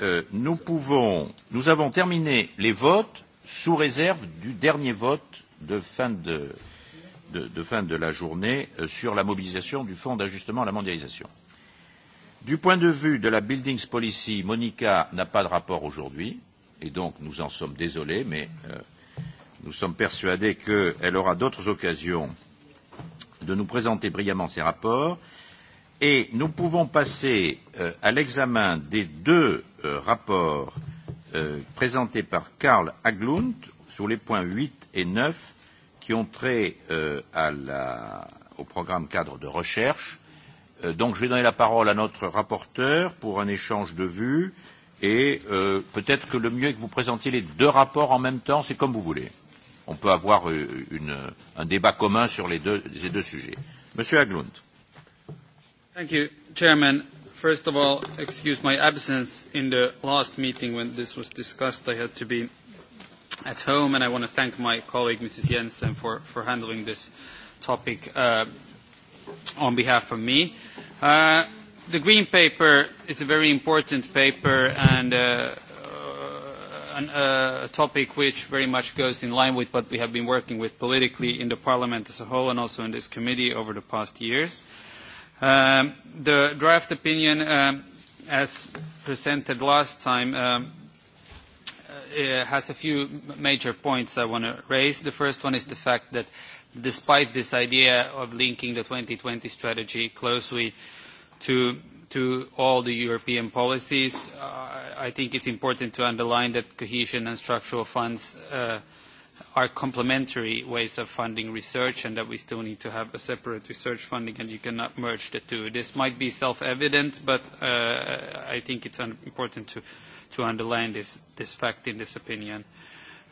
euh, nous pouvons, nous avons terminé les votes sous réserve du dernier vote de fin de, de, de, fin de la journée euh, sur la mobilisation du Fonds d'ajustement à la mondialisation. Du point de vue de la Buildings Policy, Monica n'a pas de rapport aujourd'hui, et donc nous en sommes désolés, mais euh, Nous sommes persuadés qu'elle aura d'autres occasions de nous présenter brillamment ses rapports et nous pouvons passer euh, à l'examen des deux euh, rapports euh, présentés par Karl Haglund sur les points 8 et 9 qui ont trait euh, à la, au programme cadre de recherche. Euh, donc je vais donner la parole à notre rapporteur pour un échange de vues et euh, peut-être que le mieux est que vous présentiez les deux rapports en même temps, c'est comme vous voulez on peut avoir euh, une, un débat commun sur les deux, les deux sujets. Monsieur Aglund. Thank you, Chairman. First of all, excuse my absence in the last meeting when this was discussed. I had to be at home, and I want to thank my colleague, Mrs. Jensen, for, for handling this topic uh, on behalf of me. Uh, the Green Paper is a very important paper, and uh, a uh, topic which very much goes in line with what we have been working with politically in the Parliament as a whole and also in this committee over the past years. Um, the draft opinion, um, as presented last time, um, uh, uh has a few major points I want to raise. The first one is the fact that despite this idea of linking the 2020 strategy closely to to all the European policies, uh, I think it's important to underline that cohesion and structural funds uh, are complementary ways of funding research and that we still need to have a separate research funding and you cannot merge the two. This might be self-evident, but uh, I think it's important to, to underline this, this fact in this opinion.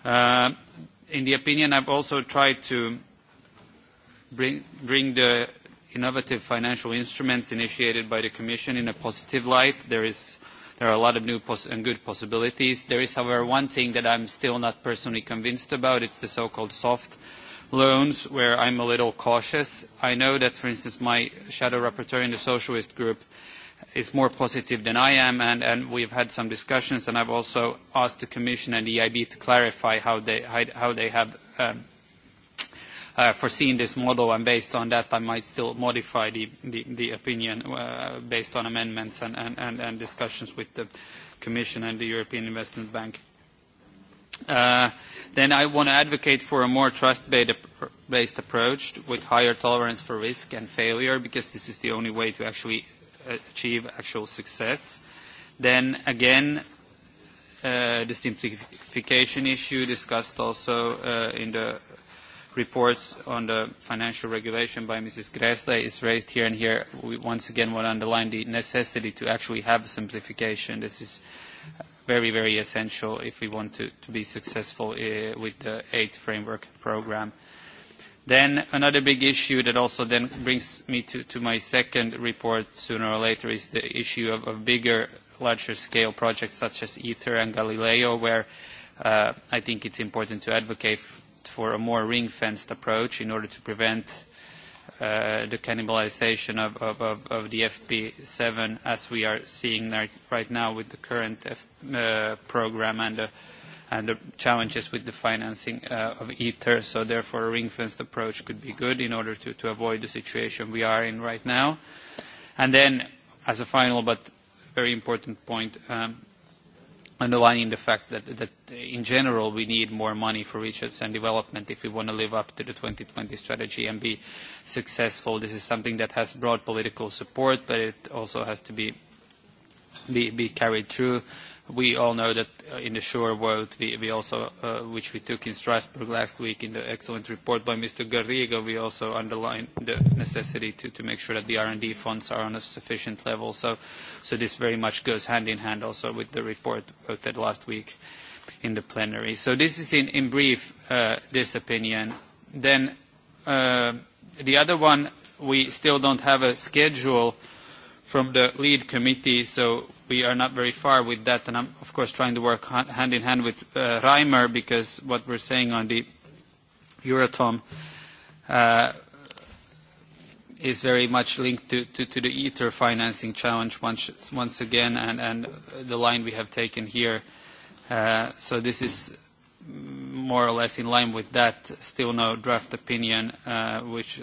Uh, in the opinion, I've also tried to bring, bring the innovative financial instruments initiated by the Commission in a positive light. There, is, there are a lot of new pos and good possibilities. There is, however, one thing that I'm still not personally convinced about. It's the so-called soft loans, where I'm a little cautious. I know that, for instance, my shadow rapporteur in the Socialist group is more positive than I am, and, and we've had some discussions, and I've also asked the Commission and the EIB to clarify how they, how they have um, Uh, foreseen this model, and based on that, I might still modify the, the, the opinion uh, based on amendments and, and, and, and discussions with the Commission and the European Investment Bank. Uh, then I want to advocate for a more trust-based approach with higher tolerance for risk and failure, because this is the only way to actually uh, achieve actual success. Then again, uh, the simplification issue discussed also uh, in the reports on the financial regulation by Mrs. Gressle is raised here and here. We once again want to underline the necessity to actually have simplification. This is very, very essential if we want to, to be successful uh, with the eighth framework program. Then another big issue that also then brings me to, to my second report sooner or later is the issue of, of bigger, larger scale projects such as ITER and Galileo, where uh, I think it's important to advocate for a more ring-fenced approach in order to prevent uh, the cannibalization of, of, of, of the FP7 as we are seeing right now with the current F, uh, program and the, and the challenges with the financing uh, of ITER. So therefore, a ring-fenced approach could be good in order to, to avoid the situation we are in right now. And then, as a final but very important point, um, underlining the fact that, that in general we need more money for research and development if we want to live up to the 2020 strategy and be successful. This is something that has broad political support, but it also has to be, be, be carried through we all know that uh, in the Sure world, we, we also, uh, which we took in Strasbourg last week in the excellent report by Mr. Garriga, we also underlined the necessity to, to make sure that the R&D funds are on a sufficient level. So, so this very much goes hand in hand also with the report voted last week in the plenary. So this is in, in brief uh, this opinion. Then uh, the other one, we still don't have a schedule from the lead committee, so we are not very far with that. And I'm, of course, trying to work hand in hand with uh, Reimer because what we're saying on the Euratom uh, is very much linked to, to, to the ITER financing challenge once, once again and, and the line we have taken here. Uh, so this is more or less in line with that. Still no draft opinion, uh, which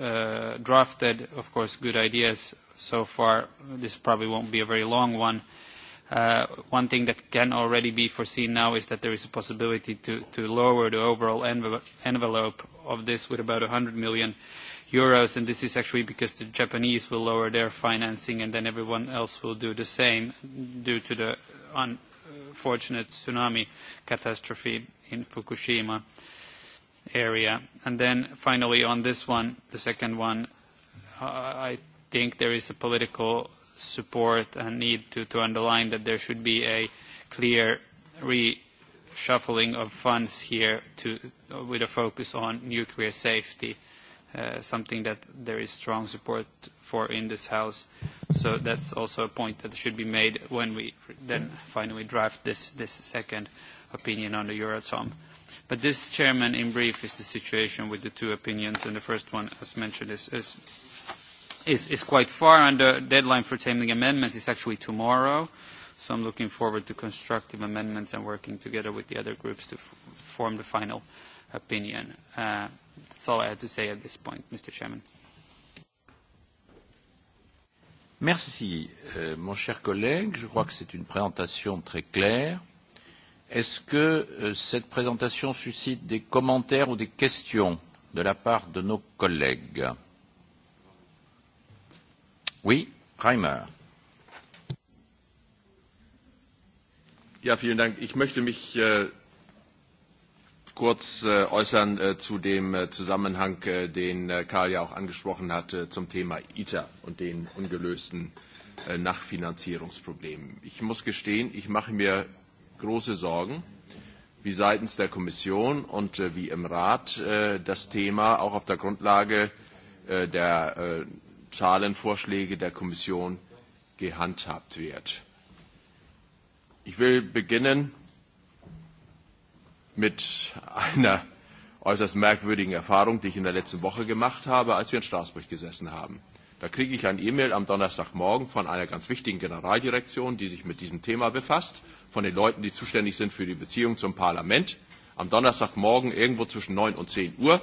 uh, drafted, of course, good ideas so far. This probably won't be a very long one. Uh, one thing that can already be foreseen now is that there is a possibility to, to lower the overall envelope of this with about 100 million euros, and this is actually because the Japanese will lower their financing, and then everyone else will do the same due to the unfortunate tsunami catastrophe in Fukushima area. And then finally, on this one, the second one, uh, I think there is a political support and need to, to underline that there should be a clear reshuffling of funds here to, with a focus on nuclear safety, uh, something that there is strong support for in this House. So that's also a point that should be made when we then finally draft this, this second opinion on the Eurotom. But this, Chairman, in brief, is the situation with the two opinions, and the first one, as mentioned, is, is is, is quite far, and the deadline for tabling amendments is actually tomorrow. So I'm looking forward to constructive amendments and working together with the other groups to f form the final opinion. Uh, that's all I had to say at this point, Mr. Chairman. Merci, euh, mon cher collègue. Je crois que c'est une présentation très claire. Est-ce que euh, cette présentation suscite des commentaires ou des questions de la part de nos collègues Oui, Reimer. Ja, vielen Dank. Ich möchte mich äh, kurz äh, äußern äh, zu dem äh, Zusammenhang, äh, den äh, Karl ja auch angesprochen hatte, zum Thema ITER und den ungelösten äh, Nachfinanzierungsproblemen. Ich muss gestehen, ich mache mir große Sorgen, wie seitens der Kommission und äh, wie im Rat äh, das Thema auch auf der Grundlage äh, der äh, Zahlenvorschläge der Kommission gehandhabt wird. Ich will beginnen mit einer äußerst merkwürdigen Erfahrung, die ich in der letzten Woche gemacht habe, als wir in Straßburg gesessen haben. Da kriege ich ein E-Mail am Donnerstagmorgen von einer ganz wichtigen Generaldirektion, die sich mit diesem Thema befasst, von den Leuten, die zuständig sind für die Beziehung zum Parlament, am Donnerstagmorgen irgendwo zwischen 9 und 10 Uhr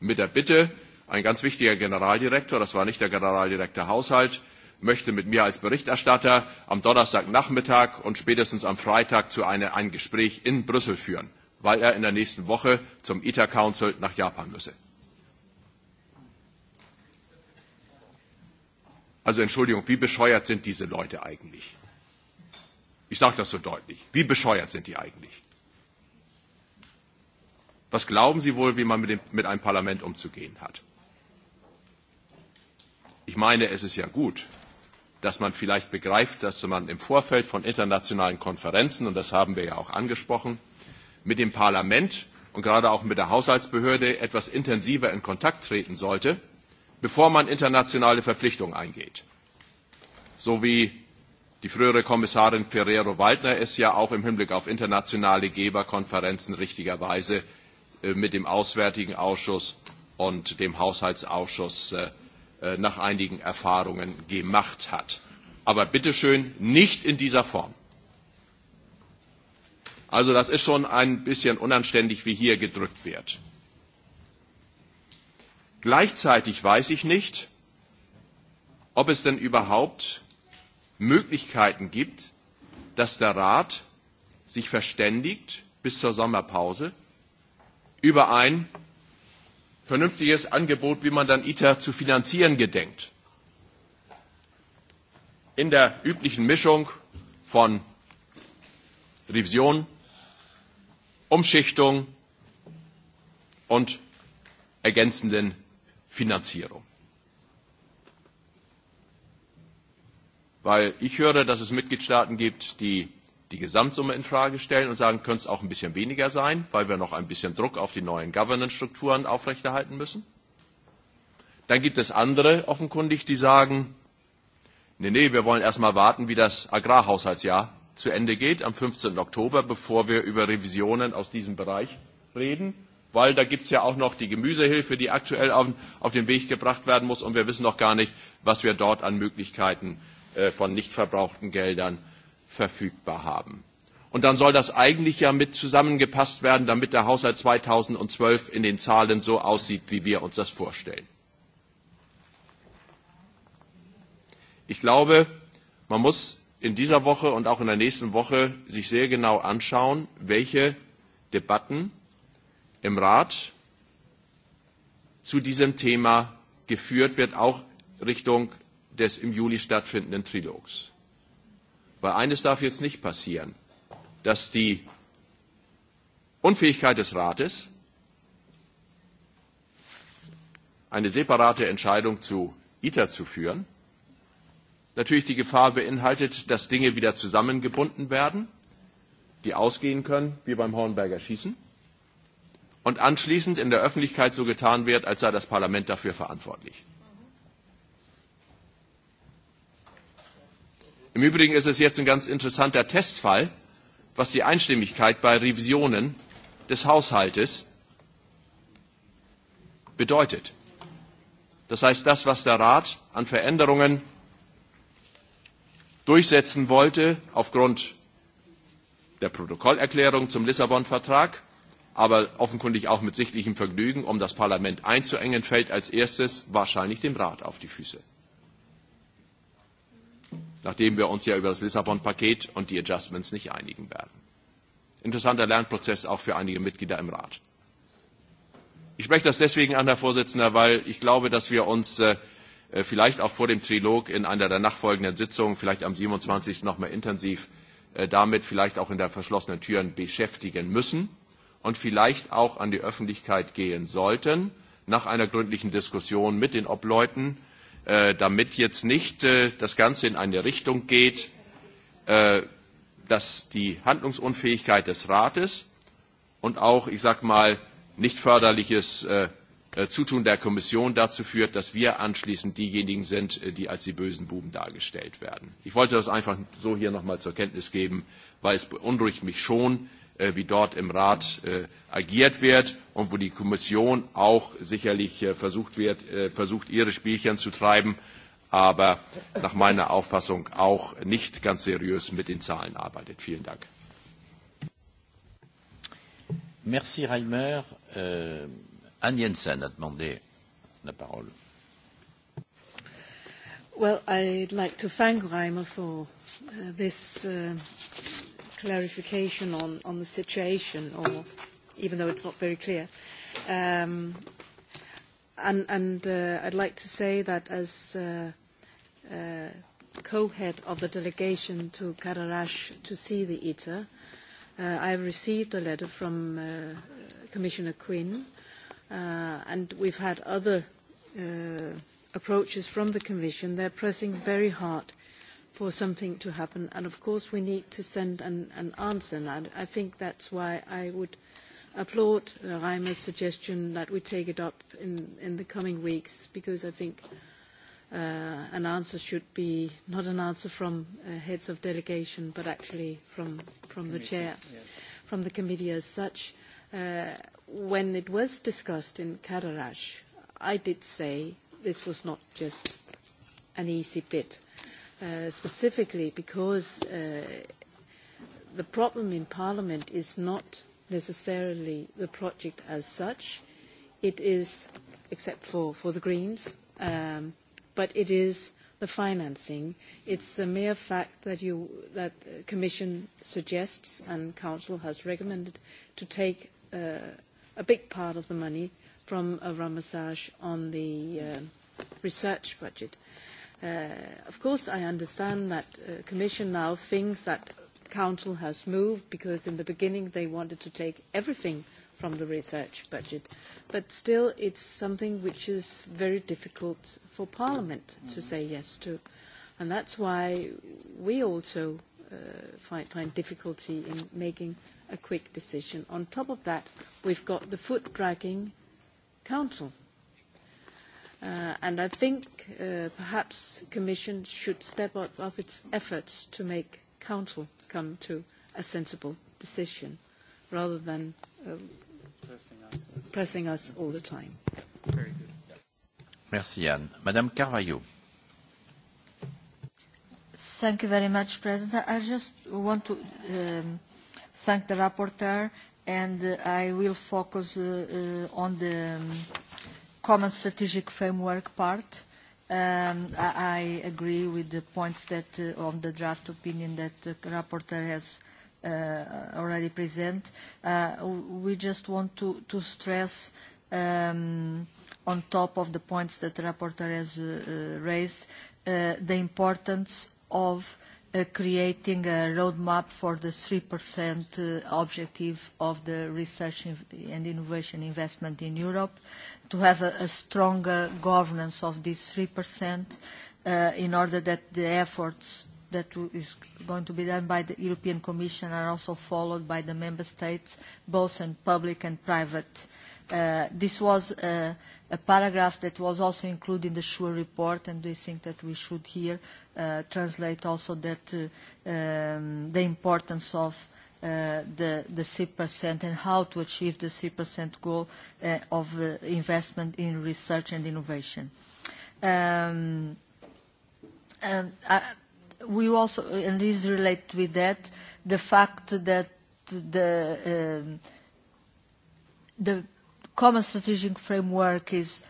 mit der Bitte, Ein ganz wichtiger Generaldirektor, das war nicht der Generaldirektor Haushalt, möchte mit mir als Berichterstatter am Donnerstagnachmittag und spätestens am Freitag zu einem ein Gespräch in Brüssel führen, weil er in der nächsten Woche zum ITA Council nach Japan müsse. Also Entschuldigung, wie bescheuert sind diese Leute eigentlich? Ich sage das so deutlich. Wie bescheuert sind die eigentlich? Was glauben Sie wohl, wie man mit, dem, mit einem Parlament umzugehen hat? Ich meine, es ist ja gut, dass man vielleicht begreift, dass man im Vorfeld von internationalen Konferenzen, und das haben wir ja auch angesprochen, mit dem Parlament und gerade auch mit der Haushaltsbehörde etwas intensiver in Kontakt treten sollte, bevor man internationale Verpflichtungen eingeht. So wie die frühere Kommissarin Ferrero-Waldner es ja auch im Hinblick auf internationale Geberkonferenzen richtigerweise äh, mit dem Auswärtigen Ausschuss und dem Haushaltsausschuss äh, Äh, nach einigen Erfahrungen gemacht hat. Aber bitteschön, nicht in dieser Form. Also das ist schon ein bisschen unanständig, wie hier gedrückt wird. Gleichzeitig weiß ich nicht, ob es denn überhaupt Möglichkeiten gibt, dass der Rat sich verständigt bis zur Sommerpause über ein vernünftiges Angebot, wie man dann ITER zu finanzieren gedenkt. In der üblichen Mischung von Revision, Umschichtung und ergänzenden Finanzierung. Weil ich höre, dass es Mitgliedstaaten gibt, die die Gesamtsumme in Frage stellen und sagen, könnte es auch ein bisschen weniger sein, weil wir noch ein bisschen Druck auf die neuen Governance-Strukturen aufrechterhalten müssen. Dann gibt es andere offenkundig, die sagen, nee, nee, wir wollen erst erstmal warten, wie das Agrarhaushaltsjahr zu Ende geht am 15. Oktober, bevor wir über Revisionen aus diesem Bereich reden, weil da gibt es ja auch noch die Gemüsehilfe, die aktuell auf, auf den Weg gebracht werden muss und wir wissen noch gar nicht, was wir dort an Möglichkeiten äh, von nicht verbrauchten Geldern äh, verfügbar haben. Und dann soll das eigentlich ja mit zusammengepasst werden, damit der Haushalt 2012 in den Zahlen so aussieht, wie wir uns das vorstellen. Ich glaube, man muss in dieser Woche und auch in der nächsten Woche sich sehr genau anschauen, welche Debatten im Rat zu diesem Thema geführt wird, auch Richtung des im Juli stattfindenden Trilogs. Weil eines darf jetzt nicht passieren, dass die Unfähigkeit des Rates, eine separate Entscheidung zu ITER zu führen, natürlich die Gefahr beinhaltet, dass Dinge wieder zusammengebunden werden, die ausgehen können, wie beim Hornberger Schießen, und anschließend in der Öffentlichkeit so getan wird, als sei das Parlament dafür verantwortlich. Im Übrigen ist es jetzt ein ganz interessanter Testfall, was die Einstimmigkeit bei Revisionen des Haushaltes bedeutet. Das heißt, das, was der Rat an Veränderungen durchsetzen wollte aufgrund der Protokollerklärung zum Lissabon-Vertrag, aber offenkundig auch mit sichtlichem Vergnügen, um das Parlament einzuengen, fällt als erstes wahrscheinlich dem Rat auf die Füße nachdem wir uns ja über das Lissabon-Paket und die Adjustments nicht einigen werden. Interessanter Lernprozess auch für einige Mitglieder im Rat. Ich spreche das deswegen an, Herr Vorsitzender, weil ich glaube, dass wir uns äh, äh vielleicht auch vor dem Trilog in einer der nachfolgenden Sitzungen, vielleicht am 27. nochmal intensiv äh, damit vielleicht auch in der verschlossenen Türen beschäftigen müssen und vielleicht auch an die Öffentlichkeit gehen sollten, nach einer gründlichen Diskussion mit den Obleuten, Äh, damit jetzt nicht äh, das Ganze in eine Richtung geht, äh, dass die Handlungsunfähigkeit des Rates und auch, ich sag mal, nicht förderliches Zutun der Kommission dazu führt, dass wir anschließend diejenigen sind, die als die bösen Buben dargestellt werden. Ich wollte das einfach so hier nochmal zur Kenntnis geben, weil es beunruhigt mich schon, Äh, wie dort im Rat äh, agiert wird und wo die Kommission auch sicherlich äh, versucht, wird, versucht ihre Spielchen zu treiben, aber nach meiner Auffassung auch nicht ganz seriös mit den Zahlen arbeitet. Vielen Dank. Merci Reimer. Euh, Anne Jensen demandé la parole. Well, I'd like to thank Reimer for uh, this uh, clarification on, on the situation, or even though it's not very clear. Um, and and uh, I'd like to say that as uh, uh, co-head of the delegation to Kararash to see the ITER, uh, I have received a letter from uh, Commissioner Quinn, uh, and we've had other uh, approaches from the Commission. They're pressing very hard uh, for something to happen. And of course, we need to send an, an answer. And I, think that's why I would applaud uh, Reimer's suggestion that we take it up in, in the coming weeks, because I think uh, an answer should be not an answer from uh, heads of delegation, but actually from, from the chair, yes. from the committee as such. Uh, when it was discussed in Kadarash, I did say this was not just an easy bit Uh, specifically because uh, the problem in Parliament is not necessarily the project as such. It is, except for, for the Greens, um, but it is the financing. It's the mere fact that, you, that the Commission suggests and Council has recommended to take uh, a big part of the money from a Ramassage on the uh, research budget. Uh, of course, I understand that uh, Commission now thinks that Council has moved because in the beginning they wanted to take everything from the research budget. But still, it's something which is very difficult for Parliament mm -hmm. to mm-hmm. say yes to. And that's why we also uh, find, find difficulty in making a quick decision. On top of that, we've got the foot-dragging Council. Uh, and I think uh, perhaps the Commission should step up, its efforts to make Council come to a sensible decision rather than uh, pressing, us. pressing us all the time. Very good. Merci, Anne. Madame Carvalho. Thank you very much, President. I just want to um, thank the rapporteur, and uh, I will focus uh, uh, on the um, common strategic framework part, um, I, agree with the points that uh, on the draft opinion that the rapporteur has uh, already present. Uh, we just want to, to stress um, on top of the points that the rapporteur has uh, uh raised, uh, the importance of uh, creating a roadmap for the 3% uh, objective of the research and innovation investment in Europe, to have a, a stronger governance of these 3% uh, in order that the efforts that is going to be done by the European Commission are also followed by the Member States, both in public and private. Uh, this was a paragraph that was also included in the SURE report, and we think that we should here uh, translate also that uh, um, the importance of Uh, the, 3% and how to achieve the 3% goal uh, of uh, investment in research and innovation. Um, and, we also, and this relates with that, the fact that the, um, the common strategic framework is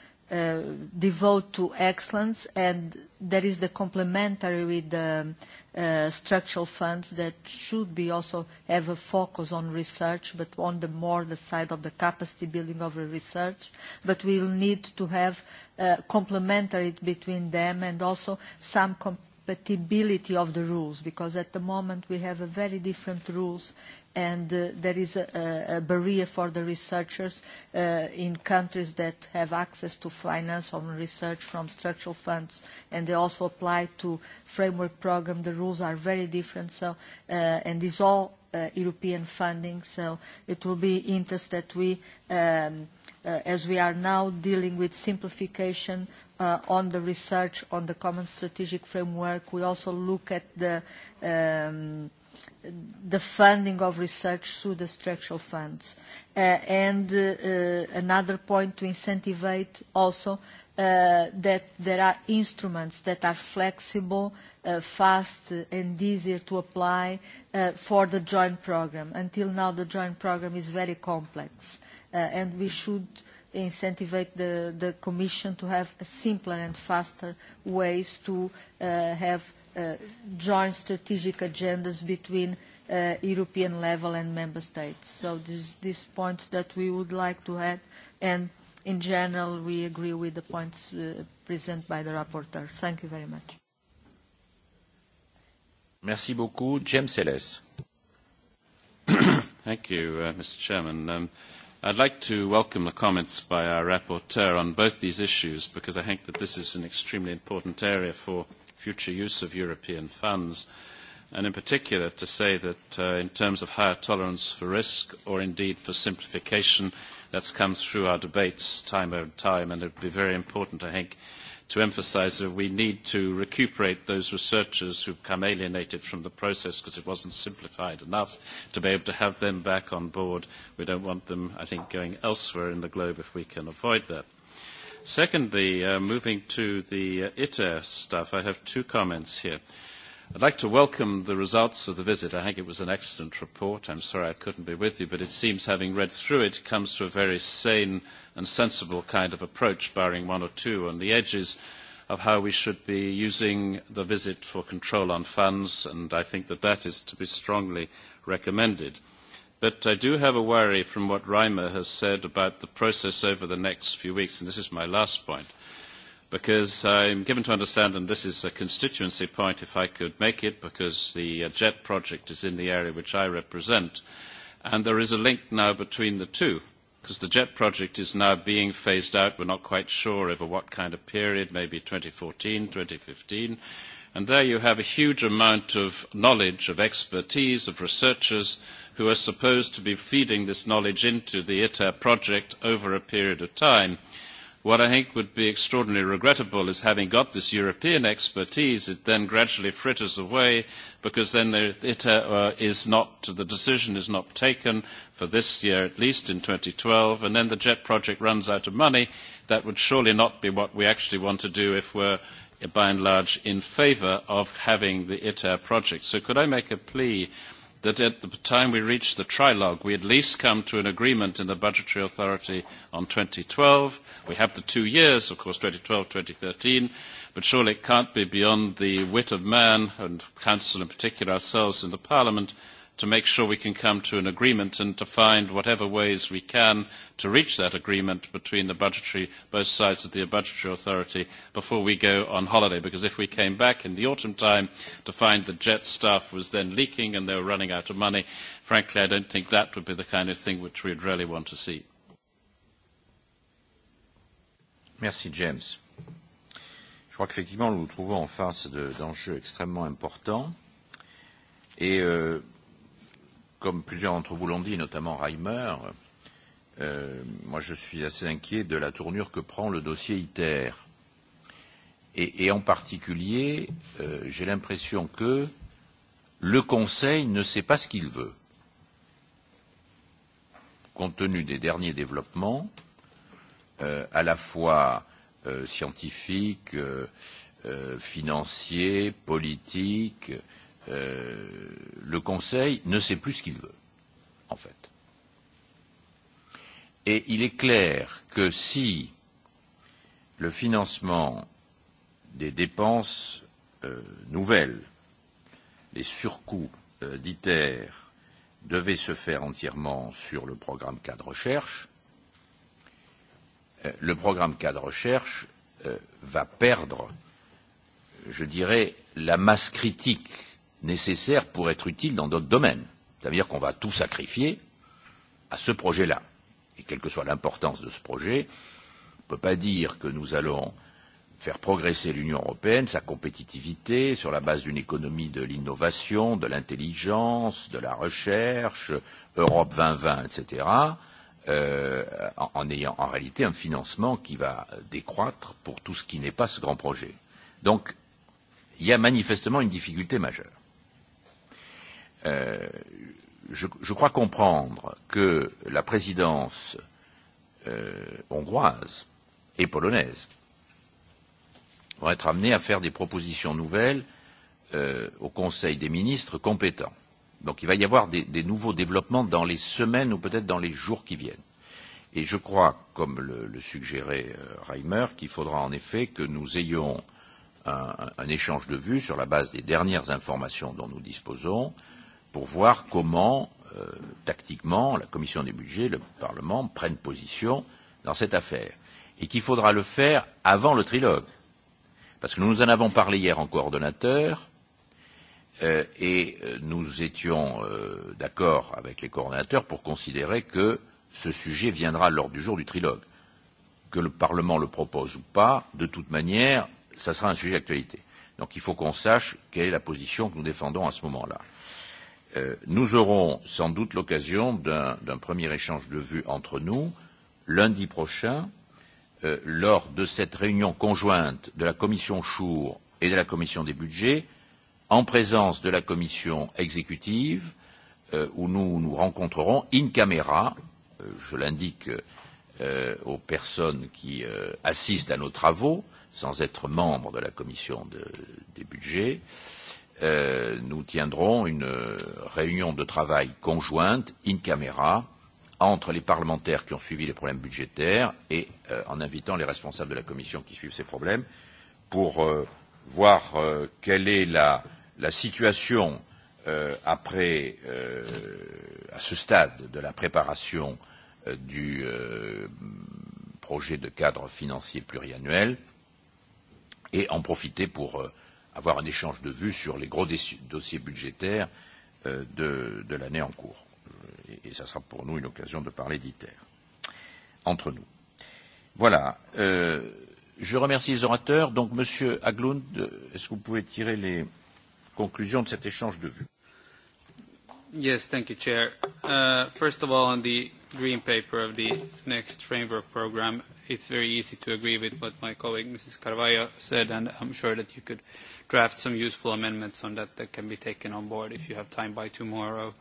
devoted to excellence and that is the complementary with the, Uh, structural funds that should be also have a focus on research, but on the more the side of the capacity building of research. But we'll need to have uh, complementary between them and also some compatibility of the rules, because at the moment we have a very different rules and uh, there is a, a barrier for the researchers uh, in countries that have access to finance on research from structural funds, and they also apply to framework program. The rules are very different, so uh, and it's all uh, European funding. So it will be interest that we, um, uh, as we are now dealing with simplification Uh, on the research on the common strategic framework. We also look at the um, the funding of research through the structural funds. Uh, and uh, uh, another point to incentivate also uh, that there are instruments that are flexible, uh, fast uh, and easier to apply uh, for the joint program. Until now the joint program is very complex uh, and we should incentivate the, the Commission to have a simpler and faster ways to uh, have Uh, joint strategic agendas between Uh, European level and member states. So this, these points that we would like to add, and in general, we agree with the points uh, presented by the rapporteur. Thank you very much. Merci beaucoup. James Seles. Thank you, uh, Mr. Chairman. Um, I'd like to welcome the comments by our rapporteur on both these issues because I think that this is an extremely important area for future use of European funds, and in particular to say that uh, in terms of higher tolerance for risk or indeed for simplification, that's come through our debates time over time, and it would be very important, I think, to emphasize that we need to recuperate those researchers who come alienated from the process because it wasn't simplified enough to be able to have them back on board. We don't want them, I think, going elsewhere in the globe if we can avoid that. Secondly, uh, moving to the uh, ITER stuff, I have two comments here. I'd like to welcome the results of the visit. I think it was an excellent report. I'm sorry I couldn't be with you, but it seems having read through it comes to a very sane and sensible kind of approach, barring one or two on the edges, of how we should be using the visit for control on funds, and I think that that is to be strongly recommended. But I do have a worry from what Reimer has said about the process over the next few weeks, and this is my last point, because I'm given to understand, and this is a constituency point if I could make it, because the uh, JET project is in the area which I represent, and there is a link now between the two, because the JET project is now being phased out. We're not quite sure over what kind of period, maybe 2014, 2015. And there you have a huge amount of knowledge, of expertise, of researchers who are supposed to be feeding this knowledge into the ITER project over a period of time. What I think would be extraordinarily regrettable is having got this European expertise, it then gradually fritters away because then the, it, uh, is not, the decision is not taken for this year, at least in 2012, and then the JET project runs out of money. That would surely not be what we actually want to do if we're, by and large, in favour of having the ITER project. So could I make a plea? that at the time we reached the trilogue, we at least come to an agreement in the budgetary authority on 2012. We have the two years, of course, 2012, 2013, but surely it can't be beyond the wit of man, and council in particular ourselves in the parliament, to make sure we can come to an agreement and to find whatever ways we can to reach that agreement between the budgetary, both sides of the budgetary authority before we go on holiday. Because if we came back in the autumn time to find the JET staff was then leaking and they were running out of money, frankly, I don't think that would be the kind of thing which we'd really want to see. Merci, James. Je crois qu'effectivement, nous nous trouvons en face d'enjeux de, extrêmement importants. Et euh, comme plusieurs d'entre vous l'ont dit, notamment Reimer, euh, moi je suis assez inquiet de la tournure que prend le dossier ITER. Et, et en particulier, euh, j'ai l'impression que le Conseil ne sait pas ce qu'il veut. Compte tenu des derniers développements, euh, à la fois euh, scientifiques, euh, euh, financiers, politiques, euh, Euh, le Conseil ne sait plus ce qu'il veut, en fait. Et il est clair que si le financement des dépenses euh, nouvelles, les surcoûts euh, d'ITER, devait se faire entièrement sur le programme cas de recherche, euh, le programme cas de recherche euh, va perdre, je dirais, la masse critique nécessaires pour être utiles dans d'autres domaines. C'est-à-dire qu'on va tout sacrifier à ce projet-là. Et quelle que soit l'importance de ce projet, on ne peut pas dire que nous allons faire progresser l'Union européenne, sa compétitivité, sur la base d'une économie de l'innovation, de l'intelligence, de la recherche, Europe 2020, etc., euh, en, en ayant en réalité un financement qui va décroître pour tout ce qui n'est pas ce grand projet. Donc, il y a manifestement une difficulté majeure. Euh, je, je crois comprendre que la présidence euh, hongroise et polonaise vont être amenées à faire des propositions nouvelles euh, au Conseil des ministres compétents. Donc il va y avoir des, des nouveaux développements dans les semaines ou peut-être dans les jours qui viennent. Et je crois, comme le, le suggérait euh, Reimer, qu'il faudra en effet que nous ayons un, un échange de vues sur la base des dernières informations dont nous disposons, pour voir comment, euh, tactiquement, la Commission des budgets, le Parlement prennent position dans cette affaire. Et qu'il faudra le faire avant le trilogue. Parce que nous nous en avons parlé hier en coordonnateur, euh, et euh, nous étions euh, d'accord avec les coordonnateurs pour considérer que ce sujet viendra lors du jour du trilogue. Que le Parlement le propose ou pas, de toute manière, ça sera un sujet d'actualité. Donc il faut qu'on sache quelle est la position que nous défendons à ce moment-là. Euh, Euh, nous aurons sans doute l'occasion d'un premier échange de vues entre nous lundi prochain euh, lors de cette réunion conjointe de la commission Chour et de la commission des budgets en présence de la commission exécutive euh, où nous nous rencontrerons in camera euh, je l'indique euh, aux personnes qui euh, assistent à nos travaux sans être membres de la commission de, des budgets euh, nous tiendrons une euh, réunion de travail conjointe, in camera, entre les parlementaires qui ont suivi les problèmes budgétaires et euh, en invitant les responsables de la Commission qui suivent ces problèmes pour euh, voir euh, quelle est la, la situation euh, après, euh, à ce stade de la préparation euh, du euh, projet de cadre financier pluriannuel et en profiter pour euh, avoir un échange de vues sur les gros dossiers budgétaires euh, de, de l'année en cours. Euh, et, et ça sera pour nous une occasion de parler d'ITER entre nous. Voilà. Euh, je remercie les orateurs. Donc, Monsieur Aglund, est-ce que vous pouvez tirer les conclusions de cet échange de vues Yes, thank you, Chair. Uh, first of all, on the green paper of the next framework program, it's very easy to agree with what my colleague Mrs. Carvalho said, and I'm sure that you could uh, draft some useful amendments on that that can be taken on board if you have time by tomorrow,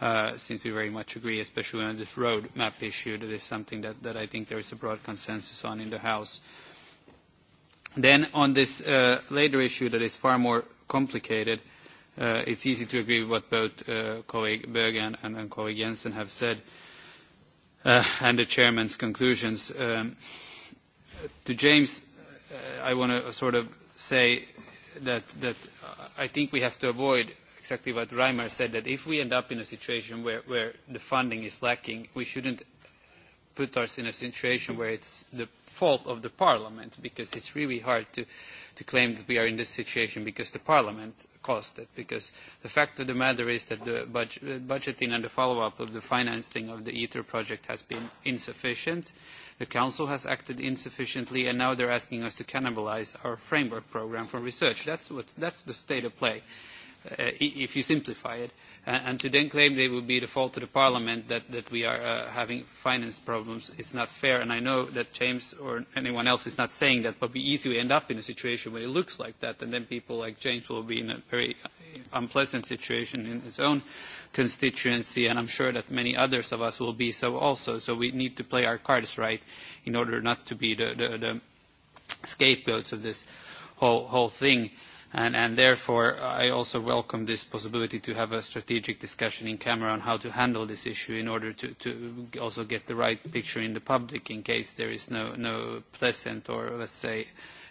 uh, since we very much agree, especially on this roadmap issue, that is something that, that I think there is a broad consensus on in the House. Then on this uh, later issue that is far more complicated, uh, it's easy to agree with what both uh, colleague Berg and, and, and colleague Jensen have said, uh, and the chairman's conclusions. Um, to James, uh, I want to sort of say that, that uh, I think we have to avoid exactly what Reimer said, that if we end up in a situation where, where the funding is lacking, we shouldn't put us in a situation where it's the fault of the parliament, because it's really hard to, to claim that we are in this situation because the parliament caused it, because the fact of the matter is that the budget, uh, budgeting and the follow-up of the financing of the ITER project has been insufficient. The Council has acted insufficiently, and now they're asking us to cannibalize our framework program for research. That's, what, that's the state of play, uh, if you simplify it. And, and to then claim they will be the fault of the Parliament that, that we are uh, having finance problems is not fair. And I know that James or anyone else is not saying that, but we easily end up in a situation where it looks like that, and then people like James will be in a very unpleasant situation in his own constituency, and I'm sure that many others of us will be so also. So we need to play our cards right in order not to be the, the, the scapegoats of this whole, whole thing. And, and therefore, I also welcome this possibility to have a strategic discussion in camera on how to handle this issue in order to, to also get the right picture in the public in case there is no, no pleasant or, let's say, uh,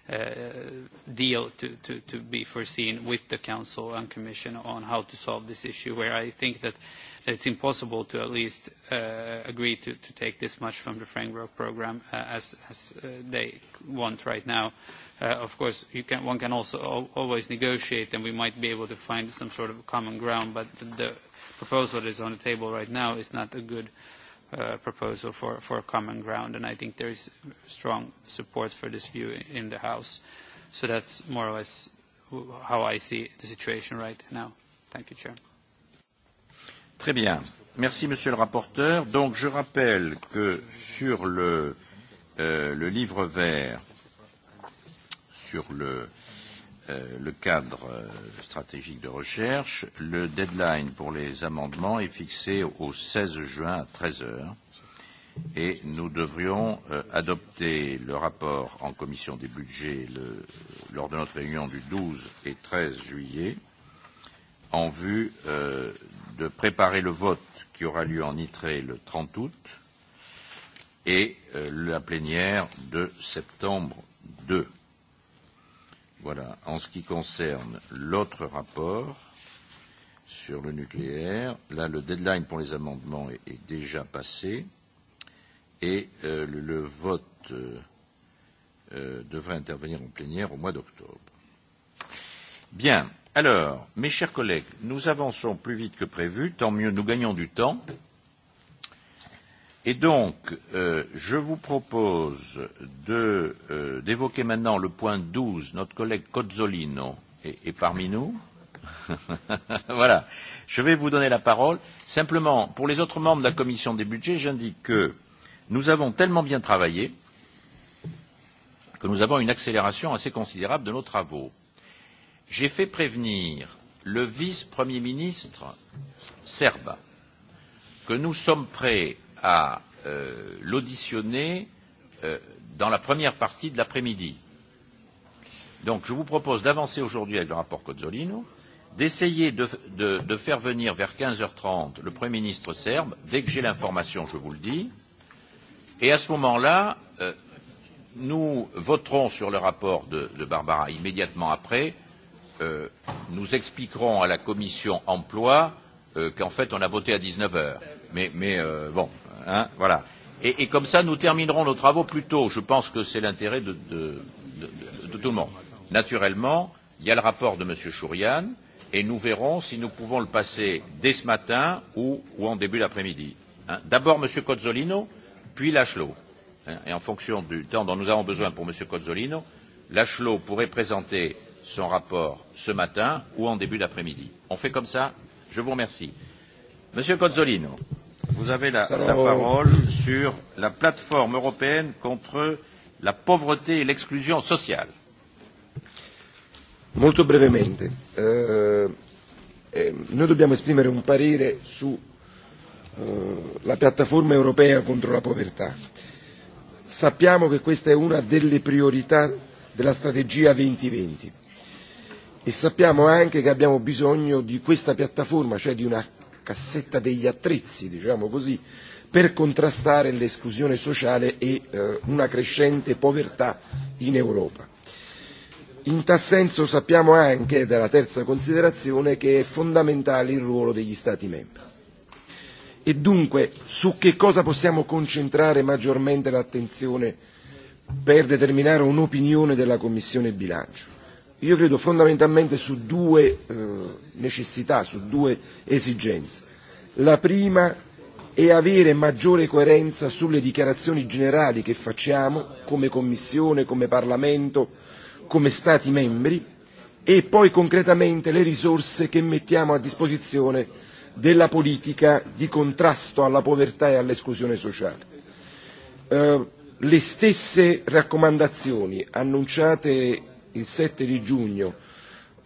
Uh, deal to, to, to be foreseen with the Council and Commission on how to solve this issue, where I think that it's impossible to at least uh, agree to, to take this much from the framework program uh, as, as uh, they want right now. Uh, of course, you can, one can also al always negotiate, and we might be able to find some sort of common ground, but the, the proposal that is on the table right now is not a good Uh, proposal for, for common ground, and I think there is strong support for this view in the House. So that's more or less how I see the situation right now. Thank you, Chair. Très bien. Merci, Monsieur le rapporteur. Donc, je rappelle que sur le, euh, le livre vert, sur le Euh, le cadre euh, stratégique de recherche. Le deadline pour les amendements est fixé au 16 juin à 13 heures et nous devrions euh, adopter le rapport en commission des budgets le, lors de notre réunion du 12 et 13 juillet en vue euh, de préparer le vote qui aura lieu en Nitré le 30 août et euh, la plénière de septembre 2. Voilà. En ce qui concerne l'autre rapport sur le nucléaire, là, le deadline pour les amendements est, est déjà passé et euh, le, le vote euh, euh, devrait intervenir en plénière au mois d'octobre. Bien. Alors, mes chers collègues, nous avançons plus vite que prévu. Tant mieux, nous gagnons du temps. Et donc, euh, je vous propose euh, d'évoquer euh, maintenant le point 12. Notre collègue Cozzolino est, est parmi nous. voilà. Je vais vous donner la parole. Simplement, pour les autres membres de la commission des budgets, j'indique que nous avons tellement bien travaillé que nous avons une accélération assez considérable de nos travaux. J'ai fait prévenir le vice-premier ministre serbe que nous sommes prêts à euh, l'auditionner euh, dans la première partie de l'après-midi. Donc je vous propose d'avancer aujourd'hui avec le rapport Cozzolino, d'essayer de, de, de faire venir vers 15h30 le Premier ministre serbe, dès que j'ai l'information je vous le dis, et à ce moment-là, euh, nous voterons sur le rapport de, de Barbara immédiatement après, euh, nous expliquerons à la commission emploi euh, qu'en fait on a voté à 19 heures mais, mais euh, bon, hein, voilà. Et, et comme ça, nous terminerons nos travaux plus tôt. Je pense que c'est l'intérêt de, de, de, de, de tout le monde. Naturellement, il y a le rapport de M. Chourian, et nous verrons si nous pouvons le passer dès ce matin ou, ou en début d'après-midi. Hein. D'abord M. Cozzolino, puis Lachelot. Hein, et en fonction du temps dont nous avons besoin pour M. Cozzolino, Lachelot pourrait présenter son rapport ce matin ou en début d'après-midi. On fait comme ça Je vous remercie. Monsieur Cozzolino. Vous avez la, la parole sur la plateforme européenne contre la pauvreté e l'exclusione sociale. Molto brevemente, eh, eh, noi dobbiamo esprimere un parere sulla eh, piattaforma europea contro la povertà. Sappiamo che questa è una delle priorità della strategia 2020 e sappiamo anche che abbiamo bisogno di questa piattaforma, cioè di una cassetta degli attrezzi, diciamo così, per contrastare l'esclusione sociale e eh, una crescente povertà in Europa. In tal senso sappiamo anche, dalla terza considerazione, che è fondamentale il ruolo degli Stati membri. E dunque su che cosa possiamo concentrare maggiormente l'attenzione per determinare un'opinione della Commissione bilancio? io credo fondamentalmente su due eh, necessità, su due esigenze. La prima è avere maggiore coerenza sulle dichiarazioni generali che facciamo come Commissione, come Parlamento, come Stati membri e poi concretamente le risorse che mettiamo a disposizione della politica di contrasto alla povertà e all'esclusione sociale. Eh, le stesse raccomandazioni annunciate il 7 di giugno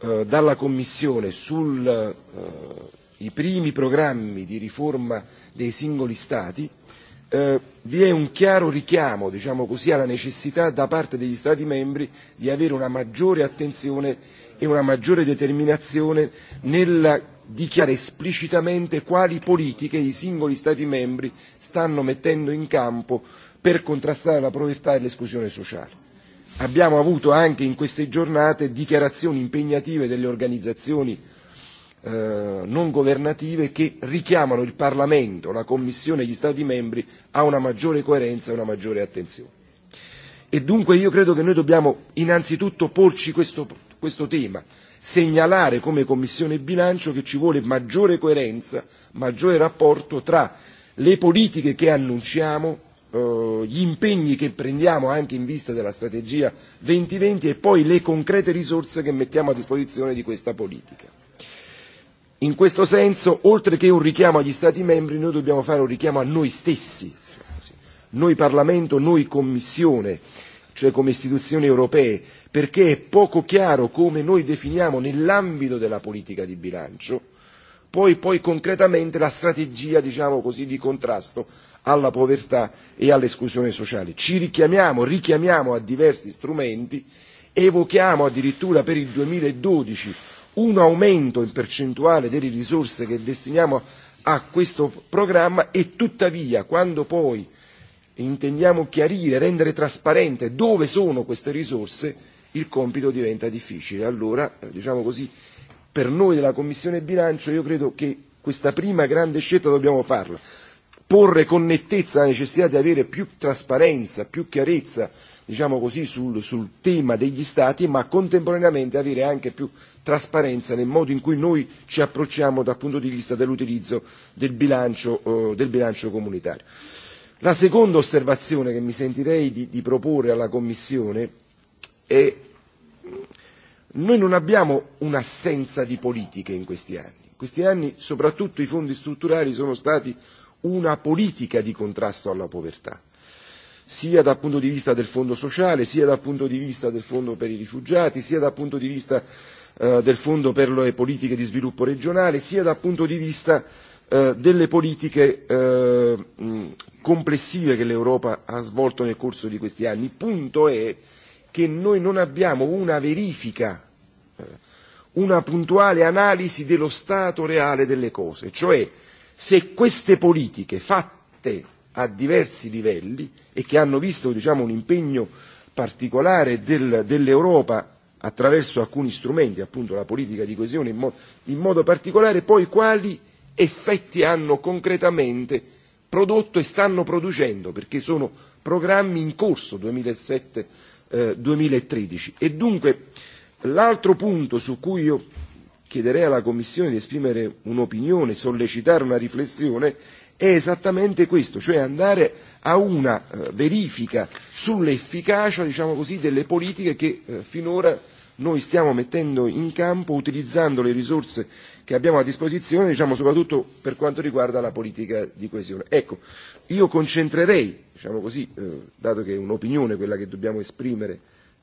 eh, dalla Commissione sui eh, primi programmi di riforma dei singoli Stati, eh, vi è un chiaro richiamo, diciamo così, alla necessità da parte degli Stati membri di avere una maggiore attenzione e una maggiore determinazione nel dichiarare esplicitamente quali politiche i singoli Stati membri stanno mettendo in campo per contrastare la povertà e l'esclusione sociale abbiamo avuto anche in queste giornate dichiarazioni impegnative delle organizzazioni eh, non governative che richiamano il Parlamento, la Commissione e gli Stati membri a una maggiore coerenza e una maggiore attenzione. E dunque io credo che noi dobbiamo innanzitutto porci questo, questo tema, segnalare come Commissione bilancio che ci vuole maggiore coerenza, maggiore rapporto tra le politiche che annunciamo Eh, gli impegni che prendiamo anche in vista della strategia 2020 e poi le concrete risorse che mettiamo a disposizione di questa politica. In questo senso, oltre che un richiamo agli Stati membri, noi dobbiamo fare un richiamo a noi stessi, noi Parlamento, noi Commissione, cioè come istituzioni europee, perché è poco chiaro come noi definiamo nell'ambito della politica di bilancio poi, poi concretamente la strategia diciamo così, di contrasto alla povertà e all'esclusione sociale. Ci richiamiamo, richiamiamo a diversi strumenti, evochiamo addirittura per il 2012 un aumento in percentuale delle risorse che destiniamo a questo programma e tuttavia quando poi intendiamo chiarire, rendere trasparente dove sono queste risorse, il compito diventa difficile. Allora, eh, diciamo così, per noi della Commissione bilancio io credo che questa prima grande scelta dobbiamo farla porre con nettezza la necessità di avere più trasparenza, più chiarezza diciamo così, sul, sul tema degli Stati, ma contemporaneamente avere anche più trasparenza nel modo in cui noi ci approcciamo dal punto di vista dell'utilizzo del bilancio, eh, del bilancio comunitario. La seconda osservazione che mi sentirei di, di proporre alla Commissione è noi non abbiamo un'assenza di politiche in questi anni. In questi anni soprattutto i fondi strutturali sono stati una politica di contrasto alla povertà, sia dal punto di vista del fondo sociale, sia dal punto di vista del fondo per i rifugiati, sia dal punto di vista eh, del fondo per le politiche di sviluppo regionale, sia dal punto di vista eh, delle politiche eh, complessive che l'Europa ha svolto nel corso di questi anni. Il punto è che noi non abbiamo una verifica eh, una puntuale analisi dello stato reale delle cose, cioè se queste politiche fatte a diversi livelli e che hanno visto diciamo, un impegno particolare del, dell'Europa attraverso alcuni strumenti, appunto la politica di coesione in, mo- in modo particolare, poi quali effetti hanno concretamente prodotto e stanno producendo, perché sono programmi in corso 2007-2013. Eh, e dunque l'altro punto su cui io chiederei alla Commissione di esprimere un'opinione, sollecitare una riflessione, è esattamente questo, cioè andare a una eh, verifica sull'efficacia, diciamo così, delle politiche che eh, finora noi stiamo mettendo in campo utilizzando le risorse che abbiamo a disposizione, diciamo soprattutto per quanto riguarda la politica di coesione. Ecco, io concentrerei, diciamo così, eh, dato che è un'opinione quella che dobbiamo esprimere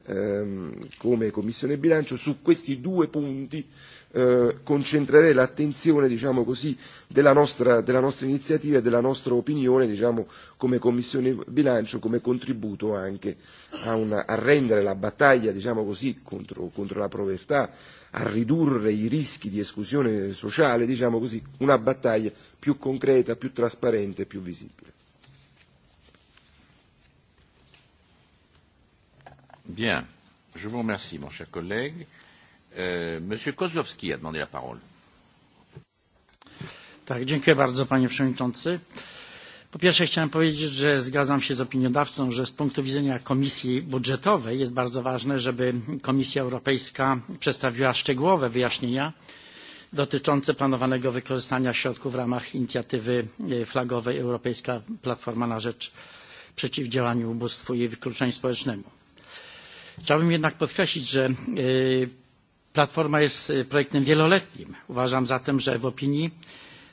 ehm, come Commissione bilancio, su questi due punti eh, concentrerei l'attenzione diciamo così, della, nostra, della nostra iniziativa e della nostra opinione diciamo, come Commissione Bilancio come contributo anche a, una, a rendere la battaglia diciamo così, contro, contro la povertà, a ridurre i rischi di esclusione sociale, diciamo così, una battaglia più concreta, più trasparente e più visibile. Bien, je vous remercie mon cher collègue. Euh, Monsieur Kozlowski a demandé la parole. Tak, dziękuję bardzo panie przewodniczący. Po pierwsze chciałem powiedzieć, że zgadzam się z opiniodawcą, że z punktu widzenia Komisji Budżetowej jest bardzo ważne, żeby Komisja Europejska przedstawiła szczegółowe wyjaśnienia dotyczące planowanego wykorzystania środków w ramach inicjatywy flagowej Europejska Platforma na Rzecz Przeciwdziałania Ubóstwu i Wykluczeniu Społecznemu. Chciałbym jednak podkreślić, że Platforma jest projektem wieloletnim. Uważam zatem, że w opinii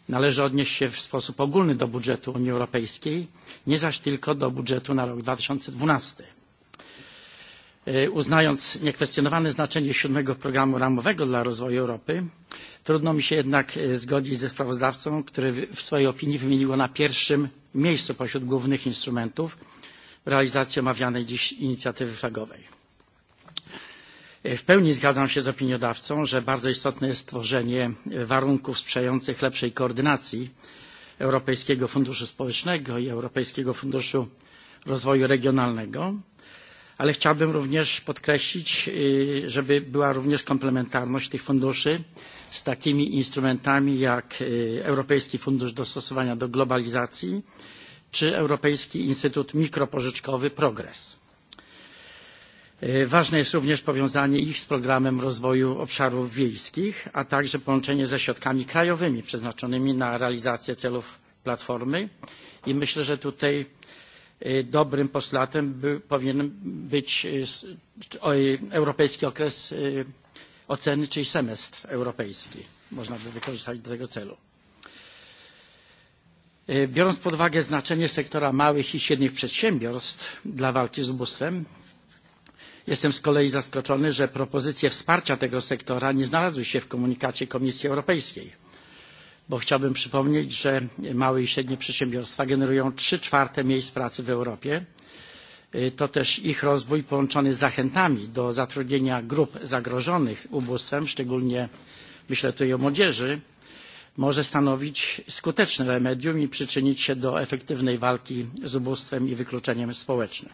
należy odnieść się w sposób ogólny do budżetu Unii Europejskiej, nie zaś tylko do budżetu na rok 2012. Uznając niekwestionowane znaczenie siódmego programu ramowego dla rozwoju Europy, trudno mi się jednak zgodzić ze sprawozdawcą, który w swojej opinii wymienił go na pierwszym miejscu pośród głównych instrumentów realizacji omawianej dziś inicjatywy flagowej. W pełni zgadzam się z opiniodawcą, że bardzo istotne jest stworzenie warunków sprzyjających lepszej koordynacji Europejskiego Funduszu Społecznego i Europejskiego Funduszu Rozwoju Regionalnego, ale chciałbym również podkreślić, żeby była również komplementarność tych funduszy z takimi instrumentami jak Europejski Fundusz Dostosowania do Globalizacji czy Europejski Instytut Mikropożyczkowy Progress. Ważne jest również powiązanie ich z programem rozwoju obszarów wiejskich, a także połączenie ze środkami krajowymi przeznaczonymi na realizację celów platformy. I myślę, że tutaj dobrym postulatem by, powinien być europejski okres oceny, czyli semestr europejski. Można by wykorzystać do tego celu. Biorąc pod uwagę znaczenie sektora małych i średnich przedsiębiorstw dla walki z ubóstwem, Jestem z kolei zaskoczony, że propozycje wsparcia tego sektora nie znalazły się w komunikacie Komisji Europejskiej, bo chciałbym przypomnieć, że małe i średnie przedsiębiorstwa generują trzy czwarte miejsc pracy w Europie. To też ich rozwój połączony z zachętami do zatrudnienia grup zagrożonych ubóstwem, szczególnie myślę tutaj o młodzieży, może stanowić skuteczne remedium i przyczynić się do efektywnej walki z ubóstwem i wykluczeniem społecznym.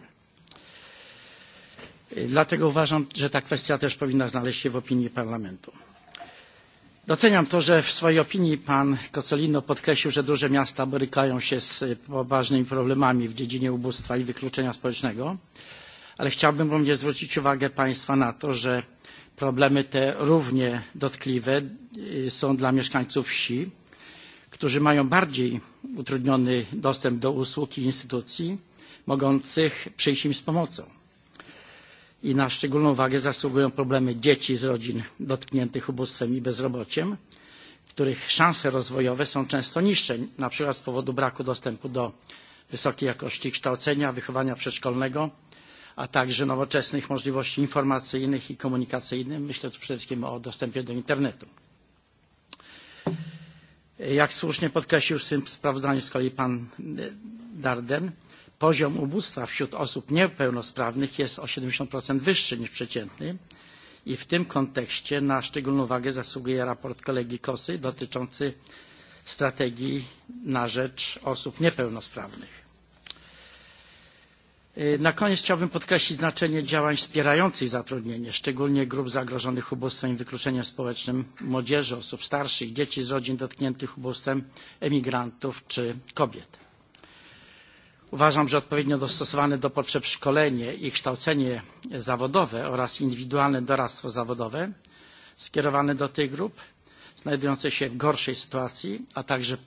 Dlatego uważam, że ta kwestia też powinna znaleźć się w opinii parlamentu. Doceniam to, że w swojej opinii pan Kocolino podkreślił, że duże miasta borykają się z poważnymi problemami w dziedzinie ubóstwa i wykluczenia społecznego, ale chciałbym również zwrócić uwagę państwa na to, że problemy te równie dotkliwe są dla mieszkańców wsi, którzy mają bardziej utrudniony dostęp do usług i instytucji mogących przyjść im z pomocą i na szczególną uwagę zasługują problemy dzieci z rodzin dotkniętych ubóstwem i bezrobociem, których szanse rozwojowe są często niższe, na przykład z powodu braku dostępu do wysokiej jakości kształcenia, wychowania przedszkolnego, a także nowoczesnych możliwości informacyjnych i komunikacyjnych. Myślę tu przede wszystkim o dostępie do internetu. Jak słusznie podkreślił w tym sprawozdaniu z kolei pan Darden, Poziom ubóstwa wśród osób niepełnosprawnych jest o 70% wyższy niż przeciętny i w tym kontekście na szczególną uwagę zasługuje raport kolegi Kosy dotyczący strategii na rzecz osób niepełnosprawnych. Na koniec chciałbym podkreślić znaczenie działań wspierających zatrudnienie, szczególnie grup zagrożonych ubóstwem i wykluczeniem społecznym, młodzieży, osób starszych, dzieci z rodzin dotkniętych ubóstwem, emigrantów czy kobiet. Uważam, że odpowiednio dostosowane do potrzeb szkolenie i kształcenie zawodowe oraz indywidualne doradztwo zawodowe skierowane do tych grup znajdujących się w gorszej sytuacji, a także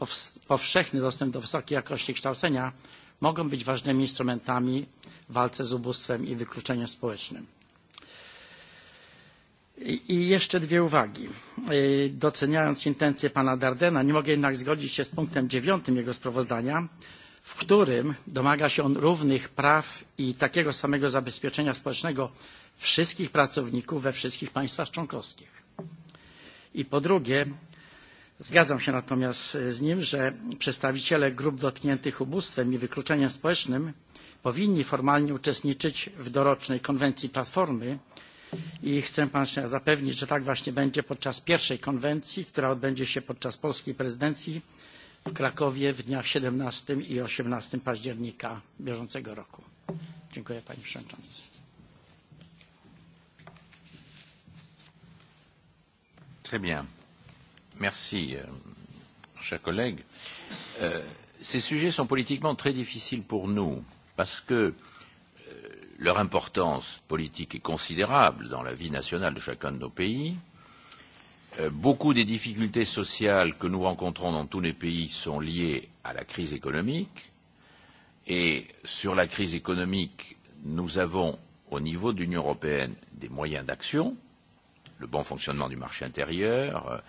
powszechny dostęp do wysokiej jakości kształcenia mogą być ważnymi instrumentami w walce z ubóstwem i wykluczeniem społecznym. I jeszcze dwie uwagi. Doceniając intencje pana Dardena, nie mogę jednak zgodzić się z punktem dziewiątym jego sprawozdania, w którym domaga się on równych praw i takiego samego zabezpieczenia społecznego wszystkich pracowników we wszystkich państwach członkowskich. I po drugie, zgadzam się natomiast z nim, że przedstawiciele grup dotkniętych ubóstwem i wykluczeniem społecznym powinni formalnie uczestniczyć w dorocznej konwencji Platformy i chcę Państwa zapewnić, że tak właśnie będzie podczas pierwszej konwencji, która odbędzie się podczas polskiej prezydencji w Krakowie w dniach 17 i 18 października bieżącego roku. Dziękuję Panie Przewodniczący. Très bien. Merci, euh, chers collègues. Euh, ces sujets sont politiquement très difficiles pour nous parce que euh, leur importance politique est considérable dans la vie nationale de chacun de nos pays. Euh, beaucoup des difficultés sociales que nous rencontrons dans tous les pays sont liées à la crise économique. Et sur la crise économique, nous avons au niveau de l'Union européenne des moyens d'action, le bon fonctionnement du marché intérieur,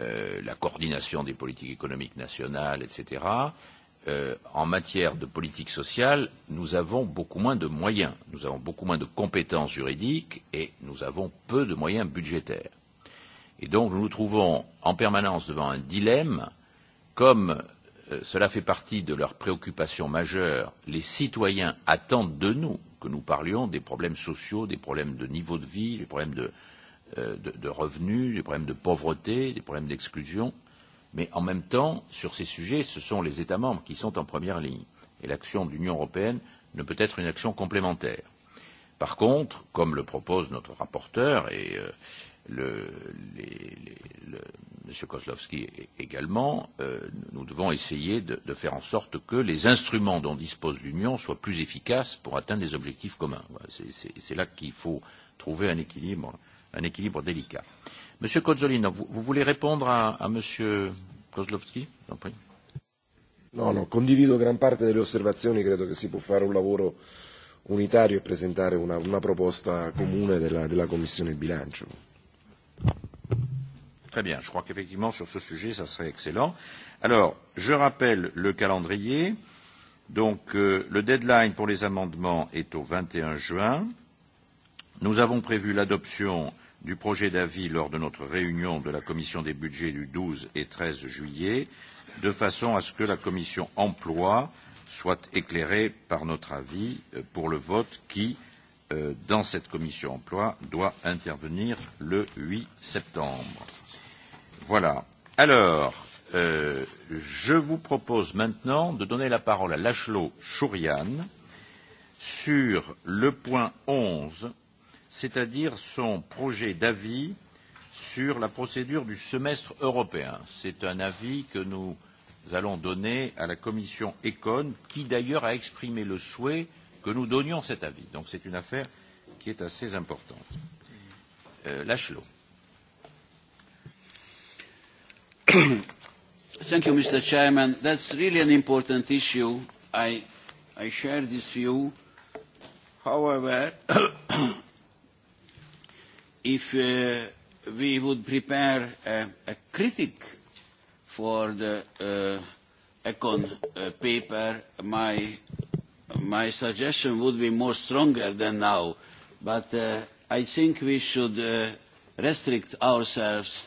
euh, la coordination des politiques économiques nationales, etc. Euh, en matière de politique sociale, nous avons beaucoup moins de moyens, nous avons beaucoup moins de compétences juridiques et nous avons peu de moyens budgétaires. Et donc nous nous trouvons en permanence devant un dilemme, comme euh, cela fait partie de leurs préoccupations majeures, les citoyens attendent de nous que nous parlions des problèmes sociaux, des problèmes de niveau de vie, des problèmes de, euh, de, de revenus, des problèmes de pauvreté, des problèmes d'exclusion. Mais en même temps, sur ces sujets, ce sont les États membres qui sont en première ligne. Et l'action de l'Union européenne ne peut être une action complémentaire. Par contre, comme le propose notre rapporteur, et euh, le, les, les, le, M. Kozlowski également, euh, nous devons essayer de, de faire en sorte que les instruments dont dispose l'Union soient plus efficaces pour atteindre des objectifs communs. Voilà, C'est là qu'il faut trouver un équilibre, un équilibre délicat. M. Kozzolino, vous, vous voulez répondre à, à Monsieur Kozlovski No, no, condivido gran parte delle osservazioni, credo che si può fare un lavoro unitario e presentare una, una proposta comune della, della Commissione bilancio. Très bien. Je crois qu'effectivement, sur ce sujet, ça serait excellent. Alors, je rappelle le calendrier. Donc, euh, le deadline pour les amendements est au 21 juin. Nous avons prévu l'adoption du projet d'avis lors de notre réunion de la commission des budgets du 12 et 13 juillet, de façon à ce que la commission emploi soit éclairée par notre avis euh, pour le vote qui, euh, Euh, dans cette commission emploi doit intervenir le 8 septembre. Voilà. Alors, euh, je vous propose maintenant de donner la parole à Lachlo Chourian sur le point 11, c'est-à-dire son projet d'avis sur la procédure du semestre européen. C'est un avis que nous allons donner à la commission Econ, qui d'ailleurs a exprimé le souhait euh, que nous donnions cet avis. Donc c'est une affaire qui est assez importante. Euh, Lachelot. Thank you, Mr. Chairman. That's really an important issue. I, I share this view. However, if uh, we would prepare a, a critic for the uh, Econ uh, paper, my my suggestion would be more stronger than now, but uh, I think we should uh, restrict ourselves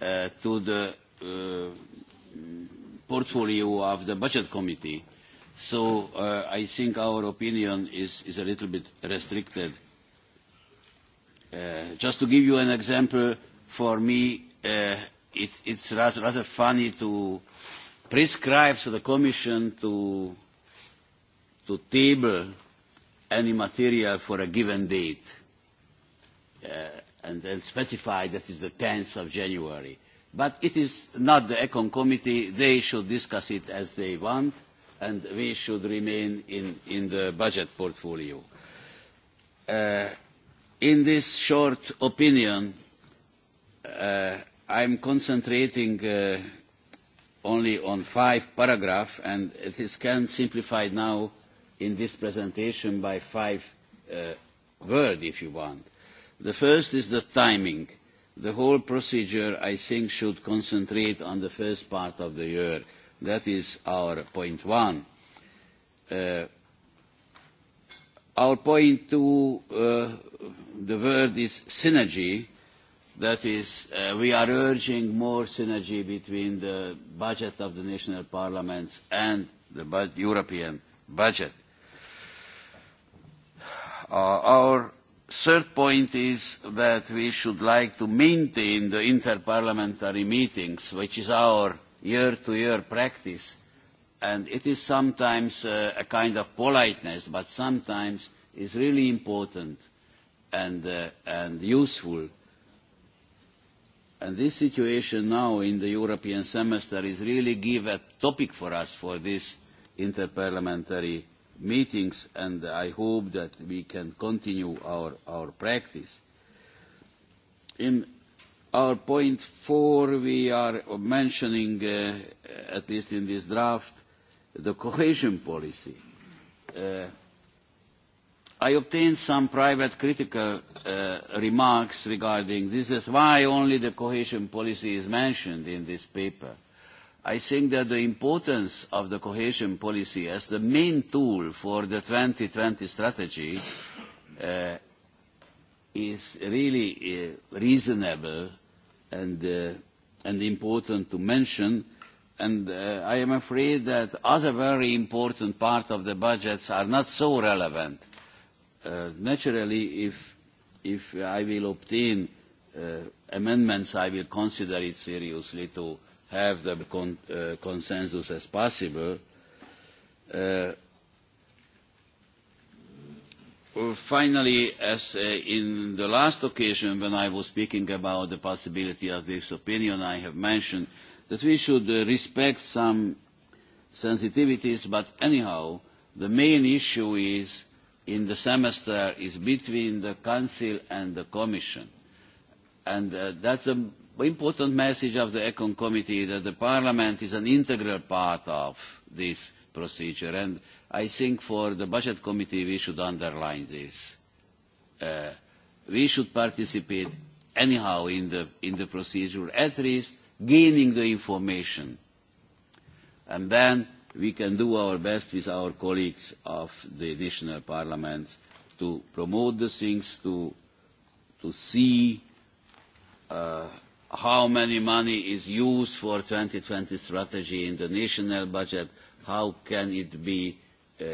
uh, to the uh, portfolio of the budget committee. So uh, I think our opinion is, is a little bit restricted. Uh, just to give you an example, for me uh, it, it's rather, rather funny to prescribe to the Commission to to table any material for a given date uh, and then specify that is the 10th of January. But it is not the ECON committee. They should discuss it as they want and we should remain in, in the budget portfolio. Uh, in this short opinion, uh, I'm concentrating uh, only on five paragraphs, and it is can simplified now in this presentation by five uh, words, if you want. The first is the timing. The whole procedure, I think, should concentrate on the first part of the year. That is our point one. Uh, our point two, uh, the word is synergy. That is, uh, we are urging more synergy between the budget of the national parliaments and the bu European budget. Uh, our third point is that we should like to maintain the interparliamentary meetings, which is our year-to-year -year practice. And it is sometimes uh, a kind of politeness, but sometimes is really important and, uh, and useful. And this situation now in the European semester is really give a topic for us for this interparliamentary meetings, and I hope that we can continue our, our practice. In our point four, we are mentioning, uh, at least in this draft, the cohesion policy. Uh, I obtained some private critical uh, remarks regarding this. Is why only the cohesion policy is mentioned in this paper I think that the importance of the cohesion policy as the main tool for the 2020 strategy uh, is really uh, reasonable and, uh, and important to mention. And uh, I am afraid that other very important parts of the budgets are not so relevant. Uh, naturally, if, if I will obtain uh, amendments, I will consider it seriously to have the con uh, consensus as possible. Uh, uh, finally, as uh, in the last occasion when I was speaking about the possibility of this opinion, I have mentioned that we should uh, respect some sensitivities, but anyhow, the main issue is in the semester is between the Council and the Commission. And uh, that's a important message of the Econ Committee that the Parliament is an integral part of this procedure. And I think for the Budget Committee we should underline this. Uh, we should participate anyhow in the, in the procedure, at least gaining the information. And then we can do our best with our colleagues of the national parliaments to promote the things, to, to see uh, how many money is used for 2020 strategy in the national budget, how can it be uh, uh,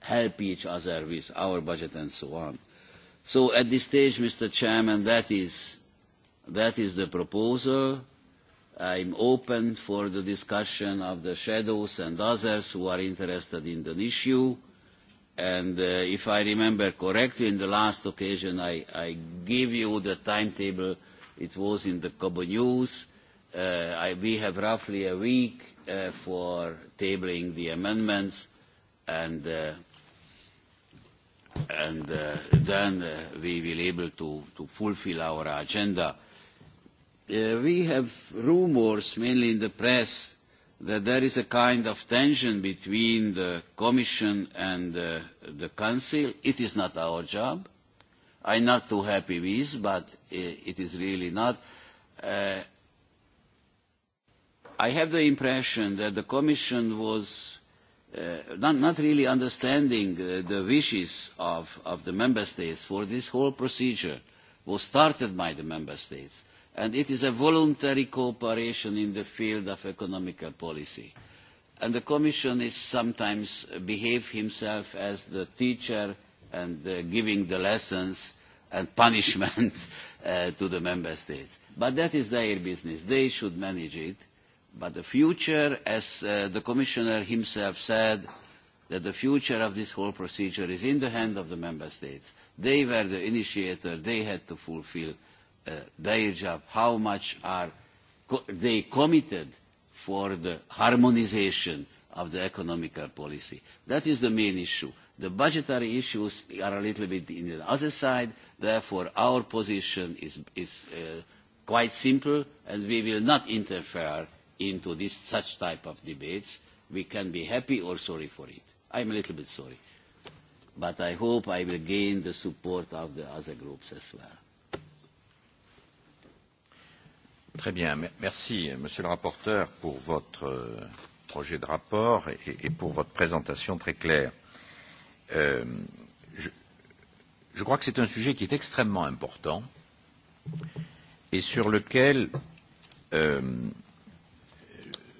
help each other with our budget and so on. So at this stage, Mr. Chairman, that is, that is the proposal. I'm open for the discussion of the shadows and others who are interested in the issue. And uh, if I remember correctly, in the last occasion, I, I give you the timetable It was in the Cobo News. Uh, I, we have roughly a week uh, for tabling the amendments, and, uh, and uh, then uh, we will be able to, to fulfill our agenda. Uh, we have rumours, mainly in the press, that there is a kind of tension between the Commission and the Council. It is not our job I'm not too happy with, but uh, it is really not. Uh, I have the impression that the Commission was uh, not, not really understanding uh, the wishes of, of the Member States for this whole procedure was started by the Member States. And it is a voluntary cooperation in the field of economical policy. And the Commission is sometimes behave himself as the teacher and uh, giving the lessons and punishments uh, to the member states. But that is their business. They should manage it. But the future, as uh, the commissioner himself said, that the future of this whole procedure is in the hand of the member states. They were the initiator. They had to fulfill uh, their job. How much are co they committed for the harmonization of the economical policy? That is the main issue. The budgetary issues are a little bit in the other side. Therefore, our position is, is uh, quite simple, and we will not interfere into this such type of debates. We can be happy or sorry for it. I'm a little bit sorry. But I hope I will gain the support of the other groups as well. Très bien. Merci, Monsieur le rapporteur, pour votre euh, projet de rapport et, et pour votre présentation très claire. Euh, je, je crois que c'est un sujet qui est extrêmement important et sur lequel euh,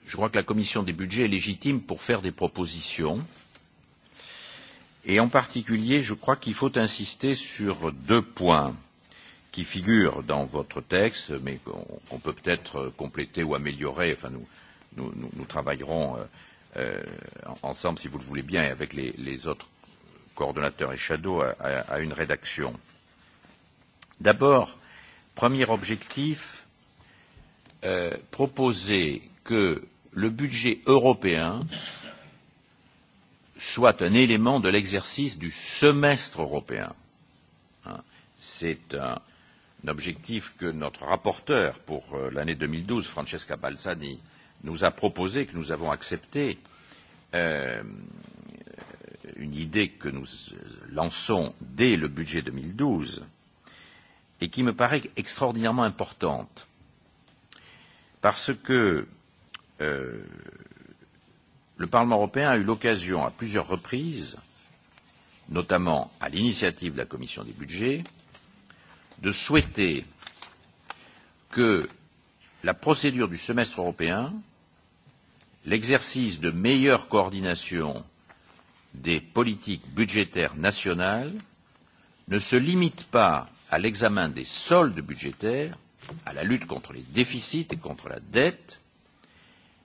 je crois que la commission des budgets est légitime pour faire des propositions. Et en particulier, je crois qu'il faut insister sur deux points qui figurent dans votre texte, mais qu'on peut peut-être compléter ou améliorer. Enfin, nous, nous, nous, travaillerons euh, euh, ensemble, si vous le voulez bien, avec les, les autres coordonnateurs et shadow à, à, à une rédaction. D'abord, premier objectif, euh, proposer que le budget européen soit un élément de l'exercice du semestre européen. Hein, C'est un, un objectif que notre rapporteur pour euh, l'année 2012, Francesca Balzani, nous a proposé, que nous avons accepté. Euh, une idée que nous euh, lançons dès le budget 2012 et qui me paraît extraordinairement importante parce que euh, le Parlement européen a eu l'occasion à plusieurs reprises, notamment à l'initiative de la Commission des budgets, de souhaiter que la procédure du semestre européen, l'exercice de meilleure coordination des politiques budgétaires nationales ne se limite pas à l'examen des soldes budgétaires, à la lutte contre les déficits et contre la dette,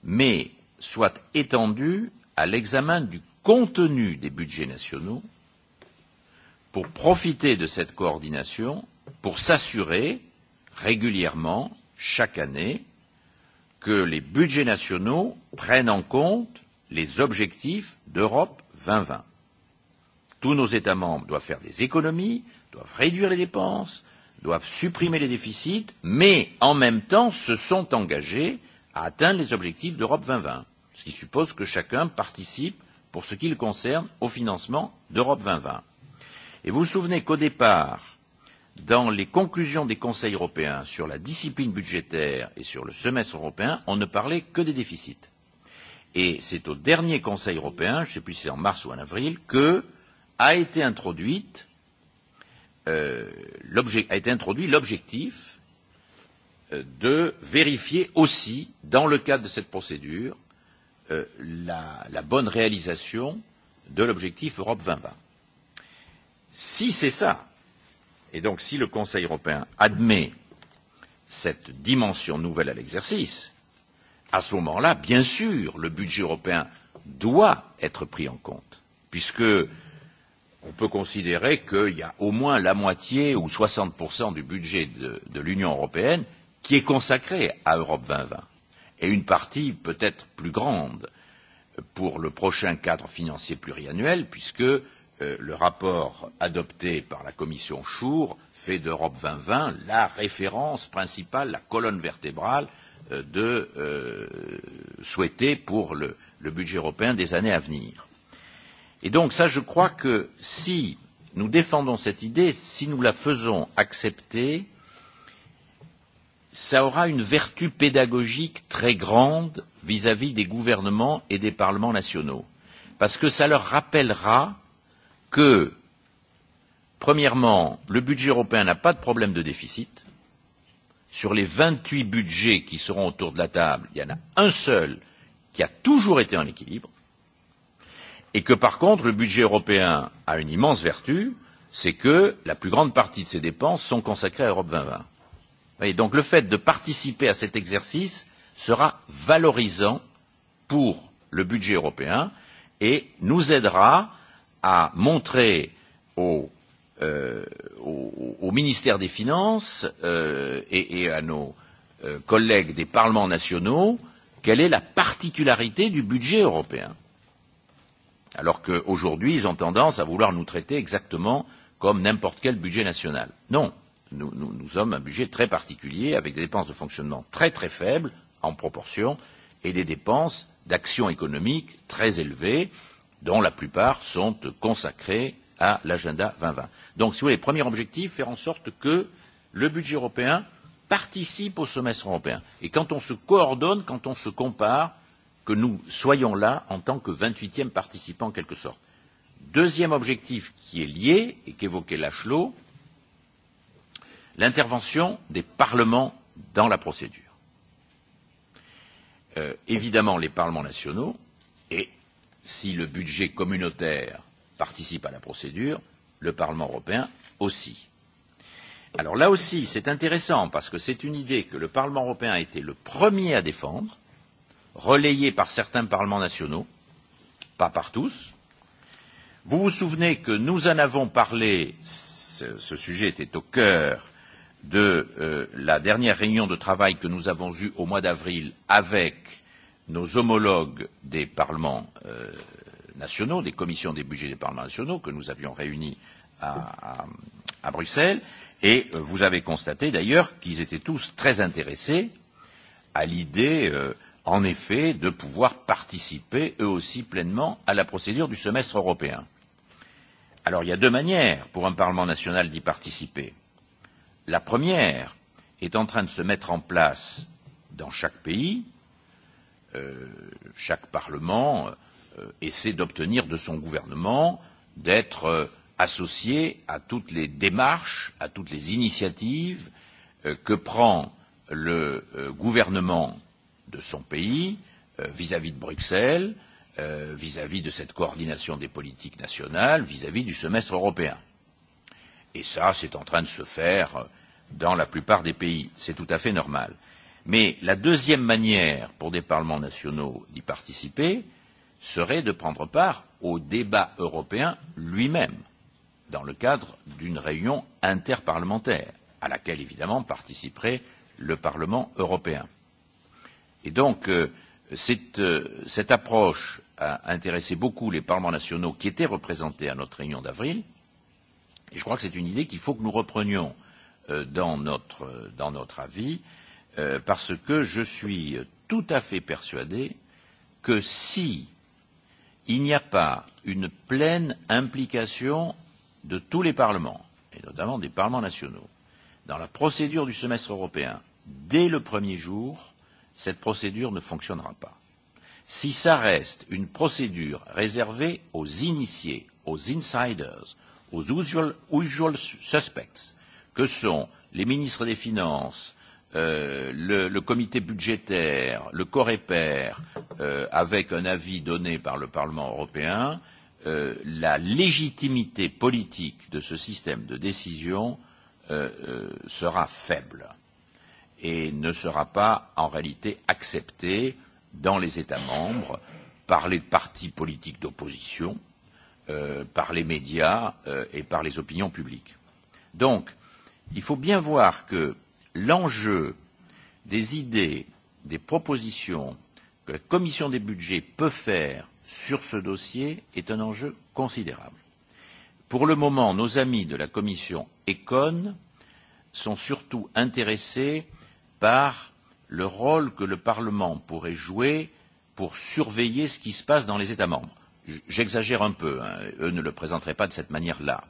mais soit étendue à l'examen du contenu des budgets nationaux pour profiter de cette coordination, pour s'assurer régulièrement, chaque année, que les budgets nationaux prennent en compte les objectifs d'Europe 2020. Tous nos États membres doivent faire des économies, doivent réduire les dépenses, doivent supprimer les déficits, mais en même temps se sont engagés à atteindre les objectifs d'Europe 2020, ce qui suppose que chacun participe, pour ce qui le concerne, au financement d'Europe 2020. Et vous vous souvenez qu'au départ, dans les conclusions des conseils européens sur la discipline budgétaire et sur le semestre européen, on ne parlait que des déficits. Et c'est au dernier Conseil européen, je ne sais plus si c'est en mars ou en avril, que a été introduite euh, a été introduit l'objectif euh, de vérifier aussi, dans le cadre de cette procédure, euh, la, la bonne réalisation de l'objectif Europe 2020. Si c'est ça, et donc si le Conseil européen admet cette dimension nouvelle à l'exercice, à ce moment-là, bien sûr, le budget européen doit être pris en compte, puisque on peut considérer qu'il y a au moins la moitié ou 60% du budget de, de l'Union européenne qui est consacré à Europe 2020, et une partie peut-être plus grande pour le prochain cadre financier pluriannuel, puisque euh, le rapport adopté par la Commission Chour fait d'Europe 2020 la référence principale, la colonne vertébrale de euh, souhaiter pour le, le budget européen des années à venir. Et donc ça, je crois que si nous défendons cette idée, si nous la faisons accepter, ça aura une vertu pédagogique très grande vis-à-vis -vis des gouvernements et des parlements nationaux, parce que ça leur rappellera que, premièrement, le budget européen n'a pas de problème de déficit, sur les 28 budgets qui seront autour de la table, il y en a un seul qui a toujours été en équilibre, et que par contre le budget européen a une immense vertu, c'est que la plus grande partie de ses dépenses sont consacrées à Europe 2020. Et donc le fait de participer à cet exercice sera valorisant pour le budget européen et nous aidera à montrer aux euh, au, au ministère des Finances euh, et, et à nos euh, collègues des parlements nationaux quelle est la particularité du budget européen. Alors qu'aujourd'hui, ils ont tendance à vouloir nous traiter exactement comme n'importe quel budget national. Non, nous, nous, nous sommes un budget très particulier, avec des dépenses de fonctionnement très très faibles en proportion et des dépenses d'action économique très élevées, dont la plupart sont consacrées à l'agenda 2020. Donc, si vous voulez, premier objectif, faire en sorte que le budget européen participe au semestre européen. Et quand on se coordonne, quand on se compare, que nous soyons là en tant que 28e participant en quelque sorte. Deuxième objectif qui est lié et qu'évoquait Lachelot, l'intervention des parlements dans la procédure. Euh, évidemment, les parlements nationaux, et si le budget communautaire participe à la procédure, le Parlement européen aussi. Alors là aussi, c'est intéressant parce que c'est une idée que le Parlement européen a été le premier à défendre, relayée par certains parlements nationaux, pas par tous. Vous vous souvenez que nous en avons parlé, ce, ce sujet était au cœur de euh, la dernière réunion de travail que nous avons eue au mois d'avril avec nos homologues des parlements euh, nationaux, des commissions des budgets des parlements nationaux que nous avions réunis à, à, à Bruxelles. Et euh, vous avez constaté d'ailleurs qu'ils étaient tous très intéressés à l'idée, euh, en effet, de pouvoir participer eux aussi pleinement à la procédure du semestre européen. Alors il y a deux manières pour un Parlement national d'y participer. La première est en train de se mettre en place dans chaque pays. Euh, chaque Parlement Euh, euh, essaie d'obtenir de son gouvernement d'être euh, associé à toutes les démarches, à toutes les initiatives euh, que prend le euh, gouvernement de son pays euh, vis-à-vis euh, -vis de Bruxelles, euh, vis-à-vis euh, -vis de cette coordination des politiques nationales, vis-à-vis -vis du semestre européen. Et ça, c'est en train de se faire euh, dans la plupart des pays. C'est tout à fait normal. Mais la deuxième manière pour des parlements nationaux d'y participer, euh, serait de prendre part au débat européen lui-même, dans le cadre d'une réunion interparlementaire, à laquelle évidemment participerait le Parlement européen. Et donc, euh, cette, euh, cette approche a intéressé beaucoup les parlements nationaux qui étaient représentés à notre réunion d'avril, et je crois que c'est une idée qu'il faut que nous reprenions euh, dans, notre, euh, dans notre avis, euh, parce que je suis tout à fait persuadé que si euh, il n'y a pas une pleine implication de tous les parlements, et notamment des parlements nationaux, dans la procédure du semestre européen, dès le premier jour, cette procédure ne fonctionnera pas. Si ça reste une procédure réservée aux initiés, aux insiders, aux usual, usual suspects, que sont les ministres des Finances, euh, le, le comité budgétaire, le COREPER, euh, avec un avis donné par le Parlement européen, euh, la légitimité politique de ce système de décision euh, euh, sera faible et ne sera pas en réalité acceptée dans les États membres par les partis politiques d'opposition, euh, par les médias euh, et par les opinions publiques. Donc, il faut bien voir que l'enjeu des idées, des propositions que la Commission des budgets peut faire sur ce dossier est un enjeu considérable. Pour le moment, nos amis de la Commission ECON sont surtout intéressés par le rôle que le Parlement pourrait jouer pour surveiller ce qui se passe dans les États membres. J'exagère un peu, hein, eux ne le présenteraient pas de cette manière-là.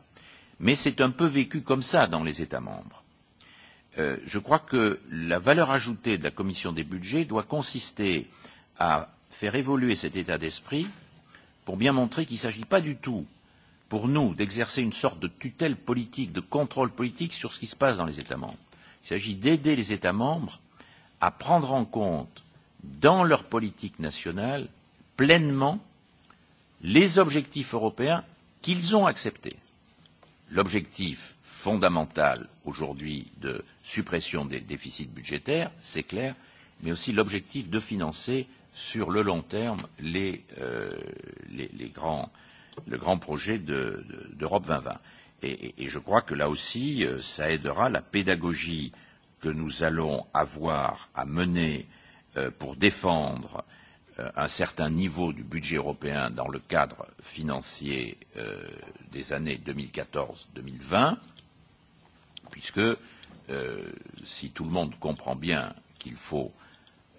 Mais c'est un peu vécu comme ça dans les États membres Euh, je crois que la valeur ajoutée de la commission des budgets doit consister à faire évoluer cet état d'esprit pour bien montrer qu'il ne s'agit pas du tout pour nous d'exercer une sorte de tutelle politique, de contrôle politique sur ce qui se passe dans les États membres. Il s'agit d'aider les États membres à prendre en compte dans leur politique nationale pleinement les objectifs européens qu'ils ont acceptés. L'objectif fondamentale aujourd'hui de suppression des déficits budgétaires, c'est clair, mais aussi l'objectif de financer sur le long terme les, euh, les, les grands, le grand projet d'Europe de, de, 2020. Et, et, et je crois que là aussi, euh, ça aidera la pédagogie que nous allons avoir à mener euh, pour défendre euh, un certain niveau du budget européen dans le cadre financier euh, des années 2014-2020 puisque euh, si tout le monde comprend bien qu'il faut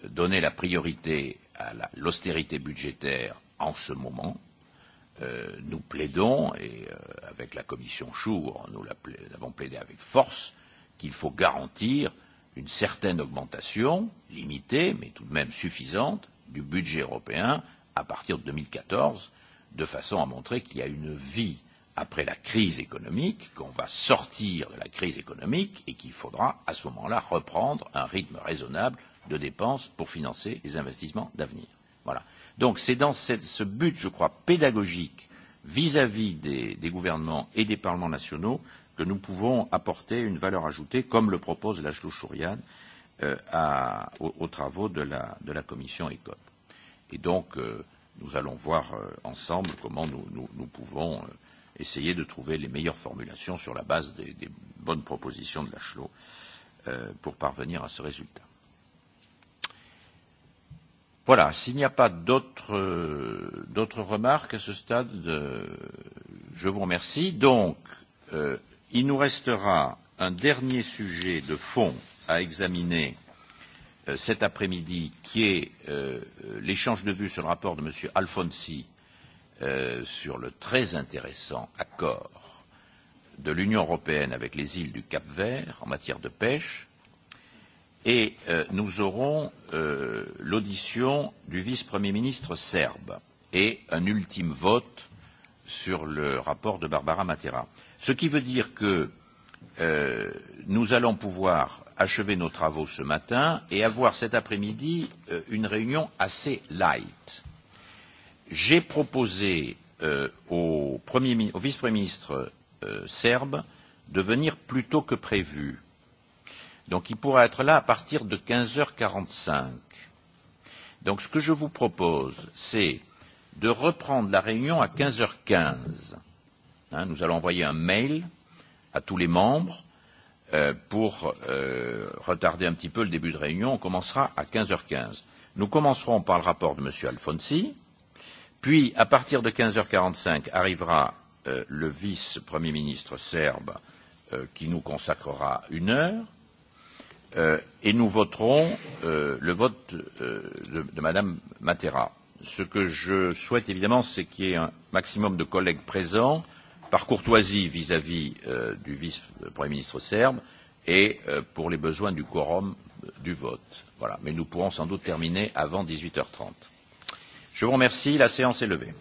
donner la priorité à l'austérité la, budgétaire en ce moment, euh, nous plaidons, et euh, avec la commission Chour, nous l'avons plaidé avec force, qu'il faut garantir une certaine augmentation, limitée, mais tout de même suffisante, du budget européen à partir de 2014, de façon à montrer qu'il y a une vie après la crise économique, qu'on va sortir de la crise économique et qu'il faudra à ce moment-là reprendre un rythme raisonnable de dépenses pour financer les investissements d'avenir. Voilà. Donc c'est dans cette, ce but, je crois, pédagogique vis-à-vis -vis des, des gouvernements et des parlements nationaux que nous pouvons apporter une valeur ajoutée, comme le propose Lachlo Chourian euh, à, aux, aux travaux de la, de la commission ECOP. Et donc, euh, nous allons voir euh, ensemble comment nous, nous, nous pouvons euh, essayer de trouver les meilleures formulations sur la base des, des bonnes propositions de Lachelot euh, pour parvenir à ce résultat. Voilà, s'il n'y a pas d'autres remarques à ce stade, de... Euh, je vous remercie. Donc, euh, il nous restera un dernier sujet de fond à examiner euh, cet après-midi, qui est euh, l'échange de vues sur le rapport de M. Alfonsi euh, Euh, sur le très intéressant accord de l'Union européenne avec les îles du Cap Vert en matière de pêche et euh, nous aurons euh, l'audition du vice-premier ministre serbe et un ultime vote sur le rapport de Barbara Matera. Ce qui veut dire que euh, nous allons pouvoir achever nos travaux ce matin et avoir cet après-midi euh, une réunion assez light j'ai proposé euh, au, premier, au vice-premier ministre euh, serbe de venir plus tôt que prévu. Donc il pourra être là à partir de 15h45. Donc ce que je vous propose, c'est de reprendre la réunion à 15h15. Hein, nous allons envoyer un mail à tous les membres euh, pour euh, retarder un petit peu le début de réunion. On commencera à 15h15. Nous commencerons par le rapport de M. Alfonsi, Puis, à partir de 15h45, arrivera euh, le vice-premier ministre serbe euh, qui nous consacrera une heure euh, et nous voterons euh, le vote euh, de, de Madame Matera. Ce que je souhaite évidemment, c'est qu'il y ait un maximum de collègues présents par courtoisie vis-à-vis -vis, euh, du vice-premier ministre serbe et euh, pour les besoins du quorum euh, du vote. Voilà. Mais nous pourrons sans doute terminer avant 18h30. Je vous remercie. La séance est levée.